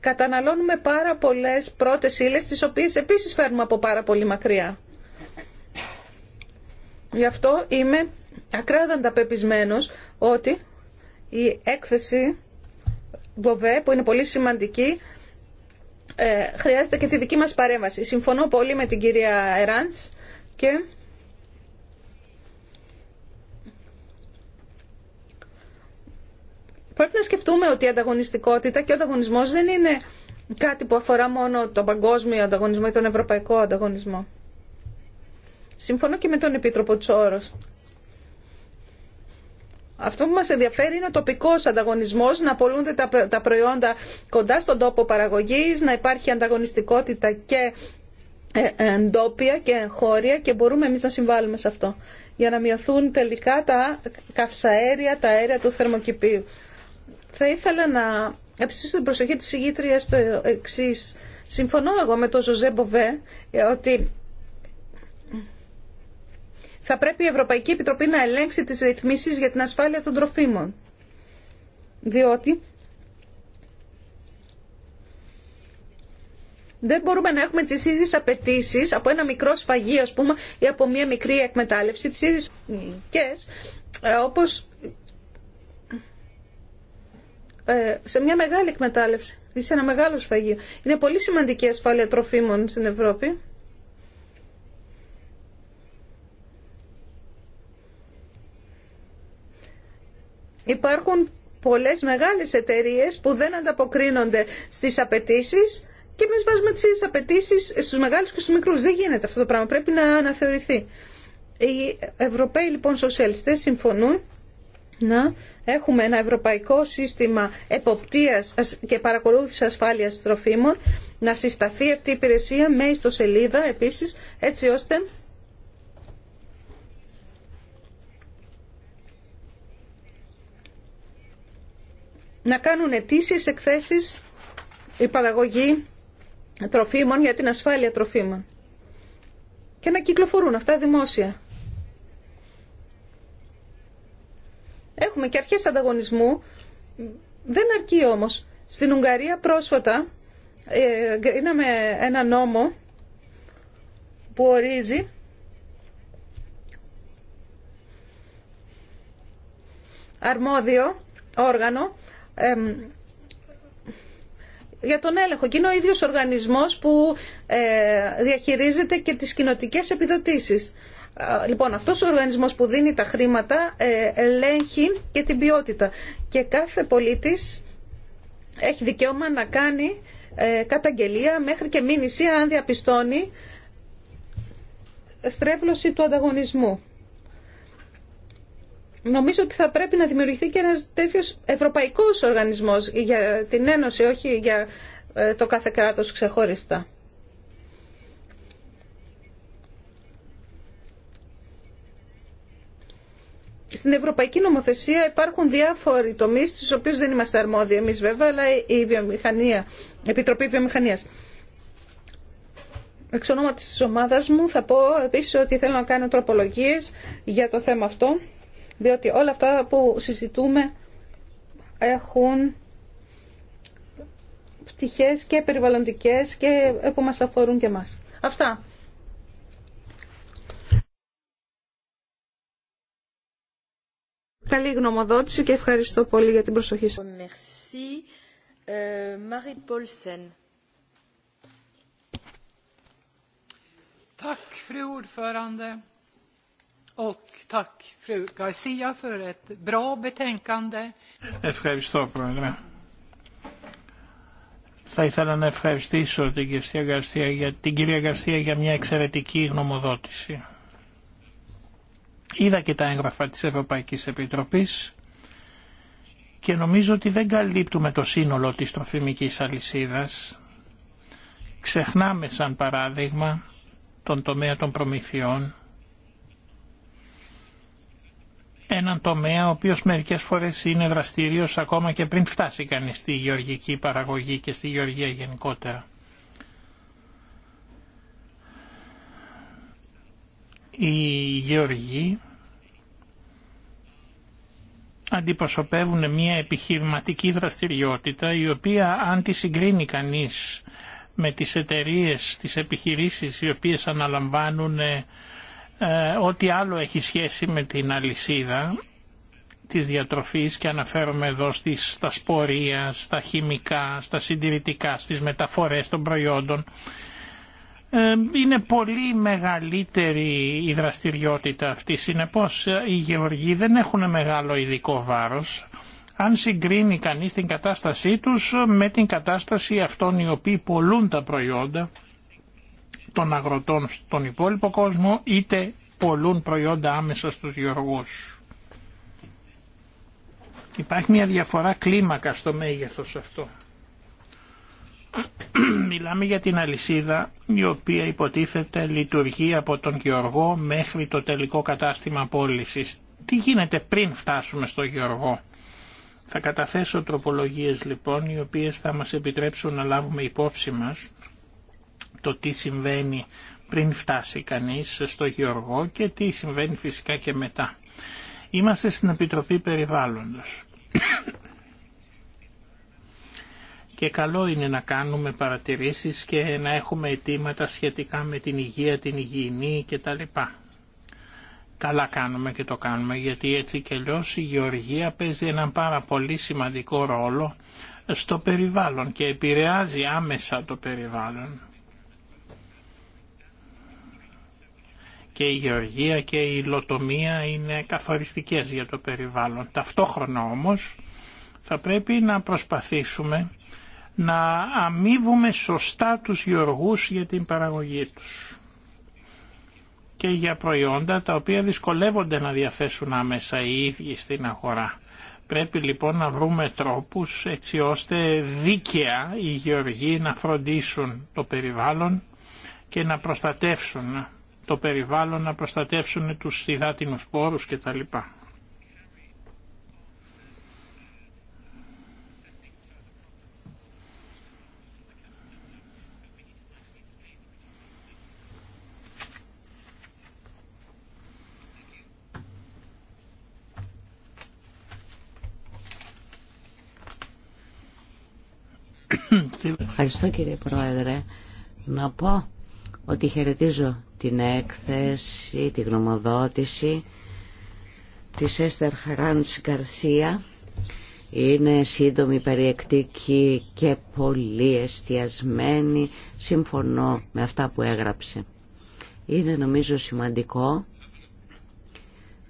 Speaker 1: Καταναλώνουμε πάρα πολλές πρώτες ύλες, τις οποίες επίσης φέρνουμε από πάρα πολύ μακριά. Γι' αυτό είμαι ακράδαντα πεπισμένος ότι η έκθεση Μποβέ, που είναι πολύ σημαντική, ε, χρειάζεται και τη δική μας παρέμβαση. Συμφωνώ πολύ με την κυρία Εράντς και πρέπει να σκεφτούμε ότι η ανταγωνιστικότητα και ο ανταγωνισμός δεν είναι κάτι που αφορά μόνο τον παγκόσμιο ανταγωνισμό ή τον ευρωπαϊκό ανταγωνισμό. Συμφωνώ και με τον Επίτροπο Τσόρο. Αυτό που μας ενδιαφέρει είναι ο τοπικός ανταγωνισμός, να πολλούνται τα προϊόντα κοντά στον τόπο παραγωγής, να υπάρχει ανταγωνιστικότητα και ε, εντόπια και χώρια και μπορούμε εμείς να συμβάλλουμε σε αυτό για να μειωθούν τελικά τα καυσαέρια, τα αέρια του θερμοκηπίου. Θα ήθελα να επιστήσω την προσοχή της ηγήτριας στο εξή. Συμφωνώ εγώ με τον Ζωζέ Μποβέ ότι θα πρέπει η Ευρωπαϊκή Επιτροπή να ελέγξει τις ρυθμίσεις για την ασφάλεια των τροφίμων. Διότι δεν μπορούμε να έχουμε τις ίδιες απαιτήσει από ένα μικρό σφαγί, ας πούμε, ή από μια μικρή εκμετάλλευση, τις ίδιες και ε, όπως ε, σε μια μεγάλη εκμετάλλευση ή σε ένα μεγάλο σφαγείο. Είναι πολύ σημαντική η ασφάλεια τροφίμων στην Ευρώπη. Υπάρχουν πολλές μεγάλες εταιρείες που δεν ανταποκρίνονται στις απαιτήσει και εμεί βάζουμε τις ίδιες απαιτήσει στους μεγάλους και στους μικρούς. Δεν γίνεται αυτό το πράγμα. Πρέπει να αναθεωρηθεί. Οι Ευρωπαίοι λοιπόν σοσιαλιστές συμφωνούν να έχουμε ένα ευρωπαϊκό σύστημα εποπτείας και παρακολούθησης ασφάλειας τροφίμων, να συσταθεί αυτή η υπηρεσία με ιστοσελίδα επίσης, έτσι ώστε να κάνουν αιτήσεις εκθέσεις η παραγωγή τροφίμων για την ασφάλεια τροφίμων και να κυκλοφορούν αυτά δημόσια. Έχουμε και αρχές ανταγωνισμού, δεν αρκεί όμως. Στην Ουγγαρία πρόσφατα είναι ένα νόμο που ορίζει αρμόδιο όργανο για τον έλεγχο. Και είναι ο ίδιος οργανισμός που ε, διαχειρίζεται και τις κοινοτικές επιδοτήσεις. Λοιπόν, αυτός ο οργανισμός που δίνει τα χρήματα ε, ελέγχει και την ποιότητα. Και κάθε πολίτης έχει δικαίωμα να κάνει ε, καταγγελία μέχρι και μήνυση αν διαπιστώνει στρέβλωση του ανταγωνισμού. Νομίζω ότι θα πρέπει να δημιουργηθεί και ένας τέτοιος ευρωπαϊκός οργανισμός για την Ένωση, όχι για ε, το κάθε κράτος ξεχωριστά. Στην ευρωπαϊκή νομοθεσία υπάρχουν διάφοροι τομεί στου οποίου δεν είμαστε αρμόδιοι εμεί βέβαια, αλλά η βιομηχανία, η Επιτροπή Βιομηχανία. Εξ ονόματο τη ομάδα μου θα πω επίση ότι θέλω να κάνω τροπολογίε για το θέμα αυτό διότι όλα αυτά που συζητούμε έχουν πτυχές και περιβαλλοντικές και που μας αφορούν και μας. Αυτά. Καλή γνωμοδότηση και ευχαριστώ πολύ για την προσοχή σας. Merci. Euh,
Speaker 2: Marie Tack, fru ordförande. Ευχαριστώ, Πρόεδρε. Θα ήθελα να ευχαριστήσω την κυρία Γκαρσία για, την κυρία Γαρσία για μια εξαιρετική γνωμοδότηση. Είδα και τα έγγραφα της Ευρωπαϊκής Επιτροπής και νομίζω ότι δεν καλύπτουμε το σύνολο της τροφιμικής αλυσίδας. Ξεχνάμε σαν παράδειγμα τον τομέα των προμηθειών, έναν τομέα ο οποίος μερικές φορές είναι δραστηριός ακόμα και πριν φτάσει κανείς στη γεωργική παραγωγή και στη γεωργία γενικότερα. Οι γεωργοί αντιπροσωπεύουν μια επιχειρηματική δραστηριότητα η οποία αν τη συγκρίνει κανείς με τις εταιρείες, τις επιχειρήσεις οι οποίες αναλαμβάνουν ε, ε, ό,τι άλλο έχει σχέση με την αλυσίδα της διατροφής και αναφέρομαι εδώ στις, στα σπορία, στα χημικά, στα συντηρητικά, στις μεταφορές των προϊόντων. Ε, είναι πολύ μεγαλύτερη η δραστηριότητα αυτή. Συνεπώς οι γεωργοί δεν έχουν μεγάλο ειδικό βάρος αν συγκρίνει κανείς την κατάστασή τους με την κατάσταση αυτών οι οποίοι πολλούν τα προϊόντα των αγροτών στον υπόλοιπο κόσμο είτε πολλούν προϊόντα άμεσα στους γεωργούς. Υπάρχει μια διαφορά κλίμακα στο μέγεθος αυτό. Μιλάμε για την αλυσίδα η οποία υποτίθεται λειτουργεί από τον Γεωργό μέχρι το τελικό κατάστημα πώλησης. Τι γίνεται πριν φτάσουμε στο Γεωργό. Θα καταθέσω τροπολογίες λοιπόν οι οποίες θα μας επιτρέψουν να λάβουμε υπόψη μας το τι συμβαίνει πριν φτάσει κανείς στο Γεωργό και τι συμβαίνει φυσικά και μετά. Είμαστε στην Επιτροπή Περιβάλλοντος. και καλό είναι να κάνουμε παρατηρήσεις και να έχουμε αιτήματα σχετικά με την υγεία, την υγιεινή κτλ. Καλά κάνουμε και το κάνουμε γιατί έτσι και αλλιώ η γεωργία παίζει έναν πάρα πολύ σημαντικό ρόλο στο περιβάλλον και επηρεάζει άμεσα το περιβάλλον. και η γεωργία και η υλοτομία είναι καθοριστικές για το περιβάλλον. Ταυτόχρονα όμως θα πρέπει να προσπαθήσουμε να αμείβουμε σωστά τους γεωργούς για την παραγωγή τους και για προϊόντα τα οποία δυσκολεύονται να διαθέσουν άμεσα οι ίδιοι στην αγορά. Πρέπει λοιπόν να βρούμε τρόπους έτσι ώστε δίκαια οι γεωργοί να φροντίσουν το περιβάλλον και να προστατεύσουν το περιβάλλον, να προστατεύσουν τους υδάτινους πόρους κτλ.
Speaker 3: Ευχαριστώ κύριε Πρόεδρε. Να πω ότι χαιρετίζω την έκθεση, τη γνωμοδότηση της Έστερ Χαράντς Γκαρσία. Είναι σύντομη, περιεκτική και πολύ εστιασμένη. Συμφωνώ με αυτά που έγραψε. Είναι νομίζω σημαντικό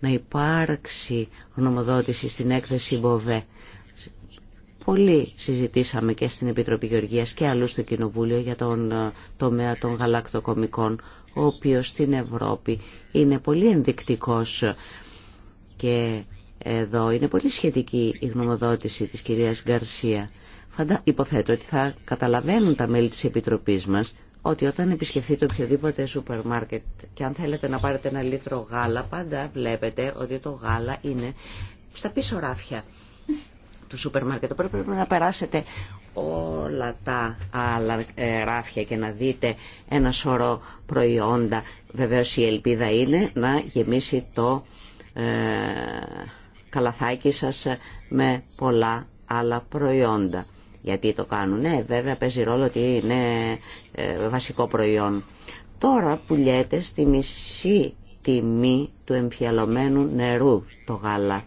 Speaker 3: να υπάρξει γνωμοδότηση στην έκθεση Μποβέ. Πολύ συζητήσαμε και στην Επιτροπή Γεωργίας και αλλού στο Κοινοβούλιο για τον τομέα των γαλακτοκομικών ο οποίος στην Ευρώπη είναι πολύ ενδεικτικός και εδώ είναι πολύ σχετική η γνωμοδότηση της κυρίας Γκαρσία. Φαντα... Υποθέτω ότι θα καταλαβαίνουν τα μέλη της Επιτροπής μας ότι όταν επισκεφθείτε οποιοδήποτε σούπερ μάρκετ και αν θέλετε να πάρετε ένα λίτρο γάλα, πάντα βλέπετε ότι το γάλα είναι στα πίσω ράφια του σούπερ Πρέπει να περάσετε όλα τα άλλα ράφια και να δείτε ένα σωρό προϊόντα. Βεβαίως η ελπίδα είναι να γεμίσει το ε, καλαθάκι σας με πολλά άλλα προϊόντα. Γιατί το κάνουν. Ναι, βέβαια παίζει ρόλο ότι είναι ε, βασικό προϊόν. Τώρα πουλιέται στη μισή τιμή του εμφιαλωμένου νερού το γάλα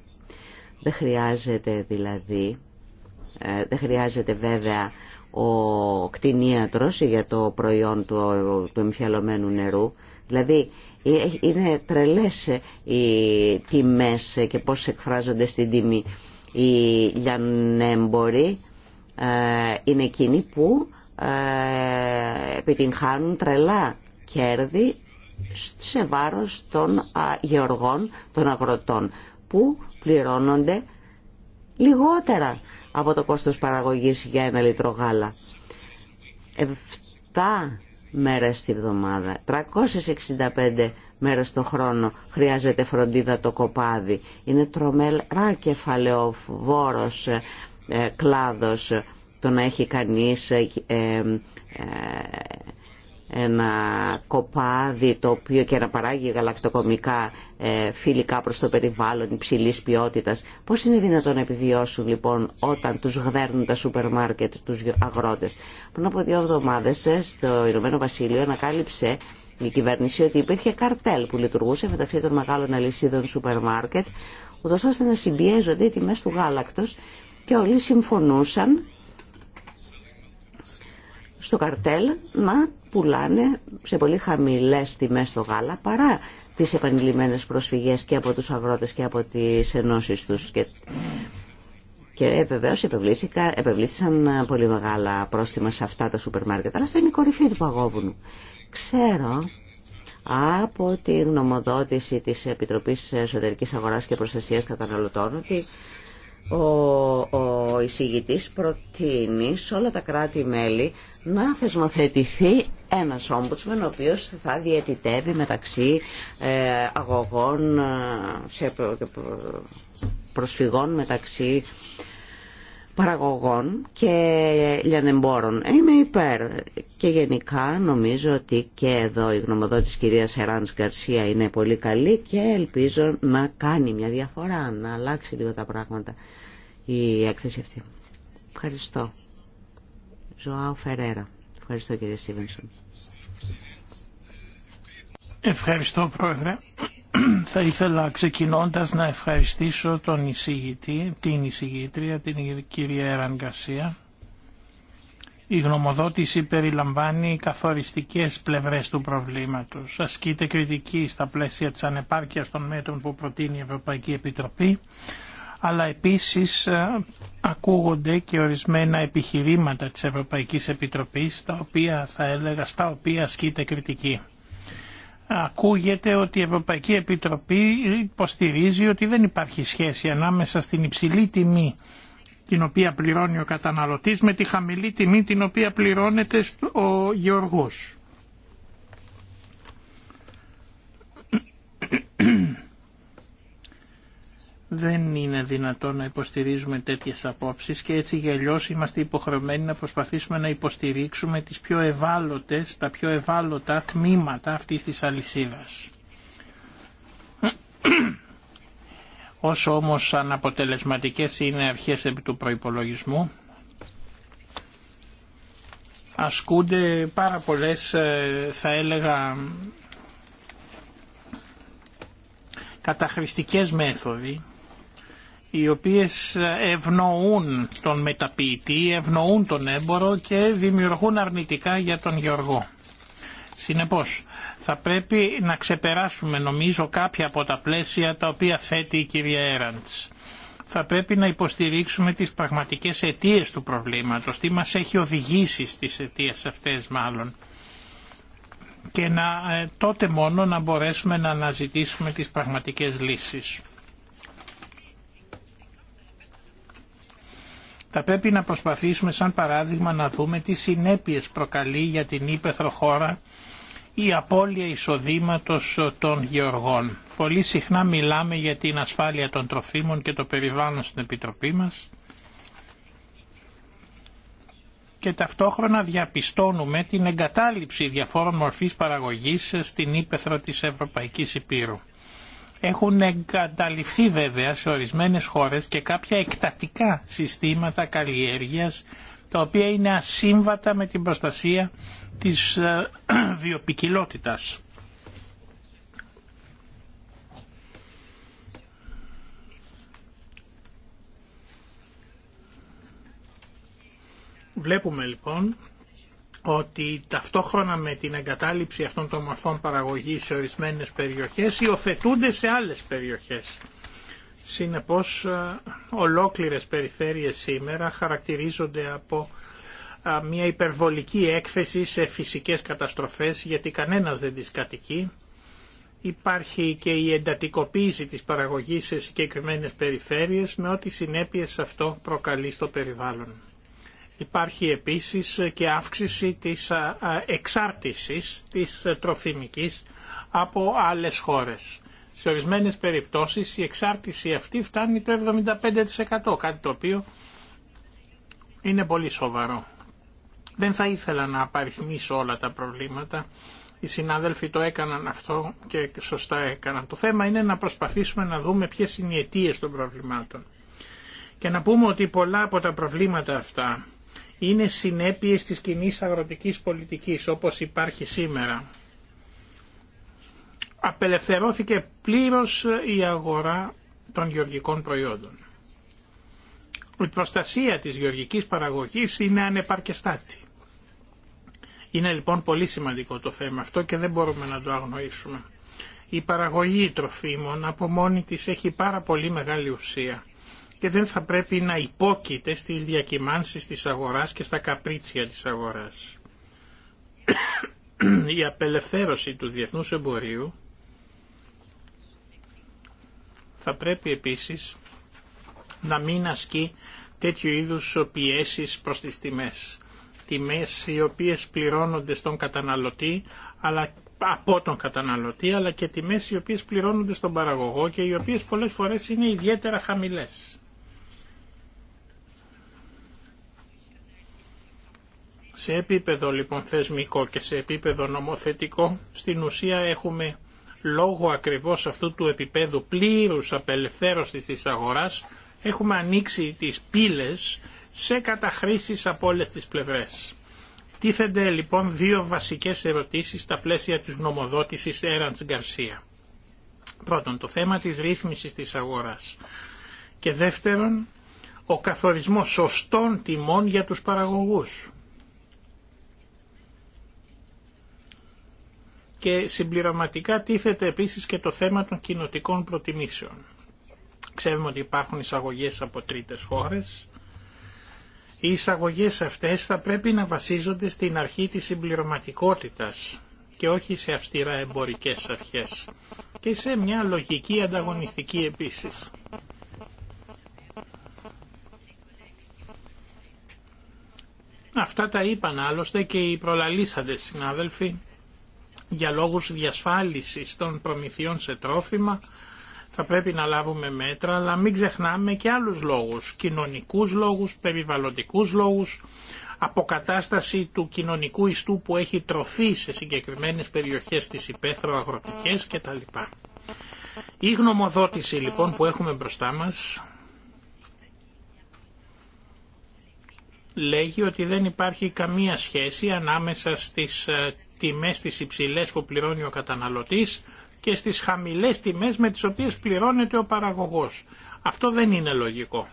Speaker 3: δεν χρειάζεται δηλαδή, ε, δεν χρειάζεται βέβαια ο κτηνίατρος για το προϊόν του, εμφιαλωμένου νερού. Δηλαδή ε, είναι τρελές ε, οι τιμές και πώς εκφράζονται στην τιμή. Οι λιανέμποροι είναι εκείνοι που επιτυγχάνουν τρελά κέρδη σε βάρος των γεωργών, των αγροτών που πληρώνονται λιγότερα από το κόστος παραγωγής για ένα λίτρο γάλα. Εφτά μέρες τη βδομάδα, 365 μέρες το χρόνο χρειάζεται φροντίδα το κοπάδι. Είναι τρομερά κεφαλαιοβόρος ε, ε κλάδος το να έχει κανείς ε, ε, ένα κοπάδι το οποίο και να παράγει γαλακτοκομικά ε, φιλικά προς το περιβάλλον υψηλής ποιότητας. Πώς είναι δυνατόν να επιβιώσουν λοιπόν όταν τους γδέρνουν τα σούπερ μάρκετ, τους αγρότες. Πριν από δύο εβδομάδες ε, στο Ηνωμένο Βασίλειο ανακάλυψε η κυβέρνηση ότι υπήρχε καρτέλ που λειτουργούσε μεταξύ των μεγάλων αλυσίδων σούπερ μάρκετ ούτως ώστε να συμπιέζονται οι τιμές του γάλακτος και όλοι συμφωνούσαν στο καρτέλ να πουλάνε σε πολύ χαμηλές τιμές το γάλα παρά τις επανειλημμένες προσφυγές και από τους αγρότες και από τις ενώσεις τους. Και, και ε, βεβαίως επευλήθησαν ε, πολύ μεγάλα πρόστιμα σε αυτά τα σούπερ μάρκετ. Αλλά αυτά είναι η κορυφή του παγόβουνου. Ξέρω από τη γνωμοδότηση της Επιτροπής Εσωτερικής Αγοράς και Προστασίας Καταναλωτών ότι ο, ο εισηγητής προτείνει σε όλα τα κράτη-μέλη να θεσμοθετηθεί ένας όμπουτσμεν ο οποίος θα διαιτητεύει μεταξύ ε, αγωγών, ε, σε προσφυγών μεταξύ παραγωγών και λιανεμπόρων. Είμαι υπέρ και γενικά νομίζω ότι και εδώ η γνωμοδότης κυρίας Εράνς Γκαρσία είναι πολύ καλή και ελπίζω να κάνει μια διαφορά, να αλλάξει λίγο τα πράγματα η έκθεση αυτή. Ευχαριστώ. Ζωάου Φερέρα. Ευχαριστώ κύριε Σίβενσον.
Speaker 2: Ευχαριστώ πρόεδρε. θα ήθελα ξεκινώντας να ευχαριστήσω τον εισηγητή, την εισηγήτρια, την κυρία Ερανγκασία. Η γνωμοδότηση περιλαμβάνει καθοριστικές πλευρές του προβλήματος. Ασκείται κριτική στα πλαίσια της ανεπάρκειας των μέτρων που προτείνει η Ευρωπαϊκή Επιτροπή, αλλά επίσης ε, ακούγονται και ορισμένα επιχειρήματα της Ευρωπαϊκής Επιτροπής, τα οποία θα έλεγα, στα οποία ασκείται κριτική ακούγεται ότι η Ευρωπαϊκή Επιτροπή υποστηρίζει ότι δεν υπάρχει σχέση ανάμεσα στην υψηλή τιμή την οποία πληρώνει ο καταναλωτής με τη χαμηλή τιμή την οποία πληρώνεται ο γεωργός. Δεν είναι δυνατό να υποστηρίζουμε τέτοιες απόψεις και έτσι για αλλιώς είμαστε υποχρεωμένοι να προσπαθήσουμε να υποστηρίξουμε τις πιο ευάλωτες, τα πιο ευάλωτα τμήματα αυτής της αλυσίδας. Όσο όμως αναποτελεσματικές είναι αρχές επί του προϋπολογισμού, ασκούνται πάρα πολλές, ε, θα έλεγα, καταχρηστικές μέθοδοι οι οποίες ευνοούν τον μεταποιητή, ευνοούν τον έμπορο και δημιουργούν αρνητικά για τον γεωργό. Συνεπώς, θα πρέπει να ξεπεράσουμε νομίζω κάποια από τα πλαίσια τα οποία θέτει η κυρία Έραντς. Θα πρέπει να υποστηρίξουμε τις πραγματικές αιτίες του προβλήματος, τι μας έχει οδηγήσει στις αιτίες αυτές μάλλον. Και να, ε, τότε μόνο να μπορέσουμε να αναζητήσουμε τις πραγματικές λύσεις. Θα πρέπει να προσπαθήσουμε σαν παράδειγμα να δούμε τι συνέπειες προκαλεί για την ύπεθρο χώρα η απώλεια εισοδήματος των γεωργών. Πολύ συχνά μιλάμε για την ασφάλεια των τροφίμων και το περιβάλλον στην Επιτροπή μας και ταυτόχρονα διαπιστώνουμε την εγκατάλειψη διαφόρων μορφής παραγωγής στην ύπεθρο της Ευρωπαϊκής Υπήρου. Έχουν εγκαταληφθεί βέβαια σε ορισμένες χώρες και κάποια εκτατικά συστήματα καλλιέργειας τα οποία είναι ασύμβατα με την προστασία της ε, βιοπικιλότητας. Βλέπουμε λοιπόν ότι ταυτόχρονα με την εγκατάλειψη αυτών των μορφών παραγωγής σε ορισμένες περιοχές υιοθετούνται σε άλλες περιοχές. Συνεπώς ολόκληρες περιφέρειες σήμερα χαρακτηρίζονται από μια υπερβολική έκθεση σε φυσικές καταστροφές γιατί κανένας δεν τις κατοικεί. Υπάρχει και η εντατικοποίηση της παραγωγής σε συγκεκριμένες περιφέρειες με ό,τι συνέπειες αυτό προκαλεί στο περιβάλλον. Υπάρχει επίσης και αύξηση της εξάρτησης της ε, τροφιμικής από άλλες χώρες. Σε ορισμένες περιπτώσεις η εξάρτηση αυτή φτάνει το 75% κάτι το οποίο είναι πολύ σοβαρό. Δεν θα ήθελα να απαριθμίσω όλα τα προβλήματα. Οι συνάδελφοι το έκαναν αυτό και σωστά έκαναν. Το θέμα είναι να προσπαθήσουμε να δούμε ποιες είναι οι αιτίες των προβλημάτων. Και να πούμε ότι πολλά από τα προβλήματα αυτά είναι συνέπειες της κοινή αγροτικής πολιτικής όπως υπάρχει σήμερα. Απελευθερώθηκε πλήρως η αγορά των γεωργικών προϊόντων. Η προστασία της γεωργικής παραγωγής είναι ανεπαρκεστάτη. Είναι λοιπόν πολύ σημαντικό το θέμα αυτό και δεν μπορούμε να το αγνοήσουμε. Η παραγωγή τροφίμων από μόνη της έχει πάρα πολύ μεγάλη ουσία και δεν θα πρέπει να υπόκειται στις διακυμάνσεις της αγοράς και στα καπρίτσια της αγοράς. Η απελευθέρωση του διεθνούς εμπορίου θα πρέπει επίσης να μην ασκεί τέτοιου είδους πιέσεις προς τις τιμές. Τιμές οι οποίες πληρώνονται στον καταναλωτή, αλλά από τον καταναλωτή, αλλά και τιμές οι οποίες πληρώνονται στον παραγωγό και οι οποίες πολλές φορές είναι ιδιαίτερα χαμηλές. Σε επίπεδο λοιπόν θεσμικό και σε επίπεδο νομοθετικό, στην ουσία έχουμε λόγω ακριβώς αυτού του επίπεδου πλήρους απελευθέρωσης της αγοράς, έχουμε ανοίξει τις πύλες σε καταχρήσεις από όλες τις πλευρές. Τίθενται λοιπόν δύο βασικές ερωτήσεις στα πλαίσια της γνωμοδότησης Έραντς Γκαρσία. Πρώτον, το θέμα της ρύθμισης της αγοράς. Και δεύτερον, ο καθορισμός σωστών τιμών για τους παραγωγούς. και συμπληρωματικά τίθεται επίσης και το θέμα των κοινοτικών προτιμήσεων. Ξέρουμε ότι υπάρχουν εισαγωγές από τρίτες χώρες. Οι εισαγωγές αυτές θα πρέπει να βασίζονται στην αρχή της συμπληρωματικότητας και όχι σε αυστηρά εμπορικές αρχές και σε μια λογική ανταγωνιστική επίσης. Αυτά τα είπαν άλλωστε και οι προλαλήσαντες συνάδελφοι για λόγους διασφάλισης των προμηθειών σε τρόφιμα θα πρέπει να λάβουμε μέτρα, αλλά μην ξεχνάμε και άλλους λόγους, κοινωνικούς λόγους, περιβαλλοντικούς λόγους, αποκατάσταση του κοινωνικού ιστού που έχει τροφή σε συγκεκριμένες περιοχές της υπαίθρου αγροτικές κτλ. Η γνωμοδότηση λοιπόν που έχουμε μπροστά μας λέγει ότι δεν υπάρχει καμία σχέση ανάμεσα στις ε, τιμές τις υψηλές που πληρώνει ο καταναλωτής και στις χαμηλές τιμές με τις οποίες πληρώνεται ο παραγωγός. Αυτό δεν είναι λογικό.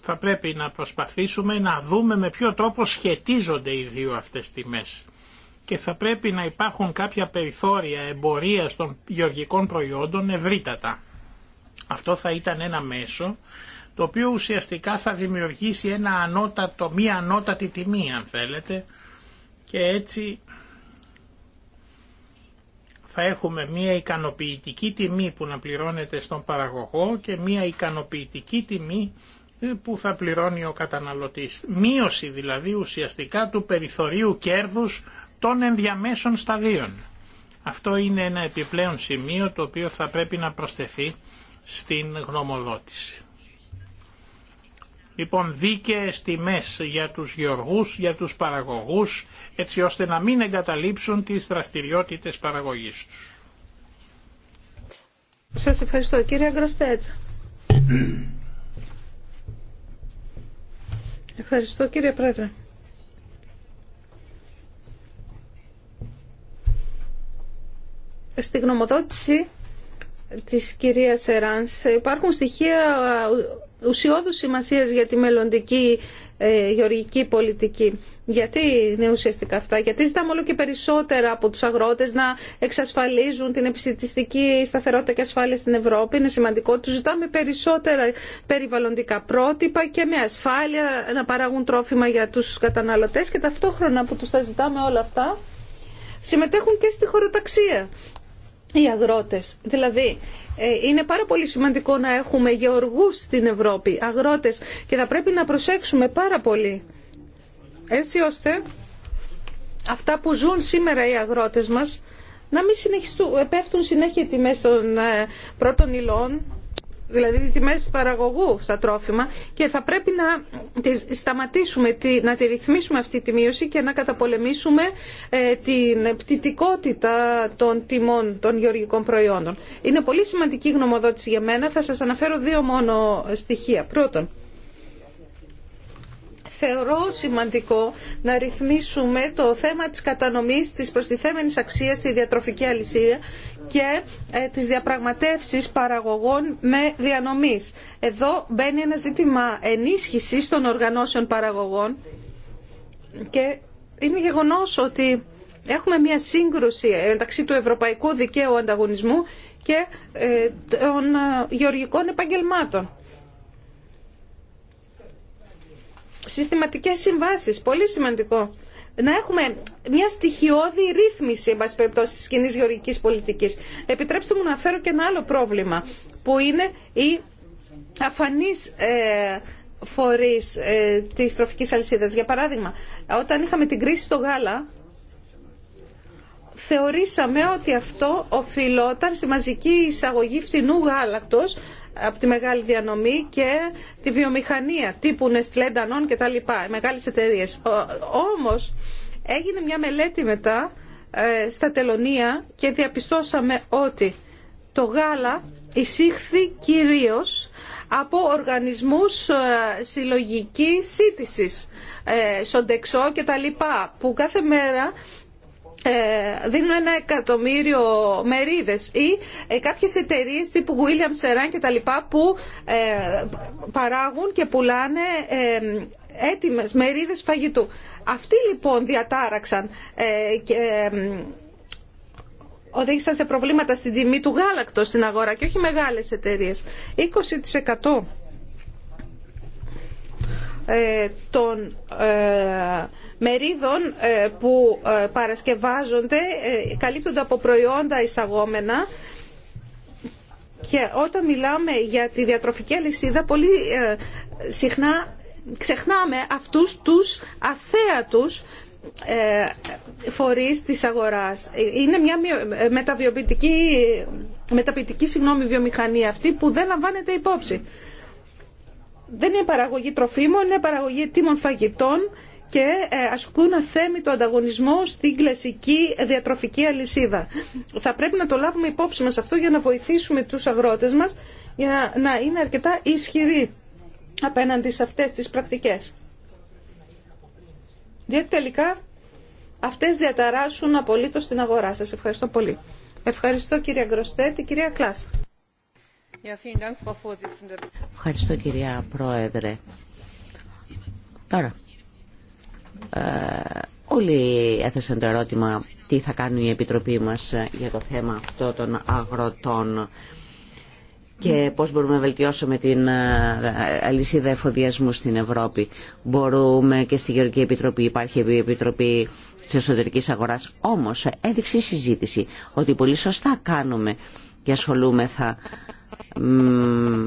Speaker 2: Θα πρέπει να προσπαθήσουμε να δούμε με ποιο τρόπο σχετίζονται οι δύο αυτές τιμές. Και θα πρέπει να υπάρχουν κάποια περιθώρια εμπορίας των γεωργικών προϊόντων ευρύτατα. Αυτό θα ήταν ένα μέσο το οποίο ουσιαστικά θα δημιουργήσει ένα ανώτατο, μία ανώτατη τιμή αν θέλετε και έτσι θα έχουμε μία ικανοποιητική τιμή που να πληρώνεται στον παραγωγό και μία ικανοποιητική τιμή ε, που θα πληρώνει ο καταναλωτής. Μείωση δηλαδή ουσιαστικά του περιθωρίου κέρδους των ενδιαμέσων σταδίων. Αυτό είναι ένα επιπλέον σημείο το οποίο θα πρέπει να προσθεθεί στην γνωμοδότηση. Λοιπόν, δίκαιες τιμές για τους γεωργούς, για τους παραγωγούς, έτσι ώστε να μην εγκαταλείψουν τις δραστηριότητες παραγωγής τους.
Speaker 1: Σας ευχαριστώ. Κύριε Γκροστέτ. Ευχαριστώ κύριε Πρόεδρε. Στη γνωμοδότηση της κυρίας Εράνς υπάρχουν στοιχεία ουσιώδους σημασίας για τη μελλοντική ε, γεωργική πολιτική. Γιατί είναι ουσιαστικά αυτά, γιατί ζητάμε όλο και περισσότερα από τους αγρότες να εξασφαλίζουν την επιστημιστική σταθερότητα και ασφάλεια στην Ευρώπη, είναι σημαντικό. Τους ζητάμε περισσότερα περιβαλλοντικά πρότυπα και με ασφάλεια να παράγουν τρόφιμα για τους καταναλωτές και ταυτόχρονα που τους τα ζητάμε όλα αυτά συμμετέχουν και στη χωροταξία οι αγρότες. Δηλαδή, ε, είναι πάρα πολύ σημαντικό να έχουμε γεωργούς στην Ευρώπη, αγρότες, και θα πρέπει να προσέξουμε πάρα πολύ. Έτσι ώστε αυτά που ζουν σήμερα οι αγρότες μας να μην συνεχιστούν, ε, πέφτουν συνέχεια τιμές των ε, πρώτων υλών δηλαδή τη τιμές παραγωγού στα τρόφιμα και θα πρέπει να τη σταματήσουμε, να τη ρυθμίσουμε αυτή τη μείωση και να καταπολεμήσουμε ε, την πτητικότητα των τιμών των γεωργικών προϊόντων. Είναι πολύ σημαντική γνωμοδότηση για μένα, θα σας αναφέρω δύο μόνο στοιχεία. Πρώτον, θεωρώ σημαντικό να ρυθμίσουμε το θέμα της κατανομής της προστιθέμενης αξίας στη διατροφική αλυσίδα και ε, της διαπραγματεύσεις παραγωγών με διανομής. Εδώ μπαίνει ένα ζήτημα ενίσχυσης των οργανώσεων παραγωγών και είναι γεγονός ότι έχουμε μια σύγκρουση μεταξύ του ευρωπαϊκού δικαίου ανταγωνισμού και ε, των ε, γεωργικών επαγγελμάτων. συστηματικές συμβάσεις. Πολύ σημαντικό. Να έχουμε μια στοιχειώδη ρύθμιση, εν πάση περιπτώσει, τη κοινή γεωργική πολιτική. Επιτρέψτε μου να φέρω και ένα άλλο πρόβλημα, που είναι η αφανή ε, φορεί ε, τη τροφική αλυσίδα. Για παράδειγμα, όταν είχαμε την κρίση στο γάλα, θεωρήσαμε ότι αυτό οφειλόταν στη μαζική εισαγωγή φθηνού γάλακτος από τη μεγάλη διανομή και τη βιομηχανία τύπου Nestlé, και τα λοιπά, μεγάλες εταιρείες. Όμως έγινε μια μελέτη μετά ε, στα τελωνία και διαπιστώσαμε ότι το γάλα εισήχθη κυρίως από οργανισμούς ε, συλλογικής σύτησης, σοντεξό και τα λοιπά, που κάθε μέρα ε, δίνουν ένα εκατομμύριο μερίδες ή ε, κάποιες εταιρείες τύπου William Seran και τα λοιπά που ε, παράγουν και πουλάνε έτοιμες μερίδες φαγητού. Αυτοί λοιπόν διατάραξαν και οδήγησαν σε προβλήματα στην τιμή του γάλακτο στην αγορά και όχι μεγάλες εταιρείες. 20% ε, των ε, μερίδων ε, που παρασκευάζονται καλύπτονται από προϊόντα εισαγόμενα και όταν μιλάμε για τη διατροφική αλυσίδα πολύ συχνά ξεχνάμε αυτούς τους αθέατους φορείς της αγοράς. Είναι μια μεταβιοποιητική μεταποιητική συγγνώμη βιομηχανία αυτή που δεν λαμβάνεται υπόψη δεν είναι παραγωγή τροφίμων, είναι παραγωγή τίμων φαγητών και ε, ασκούν αθέμητο ανταγωνισμό στην κλασική διατροφική αλυσίδα. Θα πρέπει να το λάβουμε υπόψη μας αυτό για να βοηθήσουμε τους αγρότες μας για να είναι αρκετά ισχυροί απέναντι σε αυτές τις πρακτικές. Διότι τελικά αυτές διαταράσσουν απολύτως την αγορά σας. Ευχαριστώ πολύ. Ευχαριστώ κυρία Γκροστέτη, κυρία Κλάσσα.
Speaker 3: Ευχαριστώ κυρία Πρόεδρε. Τώρα, ε, όλοι έθεσαν το ερώτημα τι θα κάνει η Επιτροπή μας ε, για το θέμα αυτό των αγροτών και πώς μπορούμε να βελτιώσουμε την ε, αλυσίδα εφοδιασμού στην Ευρώπη. Μπορούμε και στη Γεωργική Επιτροπή, υπάρχει η Επιτροπή της Εσωτερικής Αγοράς. Όμως έδειξε η συζήτηση ότι πολύ σωστά κάνουμε και ασχολούμεθα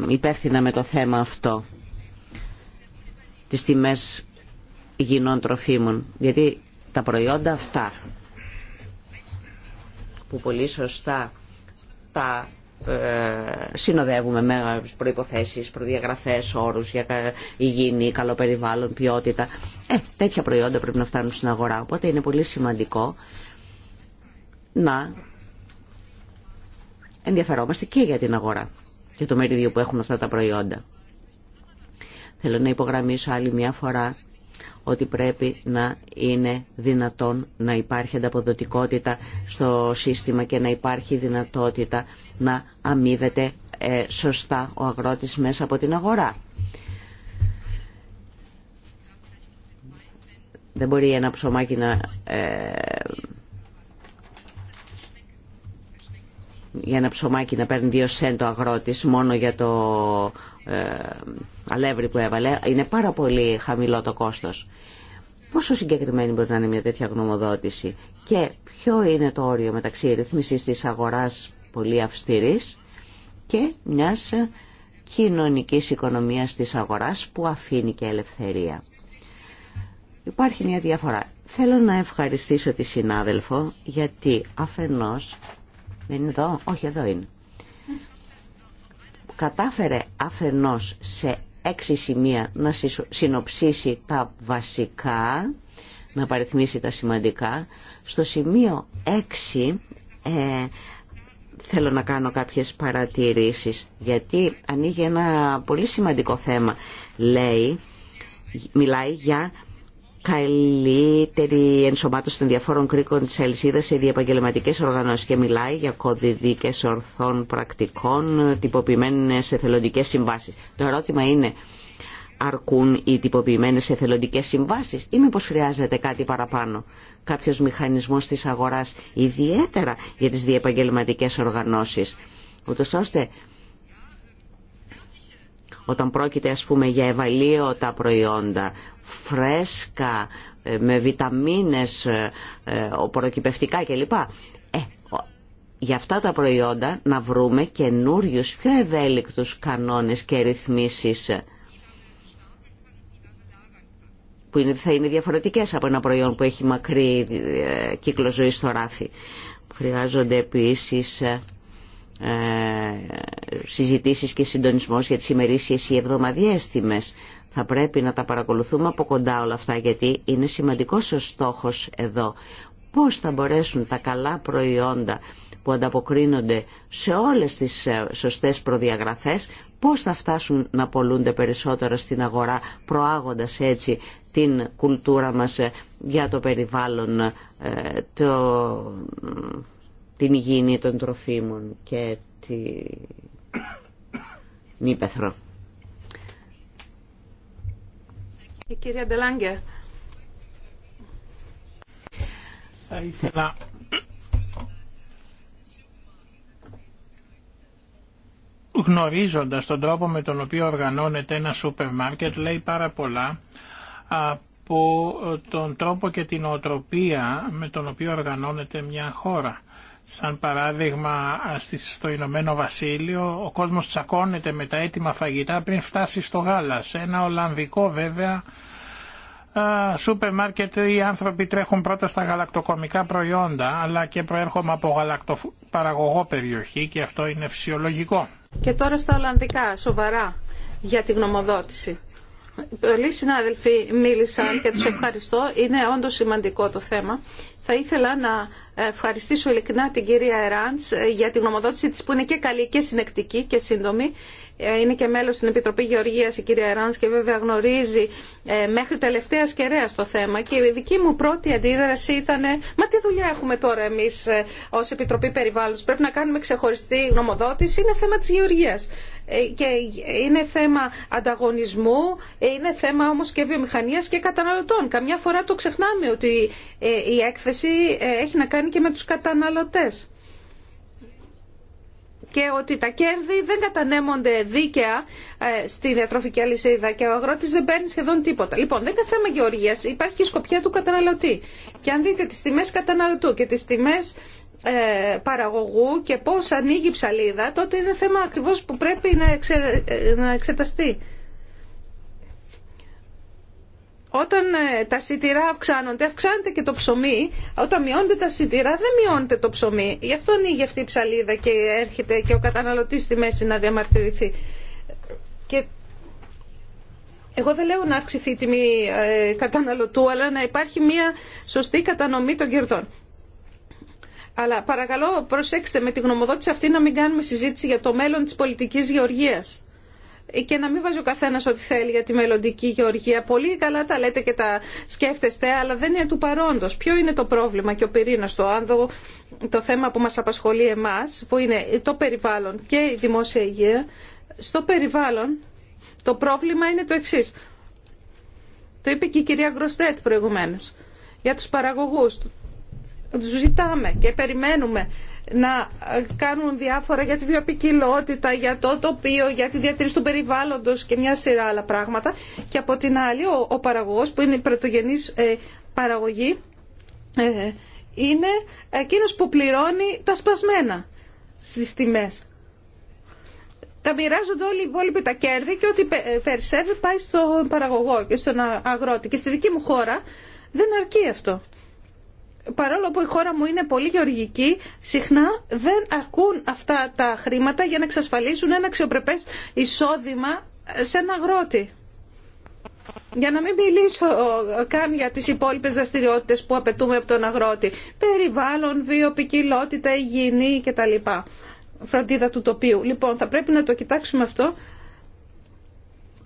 Speaker 3: υπεύθυνα με το θέμα αυτό τις τιμές υγιεινών τροφίμων γιατί τα προϊόντα αυτά που πολύ σωστά τα ε, συνοδεύουμε με προϋποθέσεις, προδιαγραφές, όρους για υγιεινή, καλό περιβάλλον, ποιότητα. Ε, τέτοια προϊόντα πρέπει να φτάνουν στην αγορά. Οπότε είναι πολύ σημαντικό να ενδιαφερόμαστε και για την αγορά και το μερίδιο που έχουν αυτά τα προϊόντα. Θέλω να υπογραμμίσω άλλη μια φορά ότι πρέπει να είναι δυνατόν να υπάρχει ανταποδοτικότητα στο σύστημα και να υπάρχει δυνατότητα να αμείβεται ε, σωστά ο αγρότης μέσα από την αγορά. Δεν μπορεί ένα ψωμάκι να ε, για ένα ψωμάκι να παίρνει δύο σέντο αγρότης μόνο για το ε, αλεύρι που έβαλε, είναι πάρα πολύ χαμηλό το κόστος. Πόσο συγκεκριμένη μπορεί να είναι μια τέτοια γνωμοδότηση και ποιο είναι το όριο μεταξύ ρύθμισης της αγοράς πολύ αυστηρής και μιας κοινωνικής οικονομίας της αγοράς που αφήνει και ελευθερία. Υπάρχει μια διαφορά. Θέλω να ευχαριστήσω τη συνάδελφο γιατί αφενός δεν είναι εδώ. Όχι, εδώ είναι. Κατάφερε αφενός σε έξι σημεία να συνοψίσει τα βασικά, να παριθμίσει τα σημαντικά. Στο σημείο έξι ε, θέλω να κάνω κάποιες παρατηρήσεις, γιατί ανοίγει ένα πολύ σημαντικό θέμα. Λέει, μιλάει για καλύτερη ενσωμάτωση των διαφόρων κρίκων της αλυσίδα σε διαπαγγελματικέ οργανώσεις και μιλάει για κωδιδίκες ορθών πρακτικών, τυποποιημένες εθελοντικές συμβάσεις. Το ερώτημα είναι, αρκούν οι τυποποιημένες εθελοντικές συμβάσεις ή μήπως χρειάζεται κάτι παραπάνω. Κάποιος μηχανισμός της αγορά ιδιαίτερα για τις διεπαγγελματικές οργανώσει, ούτως ώστε όταν πρόκειται ας πούμε για ευαλείωτα προϊόντα, φρέσκα, ε, με βιταμίνες, ε, ε, προκυπευτικά κλπ. Ε, για αυτά τα προϊόντα να βρούμε καινούριου πιο ευέλικτους κανόνες και ρυθμίσεις που θα είναι διαφορετικές από ένα προϊόν που έχει μακρύ κύκλο ζωής στο ράφι. Χρειάζονται επίσης ε, συζητήσεις και συντονισμός για τις ημερήσιες ή εβδομαδιαίες τιμές. Θα πρέπει να τα παρακολουθούμε από κοντά όλα αυτά γιατί είναι σημαντικός ο στόχος εδώ. Πώς θα μπορέσουν τα καλά προϊόντα που ανταποκρίνονται σε όλες τις ε, σωστές προδιαγραφές, πώς θα φτάσουν να πολλούνται περισσότερα στην αγορά, προάγοντας έτσι την κουλτούρα μας ε, για το περιβάλλον, το την υγιεινή των τροφίμων και την ύπεθρο.
Speaker 1: Η κυρία
Speaker 2: γνωρίζοντας τον τρόπο με τον οποίο οργανώνεται ένα σούπερ μάρκετ λέει πάρα πολλά από τον τρόπο και την οτροπία με τον οποίο οργανώνεται μια χώρα. Σαν παράδειγμα στο Ηνωμένο Βασίλειο ο κόσμος τσακώνεται με τα έτοιμα φαγητά πριν φτάσει στο γάλα. Σε ένα Ολλανδικό βέβαια σούπερ μάρκετ οι άνθρωποι τρέχουν πρώτα στα γαλακτοκομικά προϊόντα αλλά και προέρχομαι από γαλακτοπαραγωγό περιοχή και αυτό είναι φυσιολογικό.
Speaker 1: Και τώρα στα Ολλανδικά σοβαρά για τη γνωμοδότηση. Πολλοί συνάδελφοι μίλησαν και τους ευχαριστώ. Είναι όντως σημαντικό το θέμα. Θα ήθελα να ευχαριστήσω ειλικρινά την κυρία Εράντς ε, για την γνωμοδότηση της που είναι και καλή και συνεκτική και σύντομη. Ε, είναι και μέλος στην Επιτροπή Γεωργίας η κυρία Εράντς και βέβαια γνωρίζει ε, μέχρι τελευταία σκεραία το θέμα και η δική μου πρώτη αντίδραση ήταν «Μα δουλειά έχουμε τώρα εμείς ε, ως Επιτροπή Περιβάλλοντος. Πρέπει να κάνουμε ξεχωριστή γνωμοδότηση. Είναι θέμα τη γεωργίας. Ε, και είναι θέμα ανταγωνισμού, ε, είναι θέμα όμως και βιομηχανίας και καταναλωτών. Καμιά φορά το ξεχνάμε ότι η έκθεση έχει να κάνει και με τους καταναλωτές και ότι τα κέρδη δεν κατανέμονται δίκαια ε, στη διατροφική αλυσίδα και ο αγρότης δεν παίρνει σχεδόν τίποτα. Λοιπόν, δεν είναι θέμα γεωργίας, υπάρχει και σκοπιά του καταναλωτή. Και αν δείτε τις τιμές καταναλωτού και τις τιμές ε, παραγωγού και πώς ανοίγει η ψαλίδα, τότε είναι θέμα ακριβώς που πρέπει να, ε, να εξεταστεί όταν ε, τα σιτηρά αυξάνονται, αυξάνεται και το ψωμί. Όταν μειώνεται τα σιτηρά, δεν μειώνεται το ψωμί. Γι' αυτό ανοίγει αυτή η ψαλίδα και έρχεται και ο καταναλωτής στη μέση να διαμαρτυρηθεί. Και εγώ δεν λέω να αυξηθεί η τιμή ε, καταναλωτού, αλλά να υπάρχει μια σωστή κατανομή των κερδών. Αλλά παρακαλώ προσέξτε με τη γνωμοδότηση αυτή να μην κάνουμε συζήτηση για το μέλλον της πολιτικής γεωργίας και να μην βάζει ο καθένας ό,τι θέλει για τη μελλοντική γεωργία. Πολύ καλά τα λέτε και τα σκέφτεστε, αλλά δεν είναι του παρόντος. Ποιο είναι το πρόβλημα και ο πυρήνα του άνδρου, το θέμα που μας απασχολεί εμάς, που είναι το περιβάλλον και η δημόσια υγεία. Στο περιβάλλον το πρόβλημα είναι το εξή. Το είπε και η κυρία Γκροστέτ προηγουμένω. Για του παραγωγού. τους ζητάμε και περιμένουμε να κάνουν διάφορα για τη βιοπικιλότητα, για το τοπίο, για τη διατήρηση του περιβάλλοντος και μια σειρά άλλα πράγματα. Και από την άλλη ο, ο παραγωγός που είναι η πρωτογενής ε, παραγωγή ε, είναι εκείνος που πληρώνει τα σπασμένα στις τιμές. Τα μοιράζονται όλοι οι υπόλοιποι τα κέρδη και ό,τι περισσεύει πάει στον παραγωγό και στον αγρότη. Και στη δική μου χώρα δεν αρκεί αυτό παρόλο που η χώρα μου είναι πολύ γεωργική, συχνά δεν αρκούν αυτά τα χρήματα για να εξασφαλίσουν ένα αξιοπρεπέ εισόδημα σε ένα αγρότη. Για να μην μιλήσω ε, καν για τις υπόλοιπες δραστηριότητε που απαιτούμε από τον αγρότη. Περιβάλλον, βιοπικιλότητα, υγιεινή κτλ. Φροντίδα του τοπίου. Λοιπόν, θα πρέπει να το κοιτάξουμε αυτό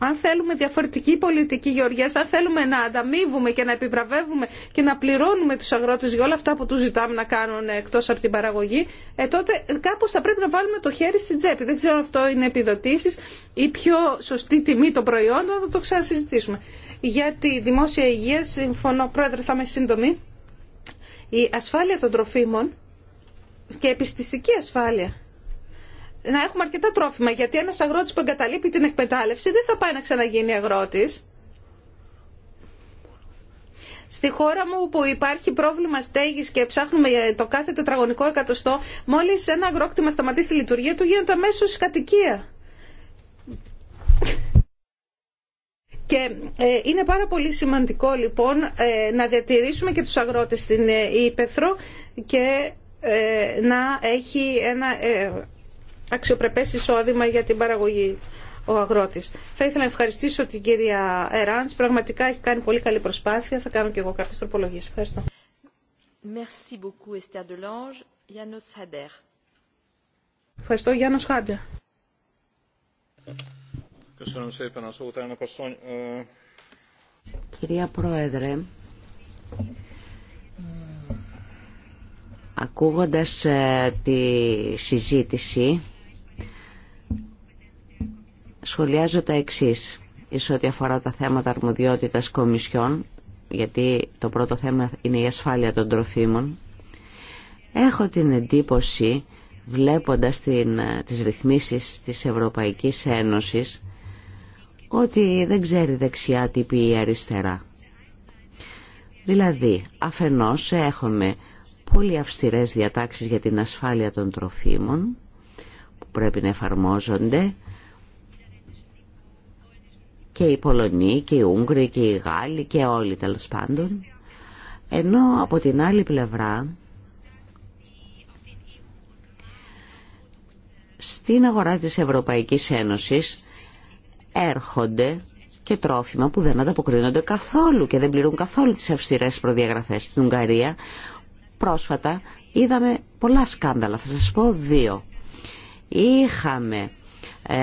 Speaker 1: αν θέλουμε διαφορετική πολιτική γεωργία, αν θέλουμε να ανταμείβουμε και να επιβραβεύουμε και να πληρώνουμε του αγρότε για όλα αυτά που του ζητάμε να κάνουν εκτό από την παραγωγή, ε, τότε κάπω θα πρέπει να βάλουμε το χέρι στην τσέπη. Δεν ξέρω αν αυτό είναι επιδοτήσει ή πιο σωστή τιμή των προϊόντων, θα το ξανασυζητήσουμε. Για τη δημόσια υγεία, συμφωνώ, Πρόεδρε, θα είμαι σύντομη. Η ασφάλεια των τροφίμων και επιστηστική ασφάλεια να έχουμε αρκετά τρόφιμα, γιατί ένας αγρότης που εγκαταλείπει την εκμετάλλευση δεν θα πάει να ξαναγίνει αγρότης. Στη χώρα μου που υπάρχει πρόβλημα στέγης και ψάχνουμε το κάθε τετραγωνικό εκατοστό, μόλις ένα αγρόκτημα σταματήσει τη λειτουργία του γίνεται αμέσω κατοικία. Και ε, είναι πάρα πολύ σημαντικό λοιπόν ε, να διατηρήσουμε και τους αγρότες στην ε, Ήπεθρο και να έχει ένα αξιοπρεπές εισόδημα για την παραγωγή ο αγρότης. Θα ήθελα να ευχαριστήσω την κυρία Εράνς. Πραγματικά έχει κάνει πολύ καλή προσπάθεια. Θα κάνω και εγώ κάποιες τροπολογίες. Ευχαριστώ. Merci beaucoup, Esther Hader. Ευχαριστώ, Γιάννος Χάντερ.
Speaker 3: Κυρία Πρόεδρε, ακούγοντας ε, τη συζήτηση, σχολιάζω τα εξής ίσως ό,τι αφορά τα θέματα αρμοδιότητας κομισιών γιατί το πρώτο θέμα είναι η ασφάλεια των τροφίμων έχω την εντύπωση βλέποντας την, τις ρυθμίσεις της Ευρωπαϊκής Ένωσης ότι δεν ξέρει δεξιά τι πει η αριστερά. Δηλαδή, αφενός έχουμε πολύ αυστηρές διατάξεις για την ασφάλεια των τροφίμων που πρέπει να εφαρμόζονται και οι Πολωνοί και οι Ούγγροι και οι Γάλλοι και όλοι τέλο πάντων ενώ από την άλλη πλευρά στην αγορά της Ευρωπαϊκής Ένωσης έρχονται και τρόφιμα που δεν ανταποκρίνονται καθόλου και δεν πληρούν καθόλου τις αυστηρές προδιαγραφές στην Ουγγαρία. Πρόσφατα είδαμε πολλά σκάνδαλα, θα σας πω δύο. Είχαμε ε,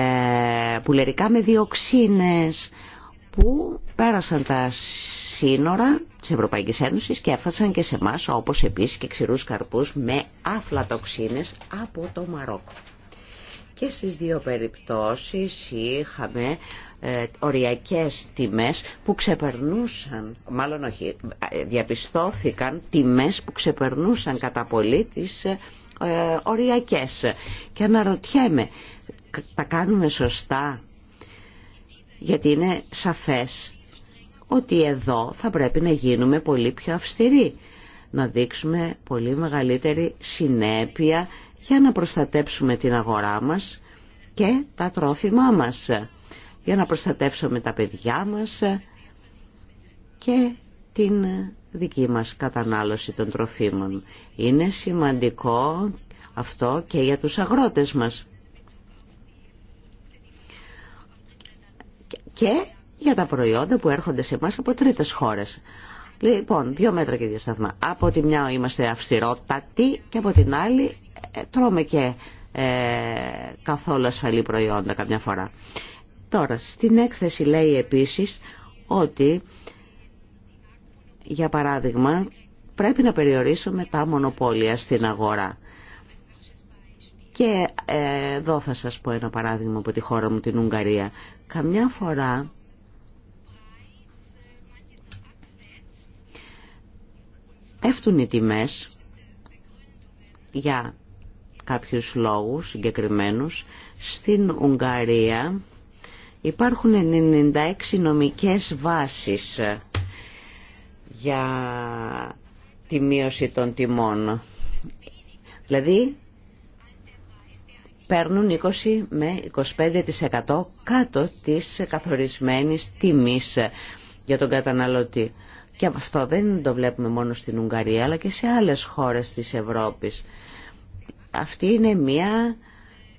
Speaker 3: πουλερικά με διοξίνες που πέρασαν τα σύνορα της Ευρωπαϊκής Ένωσης και έφτασαν και σε εμά, όπως επίσης και ξηρούς καρπούς με αφλατοξίνες από το Μαρόκο. Και στις δύο περιπτώσεις είχαμε ε, οριακές τιμές που ξεπερνούσαν, μάλλον όχι, ε, διαπιστώθηκαν τιμές που ξεπερνούσαν κατά πολύ τις ε, οριακές. Και αναρωτιέμαι, τα κάνουμε σωστά. Γιατί είναι σαφές ότι εδώ θα πρέπει να γίνουμε πολύ πιο αυστηροί, να δείξουμε πολύ μεγαλύτερη συνέπεια για να προστατέψουμε την αγορά μας και τα τρόφιμά μας, για να προστατεύσουμε τα παιδιά μας και την δική μας κατανάλωση των τροφίμων. Είναι σημαντικό αυτό και για τους αγρότες μας. και για τα προϊόντα που έρχονται σε εμά από τρίτες χώρες. Λοιπόν, δύο μέτρα και δύο σταθμά. Από τη μια είμαστε αυστηρότατοι και από την άλλη ε, τρώμε και ε, καθόλου ασφαλή προϊόντα καμιά φορά. Τώρα, στην έκθεση λέει επίσης ότι, για παράδειγμα, πρέπει να περιορίσουμε τα μονοπόλια στην αγορά. Και ε, εδώ θα σας πω ένα παράδειγμα από τη χώρα μου, την Ουγγαρία. Καμιά φορά πέφτουν οι τιμές για κάποιους λόγους συγκεκριμένους. Στην Ουγγαρία υπάρχουν 96 νομικές βάσεις για τη μείωση των τιμών. Δηλαδή παίρνουν 20 με 25% κάτω της καθορισμένης τιμής για τον καταναλωτή. Και αυτό δεν το βλέπουμε μόνο στην Ουγγαρία αλλά και σε άλλες χώρες της Ευρώπης. Αυτή είναι μια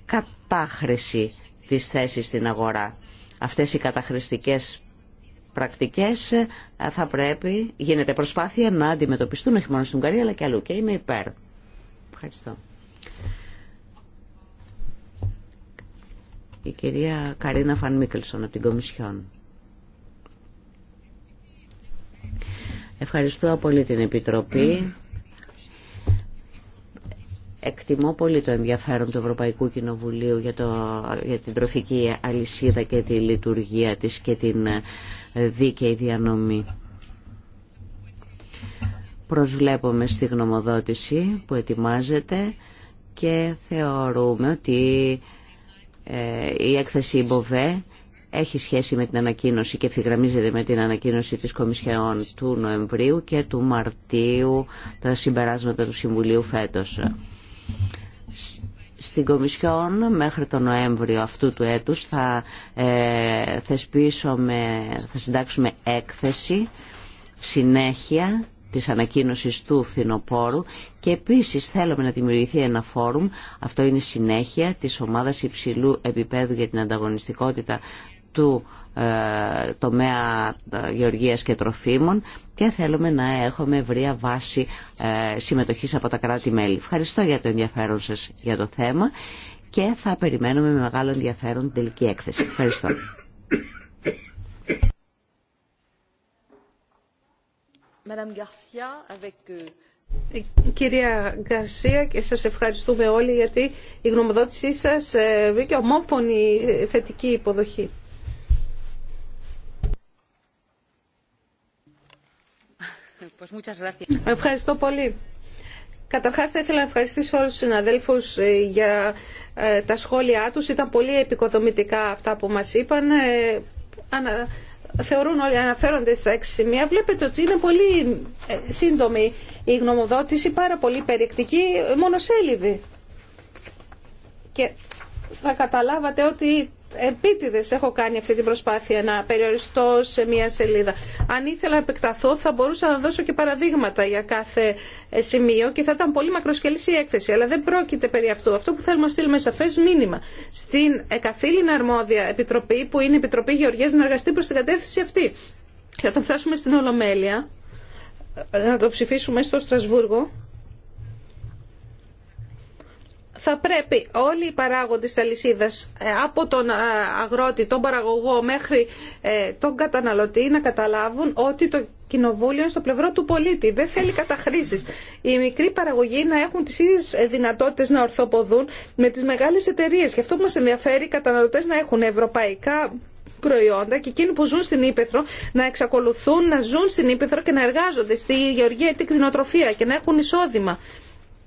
Speaker 3: κατάχρηση της θέσης στην αγορά. Αυτές οι καταχρηστικές πρακτικές ε, θα πρέπει, γίνεται προσπάθεια να αντιμετωπιστούν όχι μόνο στην Ουγγαρία αλλά και αλλού. Και είμαι υπέρ. Ευχαριστώ. η κυρία Καρίνα Φαν Μίκελσον από την Κομισιόν. Ευχαριστώ πολύ την Επιτροπή. Εκτιμώ πολύ το ενδιαφέρον του Ευρωπαϊκού Κοινοβουλίου για, το, για την τροφική αλυσίδα και τη λειτουργία της και την ε, δίκαιη διανομή. Προσβλέπουμε στη γνωμοδότηση που ετοιμάζεται και θεωρούμε ότι ε, η έκθεση Μποβέ έχει σχέση με την ανακοίνωση και ευθυγραμμίζεται με την ανακοίνωση της Κομισιόν του Νοεμβρίου και του Μαρτίου τα συμπεράσματα του Συμβουλίου φέτος. Στην Κομισιόν μέχρι τον Νοέμβριο αυτού του έτους θα ε, θεσπίσουμε, θα συντάξουμε έκθεση συνέχεια της ανακοίνωσης του φθινοπόρου και επίσης θέλουμε να δημιουργηθεί ένα φόρουμ, αυτό είναι συνέχεια της ομάδας υψηλού επίπεδου για την ανταγωνιστικότητα του ε, τομέα ε, γεωργίας και τροφίμων και θέλουμε να έχουμε ευρεία βάση ε, συμμετοχής από τα κράτη-μέλη. Ευχαριστώ για το ενδιαφέρον σας για το θέμα και θα περιμένουμε με μεγάλο ενδιαφέρον την τελική έκθεση. Ευχαριστώ.
Speaker 1: Euh, ε, κυρία Γκαρσία, και σας ευχαριστούμε όλοι γιατί η γνωμοδότησή σας ε, βρήκε ομόφωνη ε, θετική υποδοχή. Ευχαριστώ πολύ. Καταρχάς θα ήθελα να ευχαριστήσω όλους τους συναδέλφους για τα σχόλιά τους. Ήταν πολύ επικοδομητικά αυτά που μας είπαν θεωρούν όλοι αναφέρονται στα έξι σημεία, βλέπετε ότι είναι πολύ ε, σύντομη η γνωμοδότηση, πάρα πολύ περιεκτική, ε, μονοσέλιδη. Και θα καταλάβατε ότι επίτηδες έχω κάνει αυτή την προσπάθεια να περιοριστώ σε μία σελίδα. Αν ήθελα να επεκταθώ θα μπορούσα να δώσω και παραδείγματα για κάθε ε, σημείο και θα ήταν πολύ μακροσκελής η έκθεση, αλλά δεν πρόκειται περί αυτού. Αυτό που θέλουμε να στείλουμε σαφέ μήνυμα στην καθήλυνα αρμόδια επιτροπή που είναι η Επιτροπή Γεωργίας να εργαστεί προς την κατεύθυνση αυτή. Και όταν φτάσουμε στην Ολομέλεια, ε, να το ψηφίσουμε στο Στρασβούργο, θα πρέπει όλοι οι παράγοντες αλυσίδας ε, από τον ε, αγρότη, τον παραγωγό μέχρι ε, τον καταναλωτή να καταλάβουν ότι το κοινοβούλιο είναι στο πλευρό του πολίτη. Δεν θέλει καταχρήσει. Οι μικροί παραγωγοί να έχουν τι ίδιε δυνατότητε να ορθοποδούν με τι μεγάλε εταιρείε. Γι' αυτό που μας ενδιαφέρει οι καταναλωτές να έχουν ευρωπαϊκά προϊόντα και εκείνοι που ζουν στην Ήπεθρο να εξακολουθούν να ζουν στην Ήπεθρο και να εργάζονται στη γεωργία ή την κτηνοτροφία και να έχουν εισόδημα.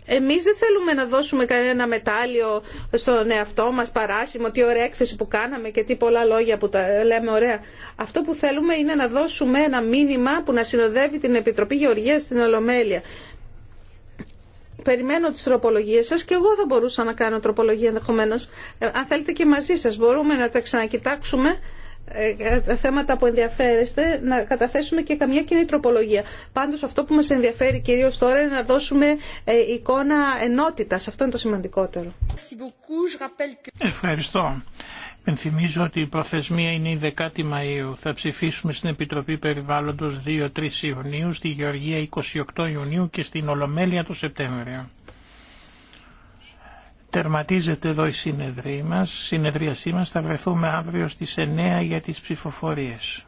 Speaker 1: Εμείς δεν θέλουμε να δώσουμε κανένα μετάλλιο στον εαυτό μας παράσημο, τι ωραία έκθεση που κάναμε και τι πολλά λόγια που τα λέμε ωραία. Αυτό που θέλουμε είναι να δώσουμε ένα μήνυμα που να συνοδεύει την Επιτροπή Γεωργίας στην Ολομέλεια. Περιμένω τις τροπολογίες σας και εγώ θα μπορούσα να κάνω τροπολογία ενδεχομένω. Ε, αν θέλετε και μαζί σας μπορούμε να τα ξανακοιτάξουμε ε, θέματα που ενδιαφέρεστε να καταθέσουμε και καμιά κοινή τροπολογία. Πάντως αυτό που μας ενδιαφέρει κυρίως τώρα είναι να δώσουμε ε, εικόνα ενότητας. Αυτό είναι το σημαντικότερο.
Speaker 2: Ευχαριστώ. Ενθυμίζω ότι η προθεσμία είναι η 10η Μαΐου. Θα ψηφίσουμε στην Επιτροπή Περιβάλλοντος 2-3 Ιουνίου, στη Γεωργία 28 Ιουνίου και στην Ολομέλεια το Σεπτέμβριο. Τερματίζεται εδώ η συνεδρία μας. Συνεδρίασή μας θα βρεθούμε αύριο στις 9 για τις ψηφοφορίες.